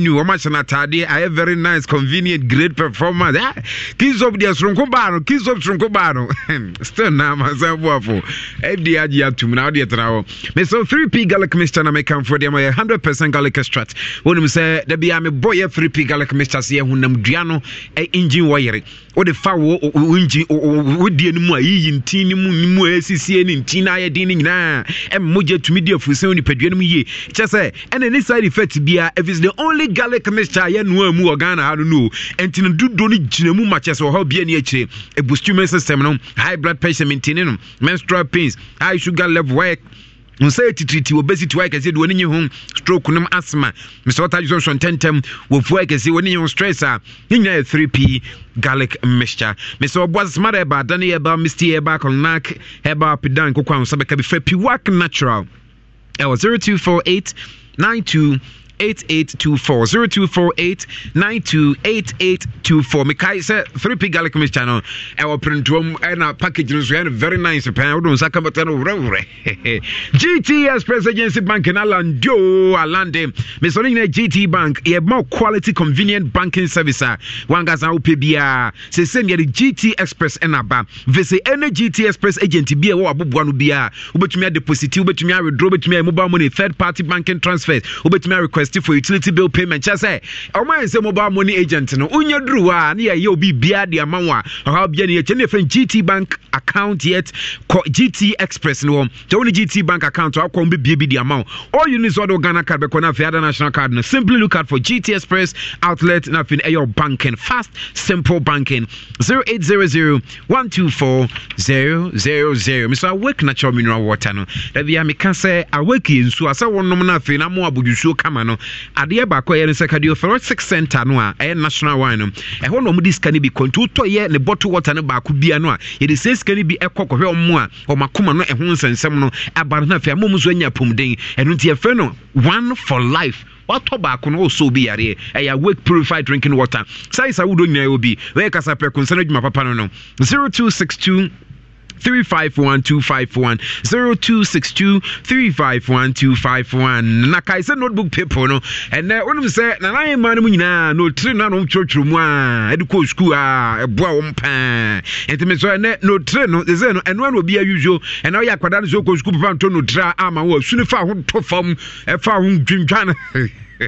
new wɔn ahyɛ n'atadeɛ ayɛ very nice convenient great performance ah kinsop deɛ soronko baa no kinsop soronko baa no still na amasan buafo ɛdi eh, agye atum na ɔdeɛ tena hɔ mr three p garlic mixture na mekanfoɔ deɛ ma yɛ hundred percent garlic extract wɔnum sɛ dabi a mebɔ yɛ three p garlic mixture eh, eh, se yɛ honam dua no ɛ engine wɔyere wɔde fa wɔ wɔ engine wɔ wɔ die no mu a yiyi ntin no mu mu a esisie ne ntin na ayɛ den ne nyinaa ɛmmogyɛ tumi di afurusen nipadua no mu yie kyɛ sɛ ɛna ne side effect bia if it's the only garlic mixture a yɛnoa mu wɔ ghana ha no no o ɛnti no dodo no gyina mu makyɛ sɛ ɔhaw bia ne akyire ɛbustumen system no high blood pressure maintaining no menstrual pains high sugar level wayɛ nsa yɛ titiriti wɔ bɛsi tiwa kɛse de wɔn nyi ho stroke nom asthma mr ɔta jisɔ sɔ ntɛntɛm wɔ fua kɛse wɔn nyi ho stress a ne nyinaa yɛ three p garlic mixture mr ɔbua smart ɛba adani ɛba misty ɛba kɔnak ɛba apidan koko ahosabɛka bi fɛ piwak natural ɛwɔ zero two four eight nine two. 8824 0248 928824 mekae sɛ 3p garlic mixture no ɛwɔ printom ɛna package no so very nice pɛn wode nsa kamata no werɛwerɛ gt express agency bank na landeo alande mesɔre nyina gt bank a more quality convenient banking service uh, a wankasa wopɛ biaa sɛsɛm yɛde gt express ɛna ba vese any gt express agent bi a ɛwɔ aboboa no biaa wobɛtumi adepositi wobɛtumi awedorɔ wobɛtumi ayɛ mobile money third party banking transfers wobɛtumi request. request for utility bill payment kyɛ sɛ ɔma yɛ sɛ mobile money agent no wonyɛ duru a ne yɛyɛ obi biaa de ama wo a ɔhaw bia ne yɛkyɛ ne yɛfrɛ gt bank account yet kɔ gt express no wɔ nti wo ne gt bank account a mbɛbie bi de ama wo all you need sɛ wode wo ghana card bɛkɔ no afei ada national card no simply look out for gt express outlet na afei no ɛyɛ banking fast simple banking 0800 124 000 mesɛ na natural mineral water no da bia meka sɛ awake yɛ nsuo a sɛ wonom no afei no amoa abodwosuo kama no adeɛ baako ɛyɛ no sɛ cardiothoracic center no a ɛyɛ national one no ɛhɔ na ɔmde sika no bi kɔ nti wotɔyɛ ne bottle water no baako bia no a yɛde sɛ sika no bi ɛkɔ kɔhwɛ ɔmo a ɔmakoma no ɛho nsɛnsɛm no aba no no afei ama mu so anya apomden ɛno nti yɛfrɛ no one for life watɔ baako no ɔsɔ obi yareɛ ɛyɛ awake purified drinking water saa isa wodo nyinaa wɔ bi wɛyɛ kasapɛ konsɛn adwuma papa no no 0262 351 251 0262 351 251 na kae sɛ notebook people no ɛnɛ wonom sɛ nanayɛ ma no mu nyinaa na ɔtiri no anom twerɛtwerɛ mu a ɛde kɔɔ sukuu a ɛboa wɔm paa ɛnti me sɛ ɛnɛ notire no ɛsɛ no ɛnoa na obi ayusuo ɛna woyɛ akwadaa no sɛ wokɔ sukuu papa ntɔ notire a ama wo asu no fa ho to fam ɛfa ho dwintwa Oh.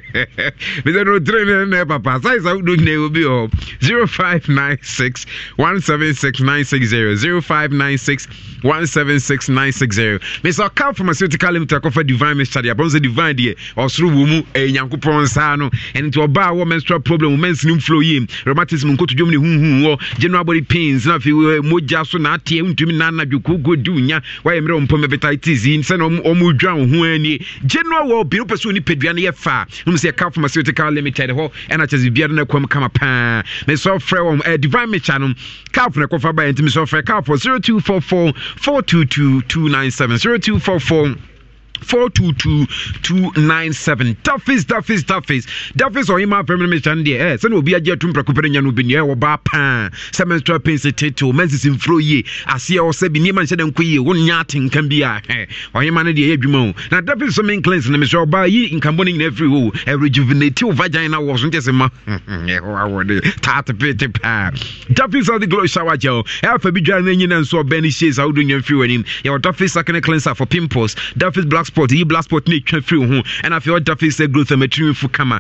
mesɛ eh, no tire ne nɛ papa sae sa wodo nyina wɔ bi hɔ 0596 176960 0596 176960 mesɛ ɔka pharmaceutical limited kɔfa divine mistade apɔm sɛ divine deɛ ɔsoro wɔ mu ɛyɛ nyankopɔn nsaa no ɛno nti ɔbaa wɔ menstrual problem mens no mflo yie rheumatism nkotodwom ne huhu wɔ oh. general body pains na afei eh, mogya so naateɛ wontumi nanadwo kogo di wonya woayɛ mmerɛ wo mpɔm hepatitis yi sɛna ɔmo dwa wo ho eh, ani general wɔ oh, bi wopɛ sɛ onipadua no yɛ faa nom sɛ yɛka pharmaceutical limited hɔ ɛna kyɛ sɛ biribiara no akwam kama paa mesɛ frɛ wɔm eh, divine mecha no cap no ɛkɔfa baɛ nti mesɛ frɛ cap 0244 422297 0244 422297 Duffy's Duffy's Duffy's Duffy's or Ima Premier Minister and eh sɛ na obi agye atum prɛko pɛrɛ nya no bi ne ɛwɔ baa paa sɛ menstrual pain sɛ tetew menses mfuro yie aseɛ wɔ sɛ bi nneɛma nhyɛ dɛ nkɔ yie wonnya atenka bi a hɛ men cleanse no mesɛ ɔbaa yi nkambɔ no nyinaa firi wo ɛrejuvenate wo vagina na wɔ so nkyɛ sɛ ma ɛhɔ the glory shower gel ɛafa bi dwa no nyina nso ɔbɛn no hyies a wodo nya mfiri w'anim yɛwɔ Duffy's sakene cleanser for pimples Duffy's black sport yi blast sport ne twa firi ho ɛna afei ɔda fei sɛ growth amatirifo kama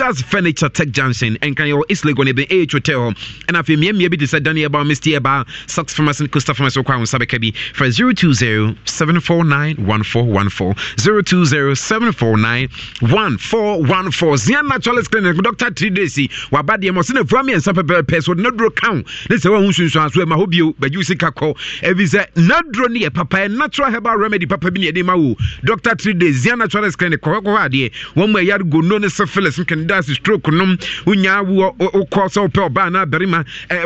gas furniture tech junction ɛnka yɛwɔ islagon ɛbɛn ah hotel hɔ ɛna afei mmeammea bi te sɛ daniel ba mr ɛba sax pharmacy four nine one four one four zero two zero seven four nine one four one four. Zian naturalist clinic doctor dr tridesi waba deɛ ma ɔsɛ nafua mmiɛnsa pɛpɛpɛ so na duro ka wo ne sɛ woahu sunsuan so ɛma hɔ bio bagye wo sika kɔ ɛfiri sɛ naduro ne yɛ papa ɛ natural herbal remedy papa bi ne yɛde ma wo doctor three days zia natural scan ne kɔkɔkɔ adeɛ wɔn mu ɛyare gono ne syphilis nkendaase stroke nom wonya awo wokɔ sɛ wopɛ ɔbaa na barima eh,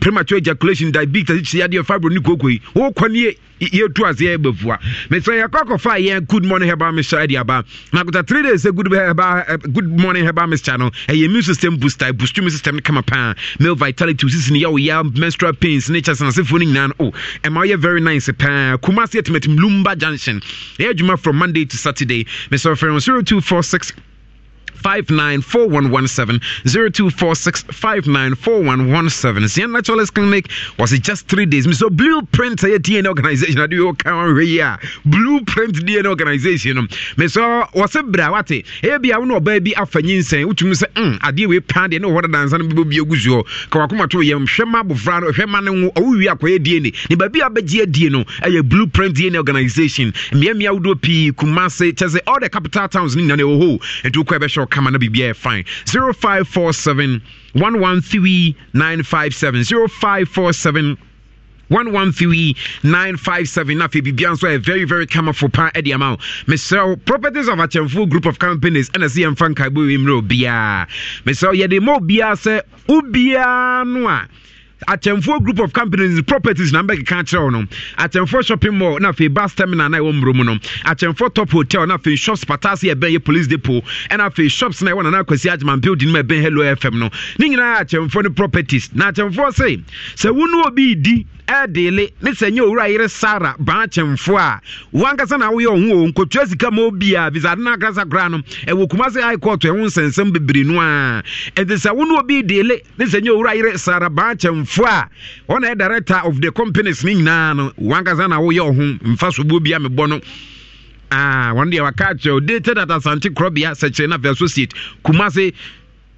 premature ejaculation diabetes kyiadeɛ fibro ne kooko yi wokɔ nie yɛtu aseɛ yɛbɛfua mesɛ yɛkɔ kɔfa yɛn good morning heba mixture ade aba na kota three days sɛ good, eh, morning heba mixture no ɛyɛ immune system booster boost immune system no kama paa male vitality wosisi no yɛwo menstrual pains ne kyɛsɛ nasefoɔ no nyinaa no oh, ɛma woyɛ very nice paa kumase yɛtimatim lumba junction ɛyɛ adwuma from monday to saturday mesɛ frɛ no 0246 594117 0246 594117 Sian Naturalist Clinic was it just three days so blueprint eh, a DNA organization I do your career blueprint DNA organization me so was eh? eh, a brawate e bia wo baby afa nyinsen wotumi sɛ mm adeɛ wei paa deɛ ne wɔhɔ dansa no bɛbɔ bi agu so ka wakoma to yɛm hwɛ ma abofra no hwɛ ma ne wo ɔwowie akɔyɛ die ne ne a bɛgye adie no blueprint dna organization mmeammea audo pii kumase kyɛ all the capital towns no nyina ne ɛwɔ hɔ nti kama na biribiaa fine 0547 113 957 0547 113957 na afei biribia nso a very very camafo pa de ama wo mesrɛ wo properties of akyɛmfo group of companies ɛna sɛ yɛmfa nkaebɔ wei mmerɛ obiaa mesrɛ wo yɛde ma obiaa sɛ wobiaa no a atɛmfoɔ group of companies properties na mbɛkeka kyerɛw no atɛmfoɔ shopping mall na afei bus terminal na ɛwɔ mmuro mu no atɛmfoɔ top hotel na afei shops patase ɛbɛn yɛ police depot ɛna afei shops na ɛwɔ nana akwasi agyeman building mu ɛbɛn hello fm no ne nyinaa atɛmfoɔ no properties na atɛmfoɔ se sɛ wo ne obi di ɛdeele ne sɛ nyɛ owura yere sara baakyɛmfo a wankasa na woyɛ ɔho o nkotua sika ma obia bisade no akra sa koraa no ɛwɔ kuma sɛ high court ɛho nsɛnsɛm bebree no a ɛnti sɛ wo ne obi deele ne sɛ nyɛ owura yere sara baakyɛmfo a ɔna ɛ director of the companies ne nyinaa no wankasa na woyɛ ɔho mfa so boɔ bia mebɔ no ah, wɔno deɛ waka kyerɛ o dated at korɔbea sɛkyerɛ no afɛ associate kuma se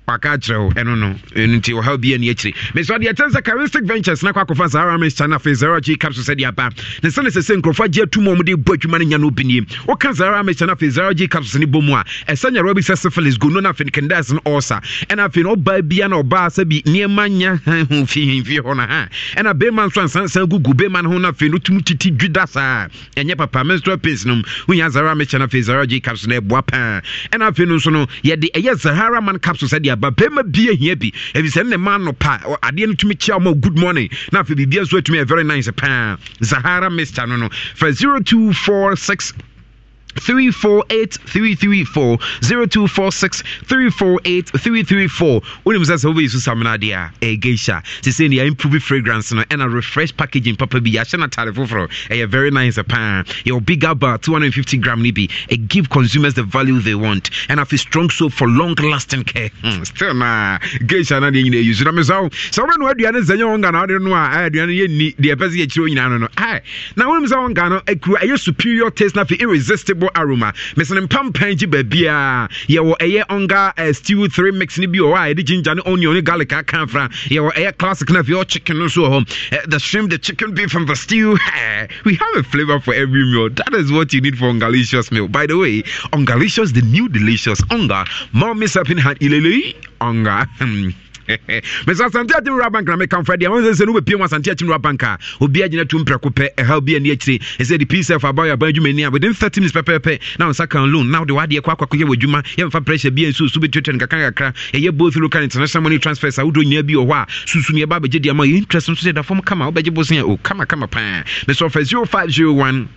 waka akyerɛ wo ɛno no ɛno nti ɔhaw bia ni akyiri mesɛ deɛ ɛkyɛn sɛ caristic ventures na kɔakɔfa saa rames china afei zara capsule sɛdeɛ aba ne sɛne sɛ sɛ nkurɔfoɔ agye atum a ɔmde bɔ adwuma no nya no obinie woka zara rames china afei zara gye capsule bɔ mu a ɛsɛ nyarɛ bi sɛ syphilis go no na afei kendas no ɔsa ɛna afei no ɔbaa bia na ɔbaa sɛ bi nneɛma nya hfihimfie hɔ no ha ɛna bɛma nso ansansan gugu bɛma no ho no afei no tumi titi dwida saa ɛnyɛ papa menstral pins nom wonya zara rames afei zara capsule no ɛboa paa ɛna afei no nso no yɛde ɛyɛ zahara capsule sɛdeɛ ba pɛma bi ahia bi ɛfisɛ ne ma pa adeɛ no tumi kyia ma good morning na afei biribia nso atumi ɛ very nice paa zahara mister no no fa 0246 348 334 0246 348 334. Wonim eh, sɛ sɛ wobɛyi a ɛyɛ geisha te sɛ nea improve fragrance no ɛna refresh packaging papa bi yɛahyɛ no very nice paa yɛwɔ bigger bar 250 gram no bi eh, give consumers the value they want and afei strong soap for long lasting care hmm, still na geisha no deɛ nyina ɛyi so na mesɛ wo sɛ wobɛnoa aduane sɛ nyɛ wɔnka na wode no a aduane no yɛnni deɛ ɛpɛ sɛ yɛkyerɛ wo nyinaa no no na wonim sɛ wɔnka no akura ɛyɛ superior taste no afei irresistible wɔ aroma mesene mpampan gye baabiaa yɛwɔ ɛyɛ onga uh, stew 3 mix no bi wɔ hɔ a yɛde ginger ne onion ne garlic aka fra yɛwɔ ɛyɛ classic no afei ɔ chicken no nso wɔ hɔ eh, the shrimp the chicken beef and the stew eh, we have a flavor for every meal that is what you need for ungalicious meal by the way ungalicious the new delicious onga mom is up in hand ilele onga hmm. mesɛ asante agye nwura bank na mekamfa deɛ wsɛ sɛ no wobɛpie mu asante akyi nwura bank a obia gyina tu mprɛko pɛ ɛha obi ani akyire ɛsɛ de psf aba yɛ aban adwumani a within 30 minutes pɛpɛɛpɛ na wo nsa kan loan na wode wadeɛ kɔ akɔakɔyɛ w'adwuma yɛmfa pressure bia nsu so bɛtuatua no kakrakakra ɛyɛ both local international money transfers a wodɔ nyinaa bi wɔ hɔ a susu ne ɛba bɛgye deɛ ma yɛ interest nso sɛ dafam kama wobɛgye bo sen a o kama paa mesɛ ɔfa 0501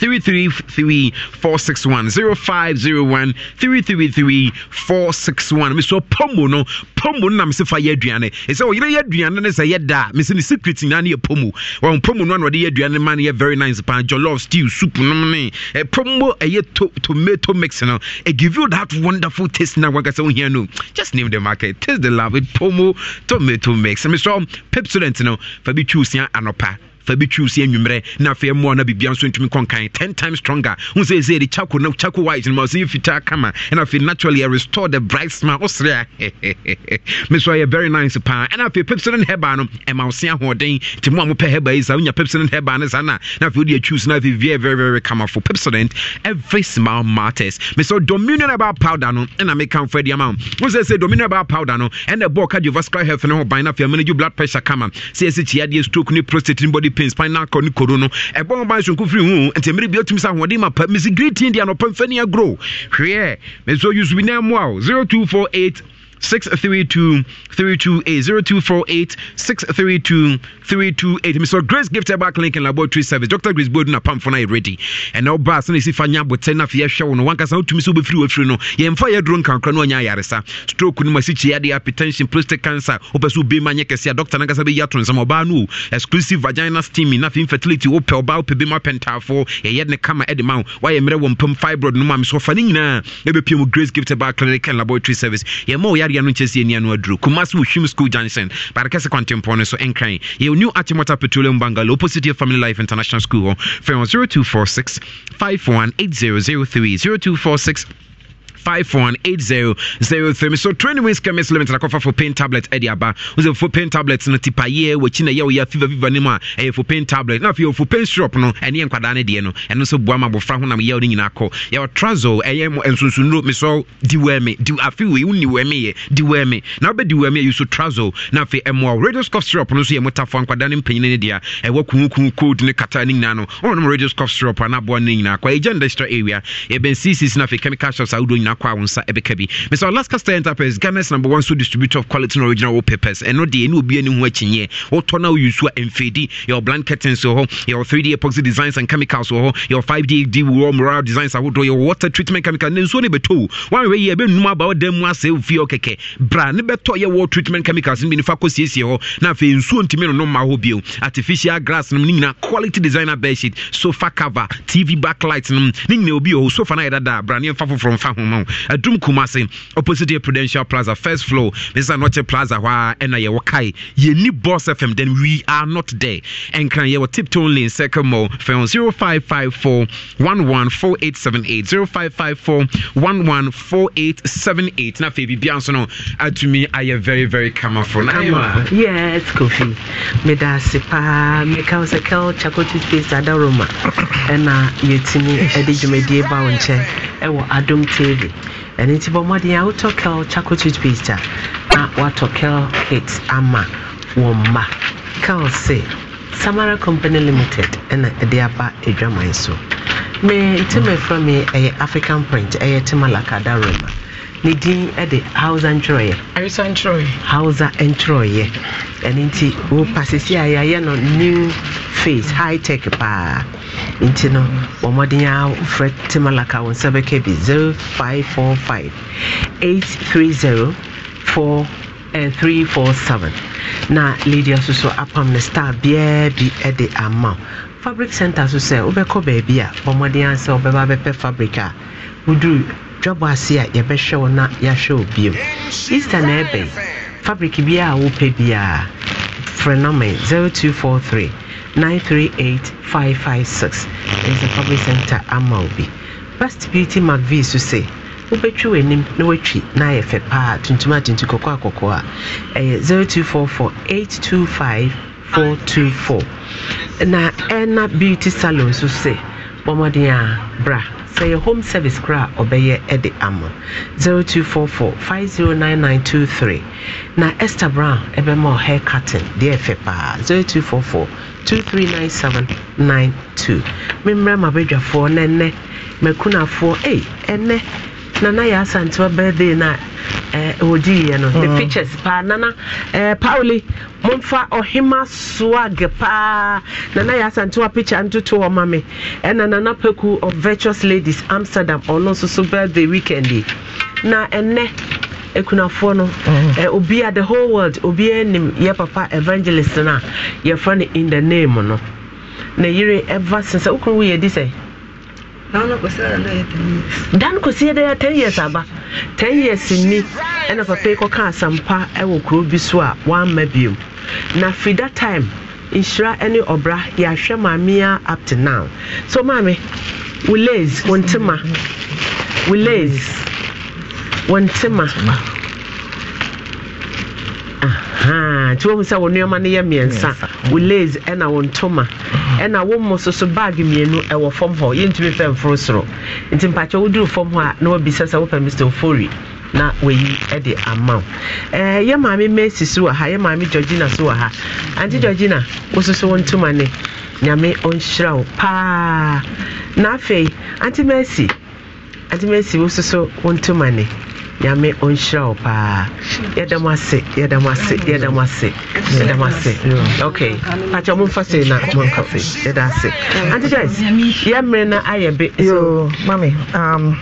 333 461 0501 333 461 mr pomo no pomo no na mesɛ fa yɛ aduane ɛsɛ ɔyerɛ yɛ aduane no sɛ yɛda a mesɛ ne secret nyinaa ne yɛ pomo wɔn pomo no ana ɔde yɛ aduane ma no yɛ very nice paa jollof stew soup nom ne eh, ɛ pomo ɛyɛ tomato mix no ɛ eh, give you that wonderful taste na wankasa wohia no just name the market taste the love with pomo tomato mix mesɛ pepsodent no fa bi twiw sia anɔpa fa bi twiw sɛ anwummerɛ na afei mmoa no biribia nso ntumi kɔnkan Ten times stronger wo sɛ ɛsɛ ɛde chako na chako wise no ma sɛ yɛfitaa kama ɛna afei naturally restore the bright smile wo serɛ a me so ɛyɛ very nice paa ɛna afei pepsodent heba no ɛma wo se ahoɔden nti mo a mopɛ heba yi saa wonya pepsodent heba no saa na na afei wode atwiw so no afei very very very kamafo pepsodent every smile matters me sɛ dominion about powder no ɛna mekamfo adi ama wo wo sɛ sɛ dominion about powder no ɛna ɛbɔɔ cardiovascular health no ho ban na afei amanagyu blood pressure kama sɛ ɛsɛ kyiadeɛ stroke ne prostate ne body body pain spinal cord koro no ɛbɔ ho ban sonko firi hu nti mmere bia tumi sɛ ahoɔden ma pa mesi greeting deɛ anɔpa mfani agorɔ hweɛ me nso yusubi na mmoa o 0248 632 328 0248 632 328 Mr. Grace Gifted Back Link Laboratory Service Dr. Grace Bowden apamfo no ayɛ ready ɛna wobaa sɛ no ɛsi fa nyɛ abotɛ no afei yɛhwɛ no wankasa wotumi sɛ wobɛfiri wafiri no yɛmfa yɛduro nkankora no anya ayaresa stroke no masikyiɛ adeɛ hypertension prostate cancer wopɛ sɛ wobɛm anyɛ kɛseɛ a doctor no ankasa bɛyi ato nsɛm ɔbaa no o exclusive vaginal steaming na infertility wopɛ ɔbaa wopɛ bɛm apɛntaafoɔ yɛyɛ ne kama ɛde ma wo woayɛ mmerɛ wɔ mpam no ma so ɔfa no nyinaa ɛbɛpia grace gifted back clinic laboratory service yɛma wo area no nkyɛ sɛ ɛnia no aduru kuma sɛ school junction barekɛse kwantempɔn no so ɛnkran yɛwɔ new atimota petroleum bangalo opposite yɛ family life international school hɔ frɛ 0246 518003 0246 518003 so 20 wins chemist limited akɔfa for pain tablet ɛde aba wosɛ for pain tablet no tipa tipayeɛ wɔkyi na yɛwoyɛ fiva fiva no mu a ɛyɛ for pain tablet na afei for pain syrup no ɛne yɛ nkwadaa no deɛ eh, no ɛno nso boa ma abɔfra ho nam yɛwo no nyinaa kɔ yɛwɔ trazol ɛyɛ nsonsonuro mesɛ di wɛme di afei wei wonni wɛmeyɛ di wɛme na wobɛdi wɛme a yɛso trazol na afei ɛmmoa radioscope syrup no nso oh, yɛ mu tafoa nkwadaa no mpanyini no deɛ a ɛwɔ kunkun cold ne kata no nyinaa no ɔnom radioscope syrup a na aboa no nyinaa kɔ ɛgya ndestra area yɛbɛn ccs na afei chemical shops ahodoɔ nyinaa nyinaa a wo nsa ɛbɛka bi mr alaska enterprise ghana's number one so distributor of quality and original wallpapers ɛno deɛ ɛne obi ani ho akyinyeɛ wotɔ no a woyusu a ɛmfɛdi yɛwɔ blank curtains wɔ hɔ yɛwɔ 3d epoxy designs and chemicals wɔ hɔ yɛwɔ 5d d wɔ moral designs ahodoɔ yɛwɔ water treatment chemical ne nsuo ne bɛtɔ wo wanwerɛ yi ɛbɛnum aba wodan mu asɛ wo fie hɔ kɛkɛ bra ne bɛtɔ yɛwɔ treatment chemicals no bi nifa kɔsiesie hɔ na afei nsuo ntumi no no ma hɔ bio artificial grass nom ne nyina quality designer bedsheet sofa cover tv backlight nom ne nyina obi yɛ hɔ sofa no ayɛ bra ne ɛmfa foforɔ mfa homa town adum kumase opposite prudential plaza first floor This mesa noche plaza hɔ Ena ɛna yɛwɔ kae yɛni boss fm then we are not there ɛnkran yɛwɔ tipton lane second mall fɛn 0554 114878 0554 114878 na afei biribia nso no atumi ayɛ very very camafo na ayɛ yes kofi meda ase paa meka wo sɛ kel chakoto space ada roma ɛna yɛtumi de dwumadie ba wo nkyɛn ɛwɔ adom tv ɛno nti bɔ mmɔden a wotɔ kel chaco toothpaste na woatɔ kel kit ama wɔ mma kel se samara company limited ɛna ɛde aba adwaman so me nti mɛfrɛ me ɛyɛ african print ɛyɛ temalakada rema ne din de hausa ntwerɛeɛ hausa ntwerɛeɛ ɛno nti wopa sesi a yɛayɛ no new face high tech paa nti no bɔ mmɔden a frɛ timalaka wo nsa bɛka bi 0545 eh, three four seven. na lydia nso apam ne star biara bi de ama fabric center so sɛ wobɛkɔ baabi a bɔ mmɔden a sɛ wobɛba bɛpɛ fabric a woduru dwabɔ ase a yɛbɛhwɛ wo na yɛahwɛ wo bio easter na ɛbɛn fabric biaa wopɛ biaa frɛ nome 0243 938 556 ɛsɛ fabric center ama wo bi best beauty mcv so se wobɛtwi w'anim na woatwi eh, na ayɛ fɛ paa tuntum atuntu kɔkɔɔ akɔkɔɔ a ɛyɛ 0244 825 424 na ɛna beauty salon so se bɔmmɔden a bra sɛ yɛ home service koraa ɔbɛyɛ de ama 0244 509923 na esther brown ɛbɛma ɔhair carton deɛ ɛfɛ paa 0244 239792 memmerɛ mabadwafoɔ na ɛnɛ makunafoɔ ei ɛnɛ nana yɛ asantewa birthday no a wɔdiiɛ no the mm. pictures paa nana eh, pauli momfa ɔhema swag paa nana yɛ asantewa picture ntoto ɔma me eh, ɛna nana paku of virtuous ladies amsterdam ɔno nso so birthday weekend yi na ɛnɛ akunafoɔ eh, no obia mm. the whole world obiaa nim yɛ papa evangelist no a yɛfrɛ no in the name no na yere ɛva sen sɛ wokunu woyɛ sɛ dan kɔsi yɛdɛ yɛ ten years aba ten years ni ɛna papa yi kɔka asampa ɛwɔ kuro bi so a wamma biom na fi that time nhyira ɛne ɔbra yɛahwɛ maame a up to now so maame wo lays wo ntema wo lays nti wohu sɛ wo nneɔma no yɛ mmiɛnsa wo las ɛna wo ntoma ɛna wo mo so so bag mmienu ɛwɔ fam hɔ yɛntumi fɛ mforo soro nti mpakyɛ woduru fam hɔ a na wabisa sɛ wopɛ mr Ofori na wɔyi ɛde ama wo ɛɛ yɛ maame mercy so wɔ ha yɛ maame georgina so wɔ ha anti georgina wo soso wo ntoma ne nyame ɔnhyira wo paa na afei anti mercy anti mercy wo soso ntoma ne nyame ɔnhyira wo paa yɛda mo ase yɛda mo ase yɛda mo ase yɛda mo ase ok pakyɛ momfa sei na monka sei yɛda ase antigyes yɛmmerɛ no ayɛ be so mame um,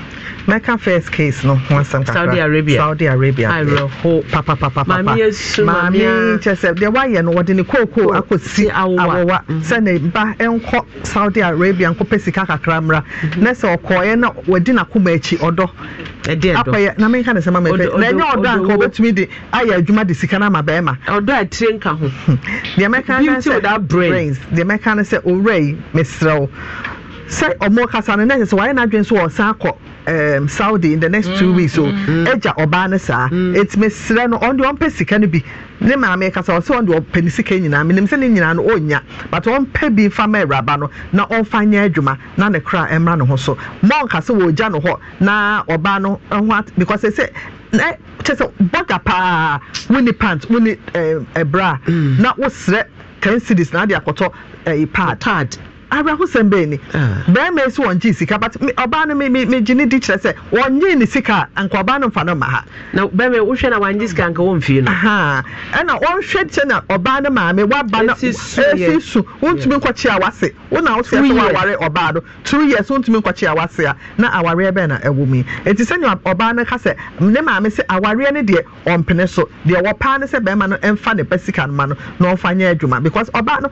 mɛka first case no ho asɛm kakra saudi arabia saudi arabia awerɛho papapapapa maame kyɛ sɛ deɛ wayɛ no wɔde ne kookoo akɔsi awɔwa sɛne ba ɛnkɔ saudi arabia nkɔpɛ sika kakra mmra mm-hmm. eh, eh, eh, na sɛ ɔkɔɔeɛ na wadi n'akoma akyi ɔdɔ akɔyɛ na menka ne sɛ mama ɛfɛ na ɛnyɛ ɔdɔ anka wɔbɛtumi de ayɛ adwuma de sika no ama bɛrima ɔdɔ a tire nka ho deɛ mɛka ne sɛ brains deɛ mɛka ne sɛ owura yi mesrɛ wo sɛ ɔmo kasa no nɛsɛ sɛ wayɛ n'adwene so ɔsan kɔ um, saudi in the next two weeks so mm-hmm. ɛgya ɔbaa no saa ɛtumi mm. srɛ no ɔno deɛ ɔmpɛ sika no bi ne maame kasa ɔsɛ ɔno deɛ ɔpɛ ne sika nyinaa menim sɛ ne nyinaa no ɔnya but ɔmpɛ bi mfa ma awuraba no na ɔmfa nyɛ adwuma na ne kra ɛmra ne ho so mɔnka sɛ wɔgya no hɔ na ɔbaa no ɛho at because sɛ na kyɛ sɛ bɔga paa wone pant wone ɛbra mm. na wosrɛ ten cities na ade akɔtɔ ɛyi pad awerɛhosɛm bɛɛ ni ah. bɛrima yi so wɔn gye sika but ɔbaa no megye ne di kyerɛ sɛ wɔn nye ne sika nka ɔbaa no mfa no ma ha. na bɛrima wohwɛ na wɔn gye sika nka wɔn fie no. ɛna wɔn hwɛ kyɛ na ɔbaa no maame waba na esi su wɔntumi nkɔkye awase wɔn a wɔsɛ so wɔaware ɔbaa no two years wɔntumi nkɔkye awase a na awareɛ bɛɛ na ɛwɔ mu yi eti sɛnea ɔbaa no kasɛ ne maame sɛ awareɛ no deɛ ɔmpene so deɛ wɔpaa no sɛ bɛrima no mfa ne pɛ sika no ma no na ɔmfa nyɛ because ɔbaa no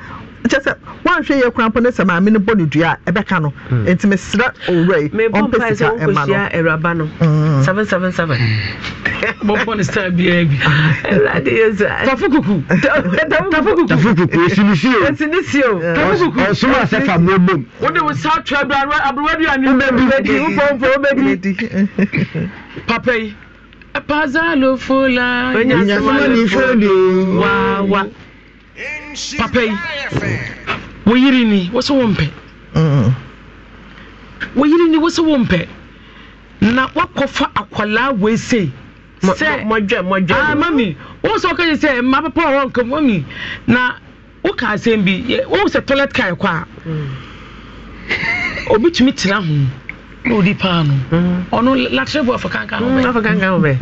kyɛ sɛ wɔnhwɛ maame no bɔ ne dua ɛbɛka no hmm. nti mesrɛ owura yi ɔmpɛ sika ɛma no. Hmm. seven seven seven. bɔbɔ ne star biara bi. ɛwurade yɛ sa. tafu kuku. tafu kuku. Eh, tafu kuku esinisi o. esinisi o. tafu kuku. ɔsoma asɛ ka mu o de o sa tura do aburuwa di ani. o bɛ di o bɛ di o bɛ di o papa yi. pazalo fola. nyasumani fo de. wa wa. papa yi woyiri ni wɔsɛ wɔn pɛ woyiri ni wɔsɛ wɔn pɛ na wakɔfa akwadaa wɛsɛ sɛ mɔdwɛ mɔdwɛ ah mami wɔn sɛ ɔkɛyɛ sɛ mmaa papa wɔ wɔn mami na woka asɛm bi wɔn sɛ toilet kaa kɔ a obi tumi tena ho na odi paa no ɔno mm-hmm. latere bu afa kankan ho bɛ afa mm, kankan ho bɛ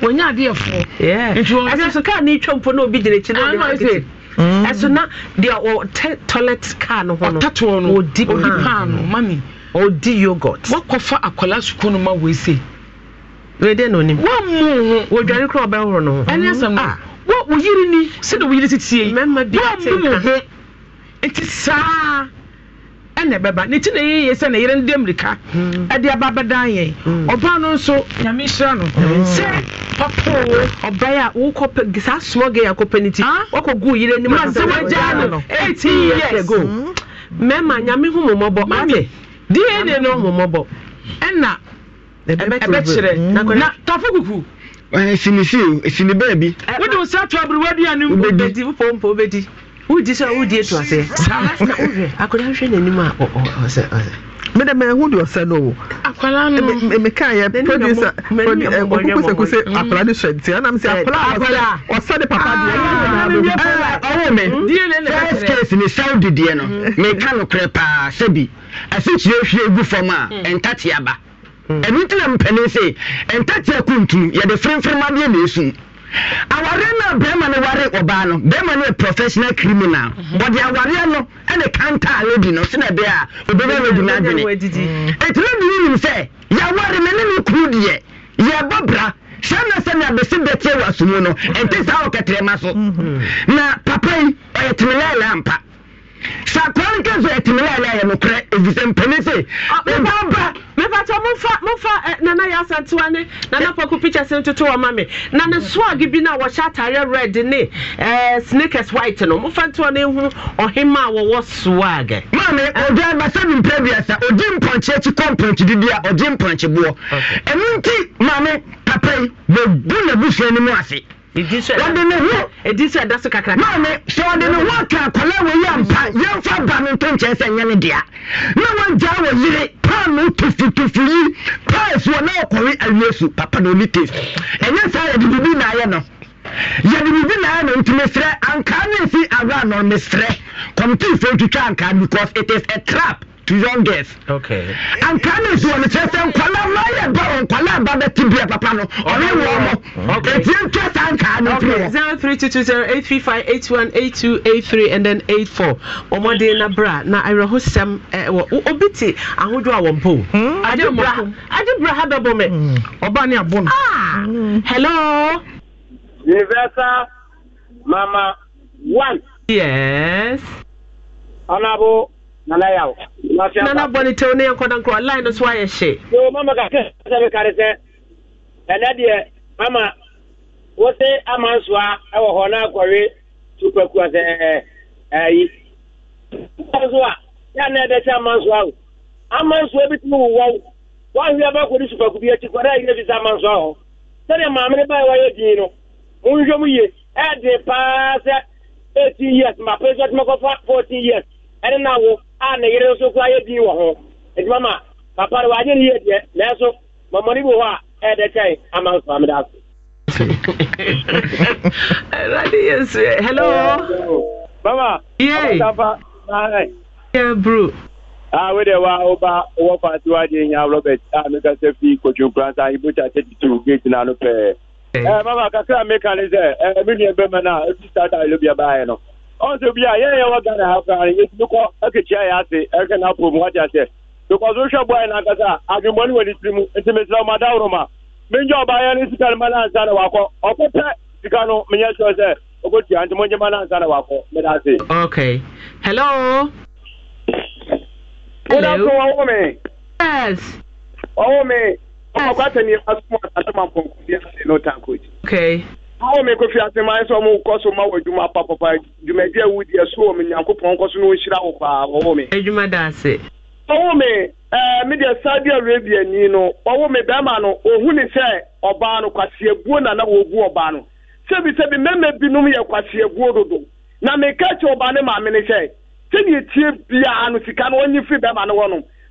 wɔnyɛ adeɛ fo nti kaa ne etwa mpo na obi gyina akyi na ɔde ah, ma kete ɛso na deɛ ɔtɛ toilet car no ho no ɔdi paano mami ɔdi yogurt wakɔfa akwadaa sukuu no ma wɔese wede na onim wamu ho wɔdware kora ɔbɛhoro no ho ɛne asɛm no wɔ woyiri ni sɛdeɛ woyiri titie yi mɛma bi ate ka ho nti saa ɛna ɛbɛba ne ti na yɛ sɛ ne yere no de mmirika hmm. aba abɛdan yɛn ɔbaa hmm. no nso nyame hyira no hmm. sɛ papo ɔbaa a wokɔ pɛ saa small girl akɔpɛ ne ti wakɔ gu yere anim asɛ wagyaa no eighteen years ago mmarima nyame ho mmɔbɔ ɔte dna no ɛna ɛbɛkyerɛ na kuku ɛsini si obedi. wogye sɛ wodie to ase na wohwɛ akwadaa hwɛ n'anim a ɔsɛ ɔsɛ mede mehu deɛ ɔsɛ no mekaeɛ producer ɔkuku sɛ ku sɛ akwara no hyɛ nti anam sɛ akwara ɔsɛ de papa deɛ ah, me hmm? first case ne saw dedeɛ no hmm. meka nokorɛ paa sɛ bi asikyerɛ hwie gu fam a hmm. ɛntate aba ɛno nti na mpane sɛ ɛntate akuntum yɛde firemfirem adeɛ na ɛsum aware no a barima no ware ɔbaa no barima no yɛ professional criminal mhm. ɔde awareɛ no ɛne kantaa lady no sena ɛbɛɛ a obɛbɛ lady mm. no adwene ɛtiri bi nim sɛ yɛware me ne ne kuru deɛ yɛbɔ bra hyɛ na sɛ neabɛsi bɛtie wɔ asomu no ɛnte saa ɔkɛtrɛma so mhm. na papa yi ɔyɛ temelɛɛlɛ ampa sɛ akora no kɛ so yɛ yɛ nokorɛ ɛfisɛ mpani se ɛbɔba mepatɛ momfa momfa eh, nana yɛ asantewa ne nana pɔko pictures ntoto wɔ ma me na ne swag bi no a wɔhyɛ atare red ne eh, sneakers white no momfa ntoɔ ne hu ɔhema a wɔwɔ swag maame ɔda basa no mpɛ biasa ɔgye mpɔnkye akyi kɔ mpɔnkye didi a ɔgye mpɔnkye boɔ ɛno nti maame papa bɛbu n'abusua no mu ase ɛdisɛ da so maame sɛ ɔde ne ho aka akwala wɔ yi ampa yɛmfa ba no nto nkyɛn sɛ nyɛ ne dea na wagyaa wɔ yere paa no tofutofu yi paa afuɔ na ɔkɔwe awie su papa na ɔni ɛnyɛ saa yɛde biribi na ayɛ no yɛde biribi na ayɛ no nti mesrɛ ankaa no ɛsi awa no mesrɛ kɔmitiifoɔ twitwa ankaa because it is a trap to young girls. okay. anka na nsuo the chest, sɛ nkwalaa mma yɛ ba wɔ nkwalaa mba bɛti bia papa no ɔne wɔ mo eti ntwa saa nkaa no tiri wɔ. zero three two two zero eight three five eight one eight two eight three and then eight four ɔmɔden na bra na awerɛhosɛm ɛwɔ eh, obi ti ahodoɔ a wɔn po. adebra adebra ha bɛbɔ mɛ. Hmm. ɔba ni abo no. ah hello. universal mama one. yes. honourable. nana bɔne tɛw ne yɛnkɔda nkorɔ line no so ayɛ hye sɛ ɛnɛ deɛ mama wo se ɛwɔ hɔ na akɔwe tupakua sɛ ayi so a yɛ na ɛdɛ sɛ ama nsoa o ama nsoa bi tumi wowɔ bɛkɔde supaku bi akyi kɔda ayɛ fi sɛ ama hɔ sɛdeɛ maame ne baɛ wayɛ din no monhwɛ mu ye paa sɛ years mapɛ na a ah, na yere nso koraa yɛ dii wɔ ho nti e mama papa no wagye ne yie deɛ nanso mamɔne bi wɔ hɔ a ɛyɛ dɛ kyɛn ama nso ameda ase awurade yɛ nso yɛ hello mama yeeapa yɛ bro a wede wa woba wɔ paati wagye nya robert a mekasɛ fii ibu ibocha thirty two gate na no pɛɛ mama kakra meka ne sɛ me nua bɛma no a ɛfi sata elobia no ọsọ bi a yẹn yẹn wọ gana afọ ara yẹn tumi kọ ẹkẹkyi ayẹ ase ẹkẹ n'apò mu wájà sẹ because ohwẹ bọyẹ n'akasa adumọni wọ ne tiri mu nti mesra ọmọ adahoro ma menjẹ ọba yẹn ne sika ne ma na wakọ ọkọ pẹ sika no menyẹ sọ sẹ ọkọ nye na wakọ mẹ da se. okay hello. hello. wọ́n sọ ọwọ́ mi. yes. ọwọ́ mi ọkọ̀ gbàtẹ́ asọ́mọ́ àtàtàmọ́ àpọ̀nkú a ní ọ̀tá awo mi kofi ase maa sɛ ɔmo kɔ so ma wɔ adwuma papapa dwumadie awu deɛ so wɔ mi nyankopɔn kɔ so na ɔnhyira wo paa ɔwɔ mi. adwuma da ase. ɔwɔ mi ɛɛ mi deɛ saudi arabia ni no ɔwɔ mi bɛrima no ohun ni sɛ ɔbaa no kwasiabuo na na wɔbu ɔbaa no sebi sebi mɛmɛ binom yɛ eh, kwasiabuo eh, dodo na mi kɛkyɛ ɔbaa ne maame ne sɛ sɛdeɛ tie biara ah, no sika no ɔnyi firi bɛrima no wɔ no.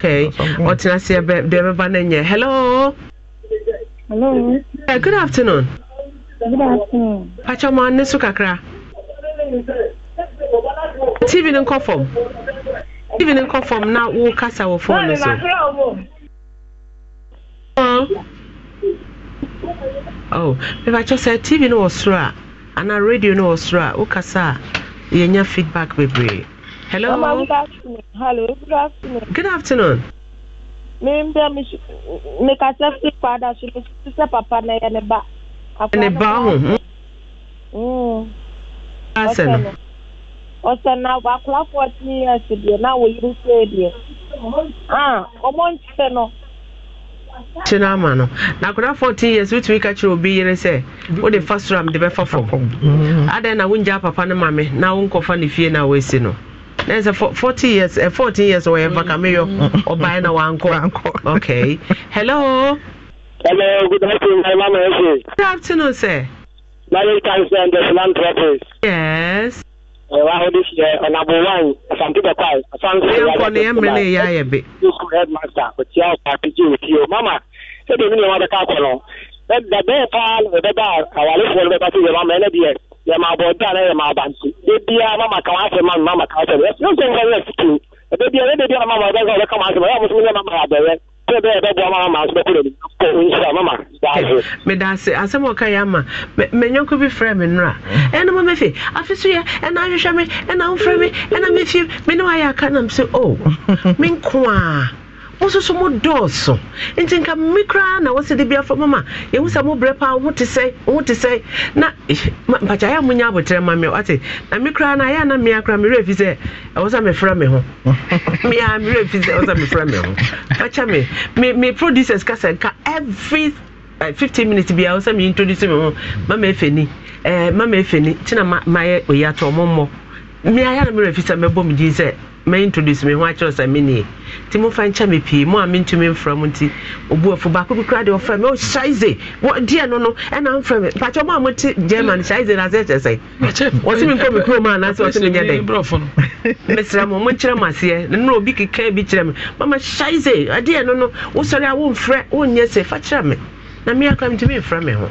Okay. Ọtena si ebe ebe na enye. Hello. Hello. Yeah, good afternoon. Good afternoon. Pacha mo ne kakra. TV ne nkɔ fam. TV ne nkɔ fam na wo kasa wɔ phone no so. Oh, mepa kyɛ sɛ TV no wɔ soro a anaa radio no wɔ soro a wo kasa a yɛnya feedback baby. Hello. Mama, good afternoon. Hello, good afternoon. Good afternoon. Membe me ka sefi kwada so me sisi papa na ye ne ba. Ne ba ho. Mm. Asen. Ọsẹ na wa kula fourteen years na wo yiri se die. Ah, ọmọ nkyẹn no. kyene ama no na akwadaa fourteen years wotumi ka kyerɛ obi yere sɛ wode fa soro a mede bɛfa fam adɛn na wongyaa papa na ma me na wonkɔfa ne fie no a woasi no then say forty years uh, eh, fourteen years ɔyɛ vakameyo ɔban na wankɔ okay hello. hello good afternoon my mama ese. good afternoon sir. marriage counsellor and the philanthropist. yes. ɛwɔ ahɔ de hyɛ ɔnabo wan asante bɛ kwae asante yɛ nkɔ ne yɛ mmele yɛ ayɛ bi. school headmaster ɔtia ɔpaapi gye otie o mama sɛdeɛ mi ni wɔn bɛka akɔ no ɛda bɛɛ paa na ɛbɛba awalefoɔ no bɛba so yɛ mama ɛnɛ deɛ yɛ ma bɔ da na yɛ ma ba nti ebia mama kan asɛ ma mama kan asɛ yɛ yɛ sɛn kɛrɛ yɛ fitiri ebia yɛ ebia mama bɛ sɛ ɔbɛ kama asɛ ma yɛ muso yɛ mama abɛrɛ tɛ bɛ yɛ bɛ bɔ mama ma asɛ kɔlɔ ko nhyira mama daase. medaase asɛm a ɔka yɛ ama mɛ nyɔnko bi frɛ me nora ɛna mo mɛfe afi so yɛ ɛna ahwehwɛ me ɛna ahofrɛ me ɛna mɛfie me ne wayɛ aka nam sɛ o me nko a mo nso so mo dɔɔso nti nka me koraa na wɔsɛ de bi afa mama yɛhu sɛ mobrɛ paa wo ho te sɛe wo ho te sɛe na eh, mpakya ɛyɛ a monya abotrɛ ma me wate na me koraa no ɛyɛ na mea koraa merɛ fi sɛ ɛwɔ sɛ mefrɛ me ho mea merɛ fi sɛ ɛwɔ sɛ mefrɛ me ho pakyɛ me me producers ka nka every Uh, eh, 15 minutes bia wo sɛ introduce me ho ma ma ɛfɛ ni uh, eh, ma ma ɛfɛ ni nti na me ayɛ no merɛ fi sɛ mɛbɔ me din sɛ mɛintroduce me ho akyerɛ sɛ menie nti momfa nkyɛ me pii mo a mentumi mfrɛ mo nti ɔbuafo baako bi koraa deɛ ɔfrɛ me ɔhyaise oh, oh, deɛ no no ɛna mfrɛ me mpakyɛ ɔma a mote german hyaise eh, eh, eh, no asɛ kyɛ sɛ wɔse me nkɔ me kurom anaasɛ wɔse menyɛ dɛn mesrɛ mo monkyerɛ mo aseɛ no obi keka bi kyerɛ me mama hyaise adeɛ no no wosɔre a womfrɛ wonyɛ sɛ fa kyerɛ me na meakora mentumi mfrɛ me ho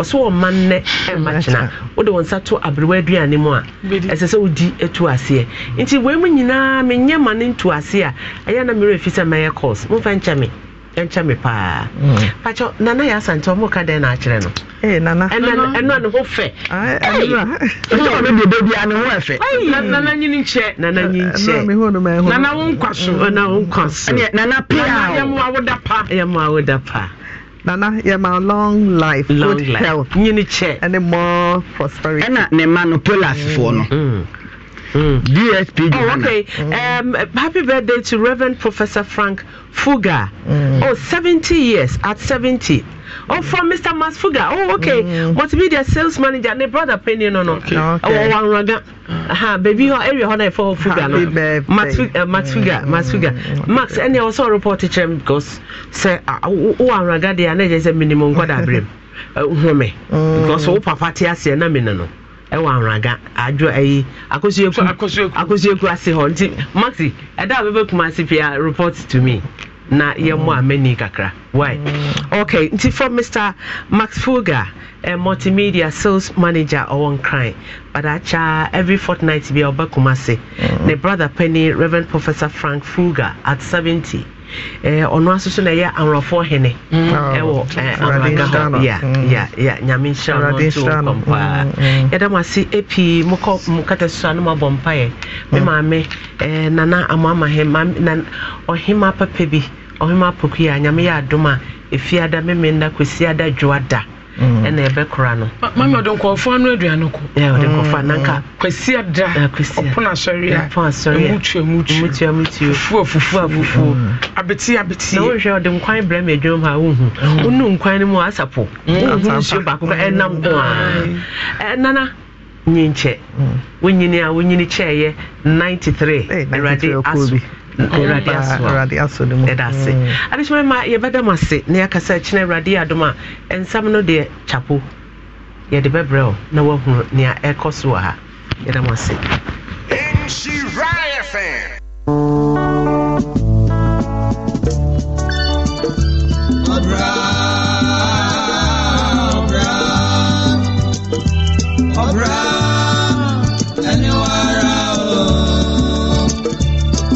ɔsɛ ɔma nnɛ ɛma kyena wode wɔn nsa to aberewa aduane mu a ɛsɛ sɛ wodi atu aseɛ nti wei mu nyinaa menyɛ ma no ntu aseɛ a ɛyɛ na merɛ fi sɛ mɛyɛ cause momfa nkyɛ me ɛnkyɛ me paa pakyɛ nana yɛ asante ɔmo ka dɛn na akyerɛ no a ne ho fɛ nana nyini nana nana wo nkwa so nana pa pa nana yɛ ma long life long good life. health ɛne more prosperity ɛna ne ma no polas foɔ no DSP. Oh, okay. Um, happy birthday to Reverend Professor Frank Fuga. Oh, 70 years at 70. Oh, from Mr. Masfuga. Oh, okay. Mm. But sales manager, Ne brother Penny, no, no. Okay. okay. Oh, one raga. Ha, baby, her area, her for Fuga. Happy no. birthday. Masfuga, uh, Masfuga, Masfuga. Max, and they also reported him because, say, oh, one raga, The are not just a minimum, God, I bring. Uh, because, oh, papa, tears, and I mean, no ɛwɔ ahraga adwo ɛyi akosueku ase hɔ nti maxi ɛda a bɛbɛ kuma ase pia report to me na yɛmmɔ a mani mm. kakra why mm. okay nti for mr max Fuga, a multimedia sales manager ɔwɔ nkran but akya every fortnight bi a ɔbɛ kuma ase mm. ne brother penny reverend professor frank Fuga, at seventy. ɔno eh, aso so na ɛyɛ aworɔfoɔ hene mm. eh, ɛwɔ oh. eh, mm. nyame nhyira no paa mm, yɛda mo ase ɛpii mo kata susua no mabɔ mpaeɛ me maame nana amoama ɔhema papa bi ɔhema apɔkui a nyame yɛ adom a ɛfiada memenda kɔsiada dwoada ɛna mm-hmm. ɛbɛkora no mami ɔde nkɔfoɔ no aduane ko ɔde nkɔfoɔ nanka mm-hmm. kwasi ada ɔpono asɔre a ɛmutuo mutuo Fufu, fufuo fufuo abeti abeti na wohwɛ ɔde nkwan brɛ mi adwuma ha wohu mm-hmm. wonu nkwan no mu asapo wohu nsuo baako kɔ ɛnam ho a ɛnana nyinkyɛ wonyini a wonyini kyɛɛyɛ 93 eh, awurade aso adesɛrɛ ma yɛbɛda m ase na yɛakasa kyena awurade adom a ɛnsɛm no deɛ kyapo yɛde bɛbrɛ wo na woahunu nea ɛkɔ so wɔ ha yɛda m ase Obra, obra, obra.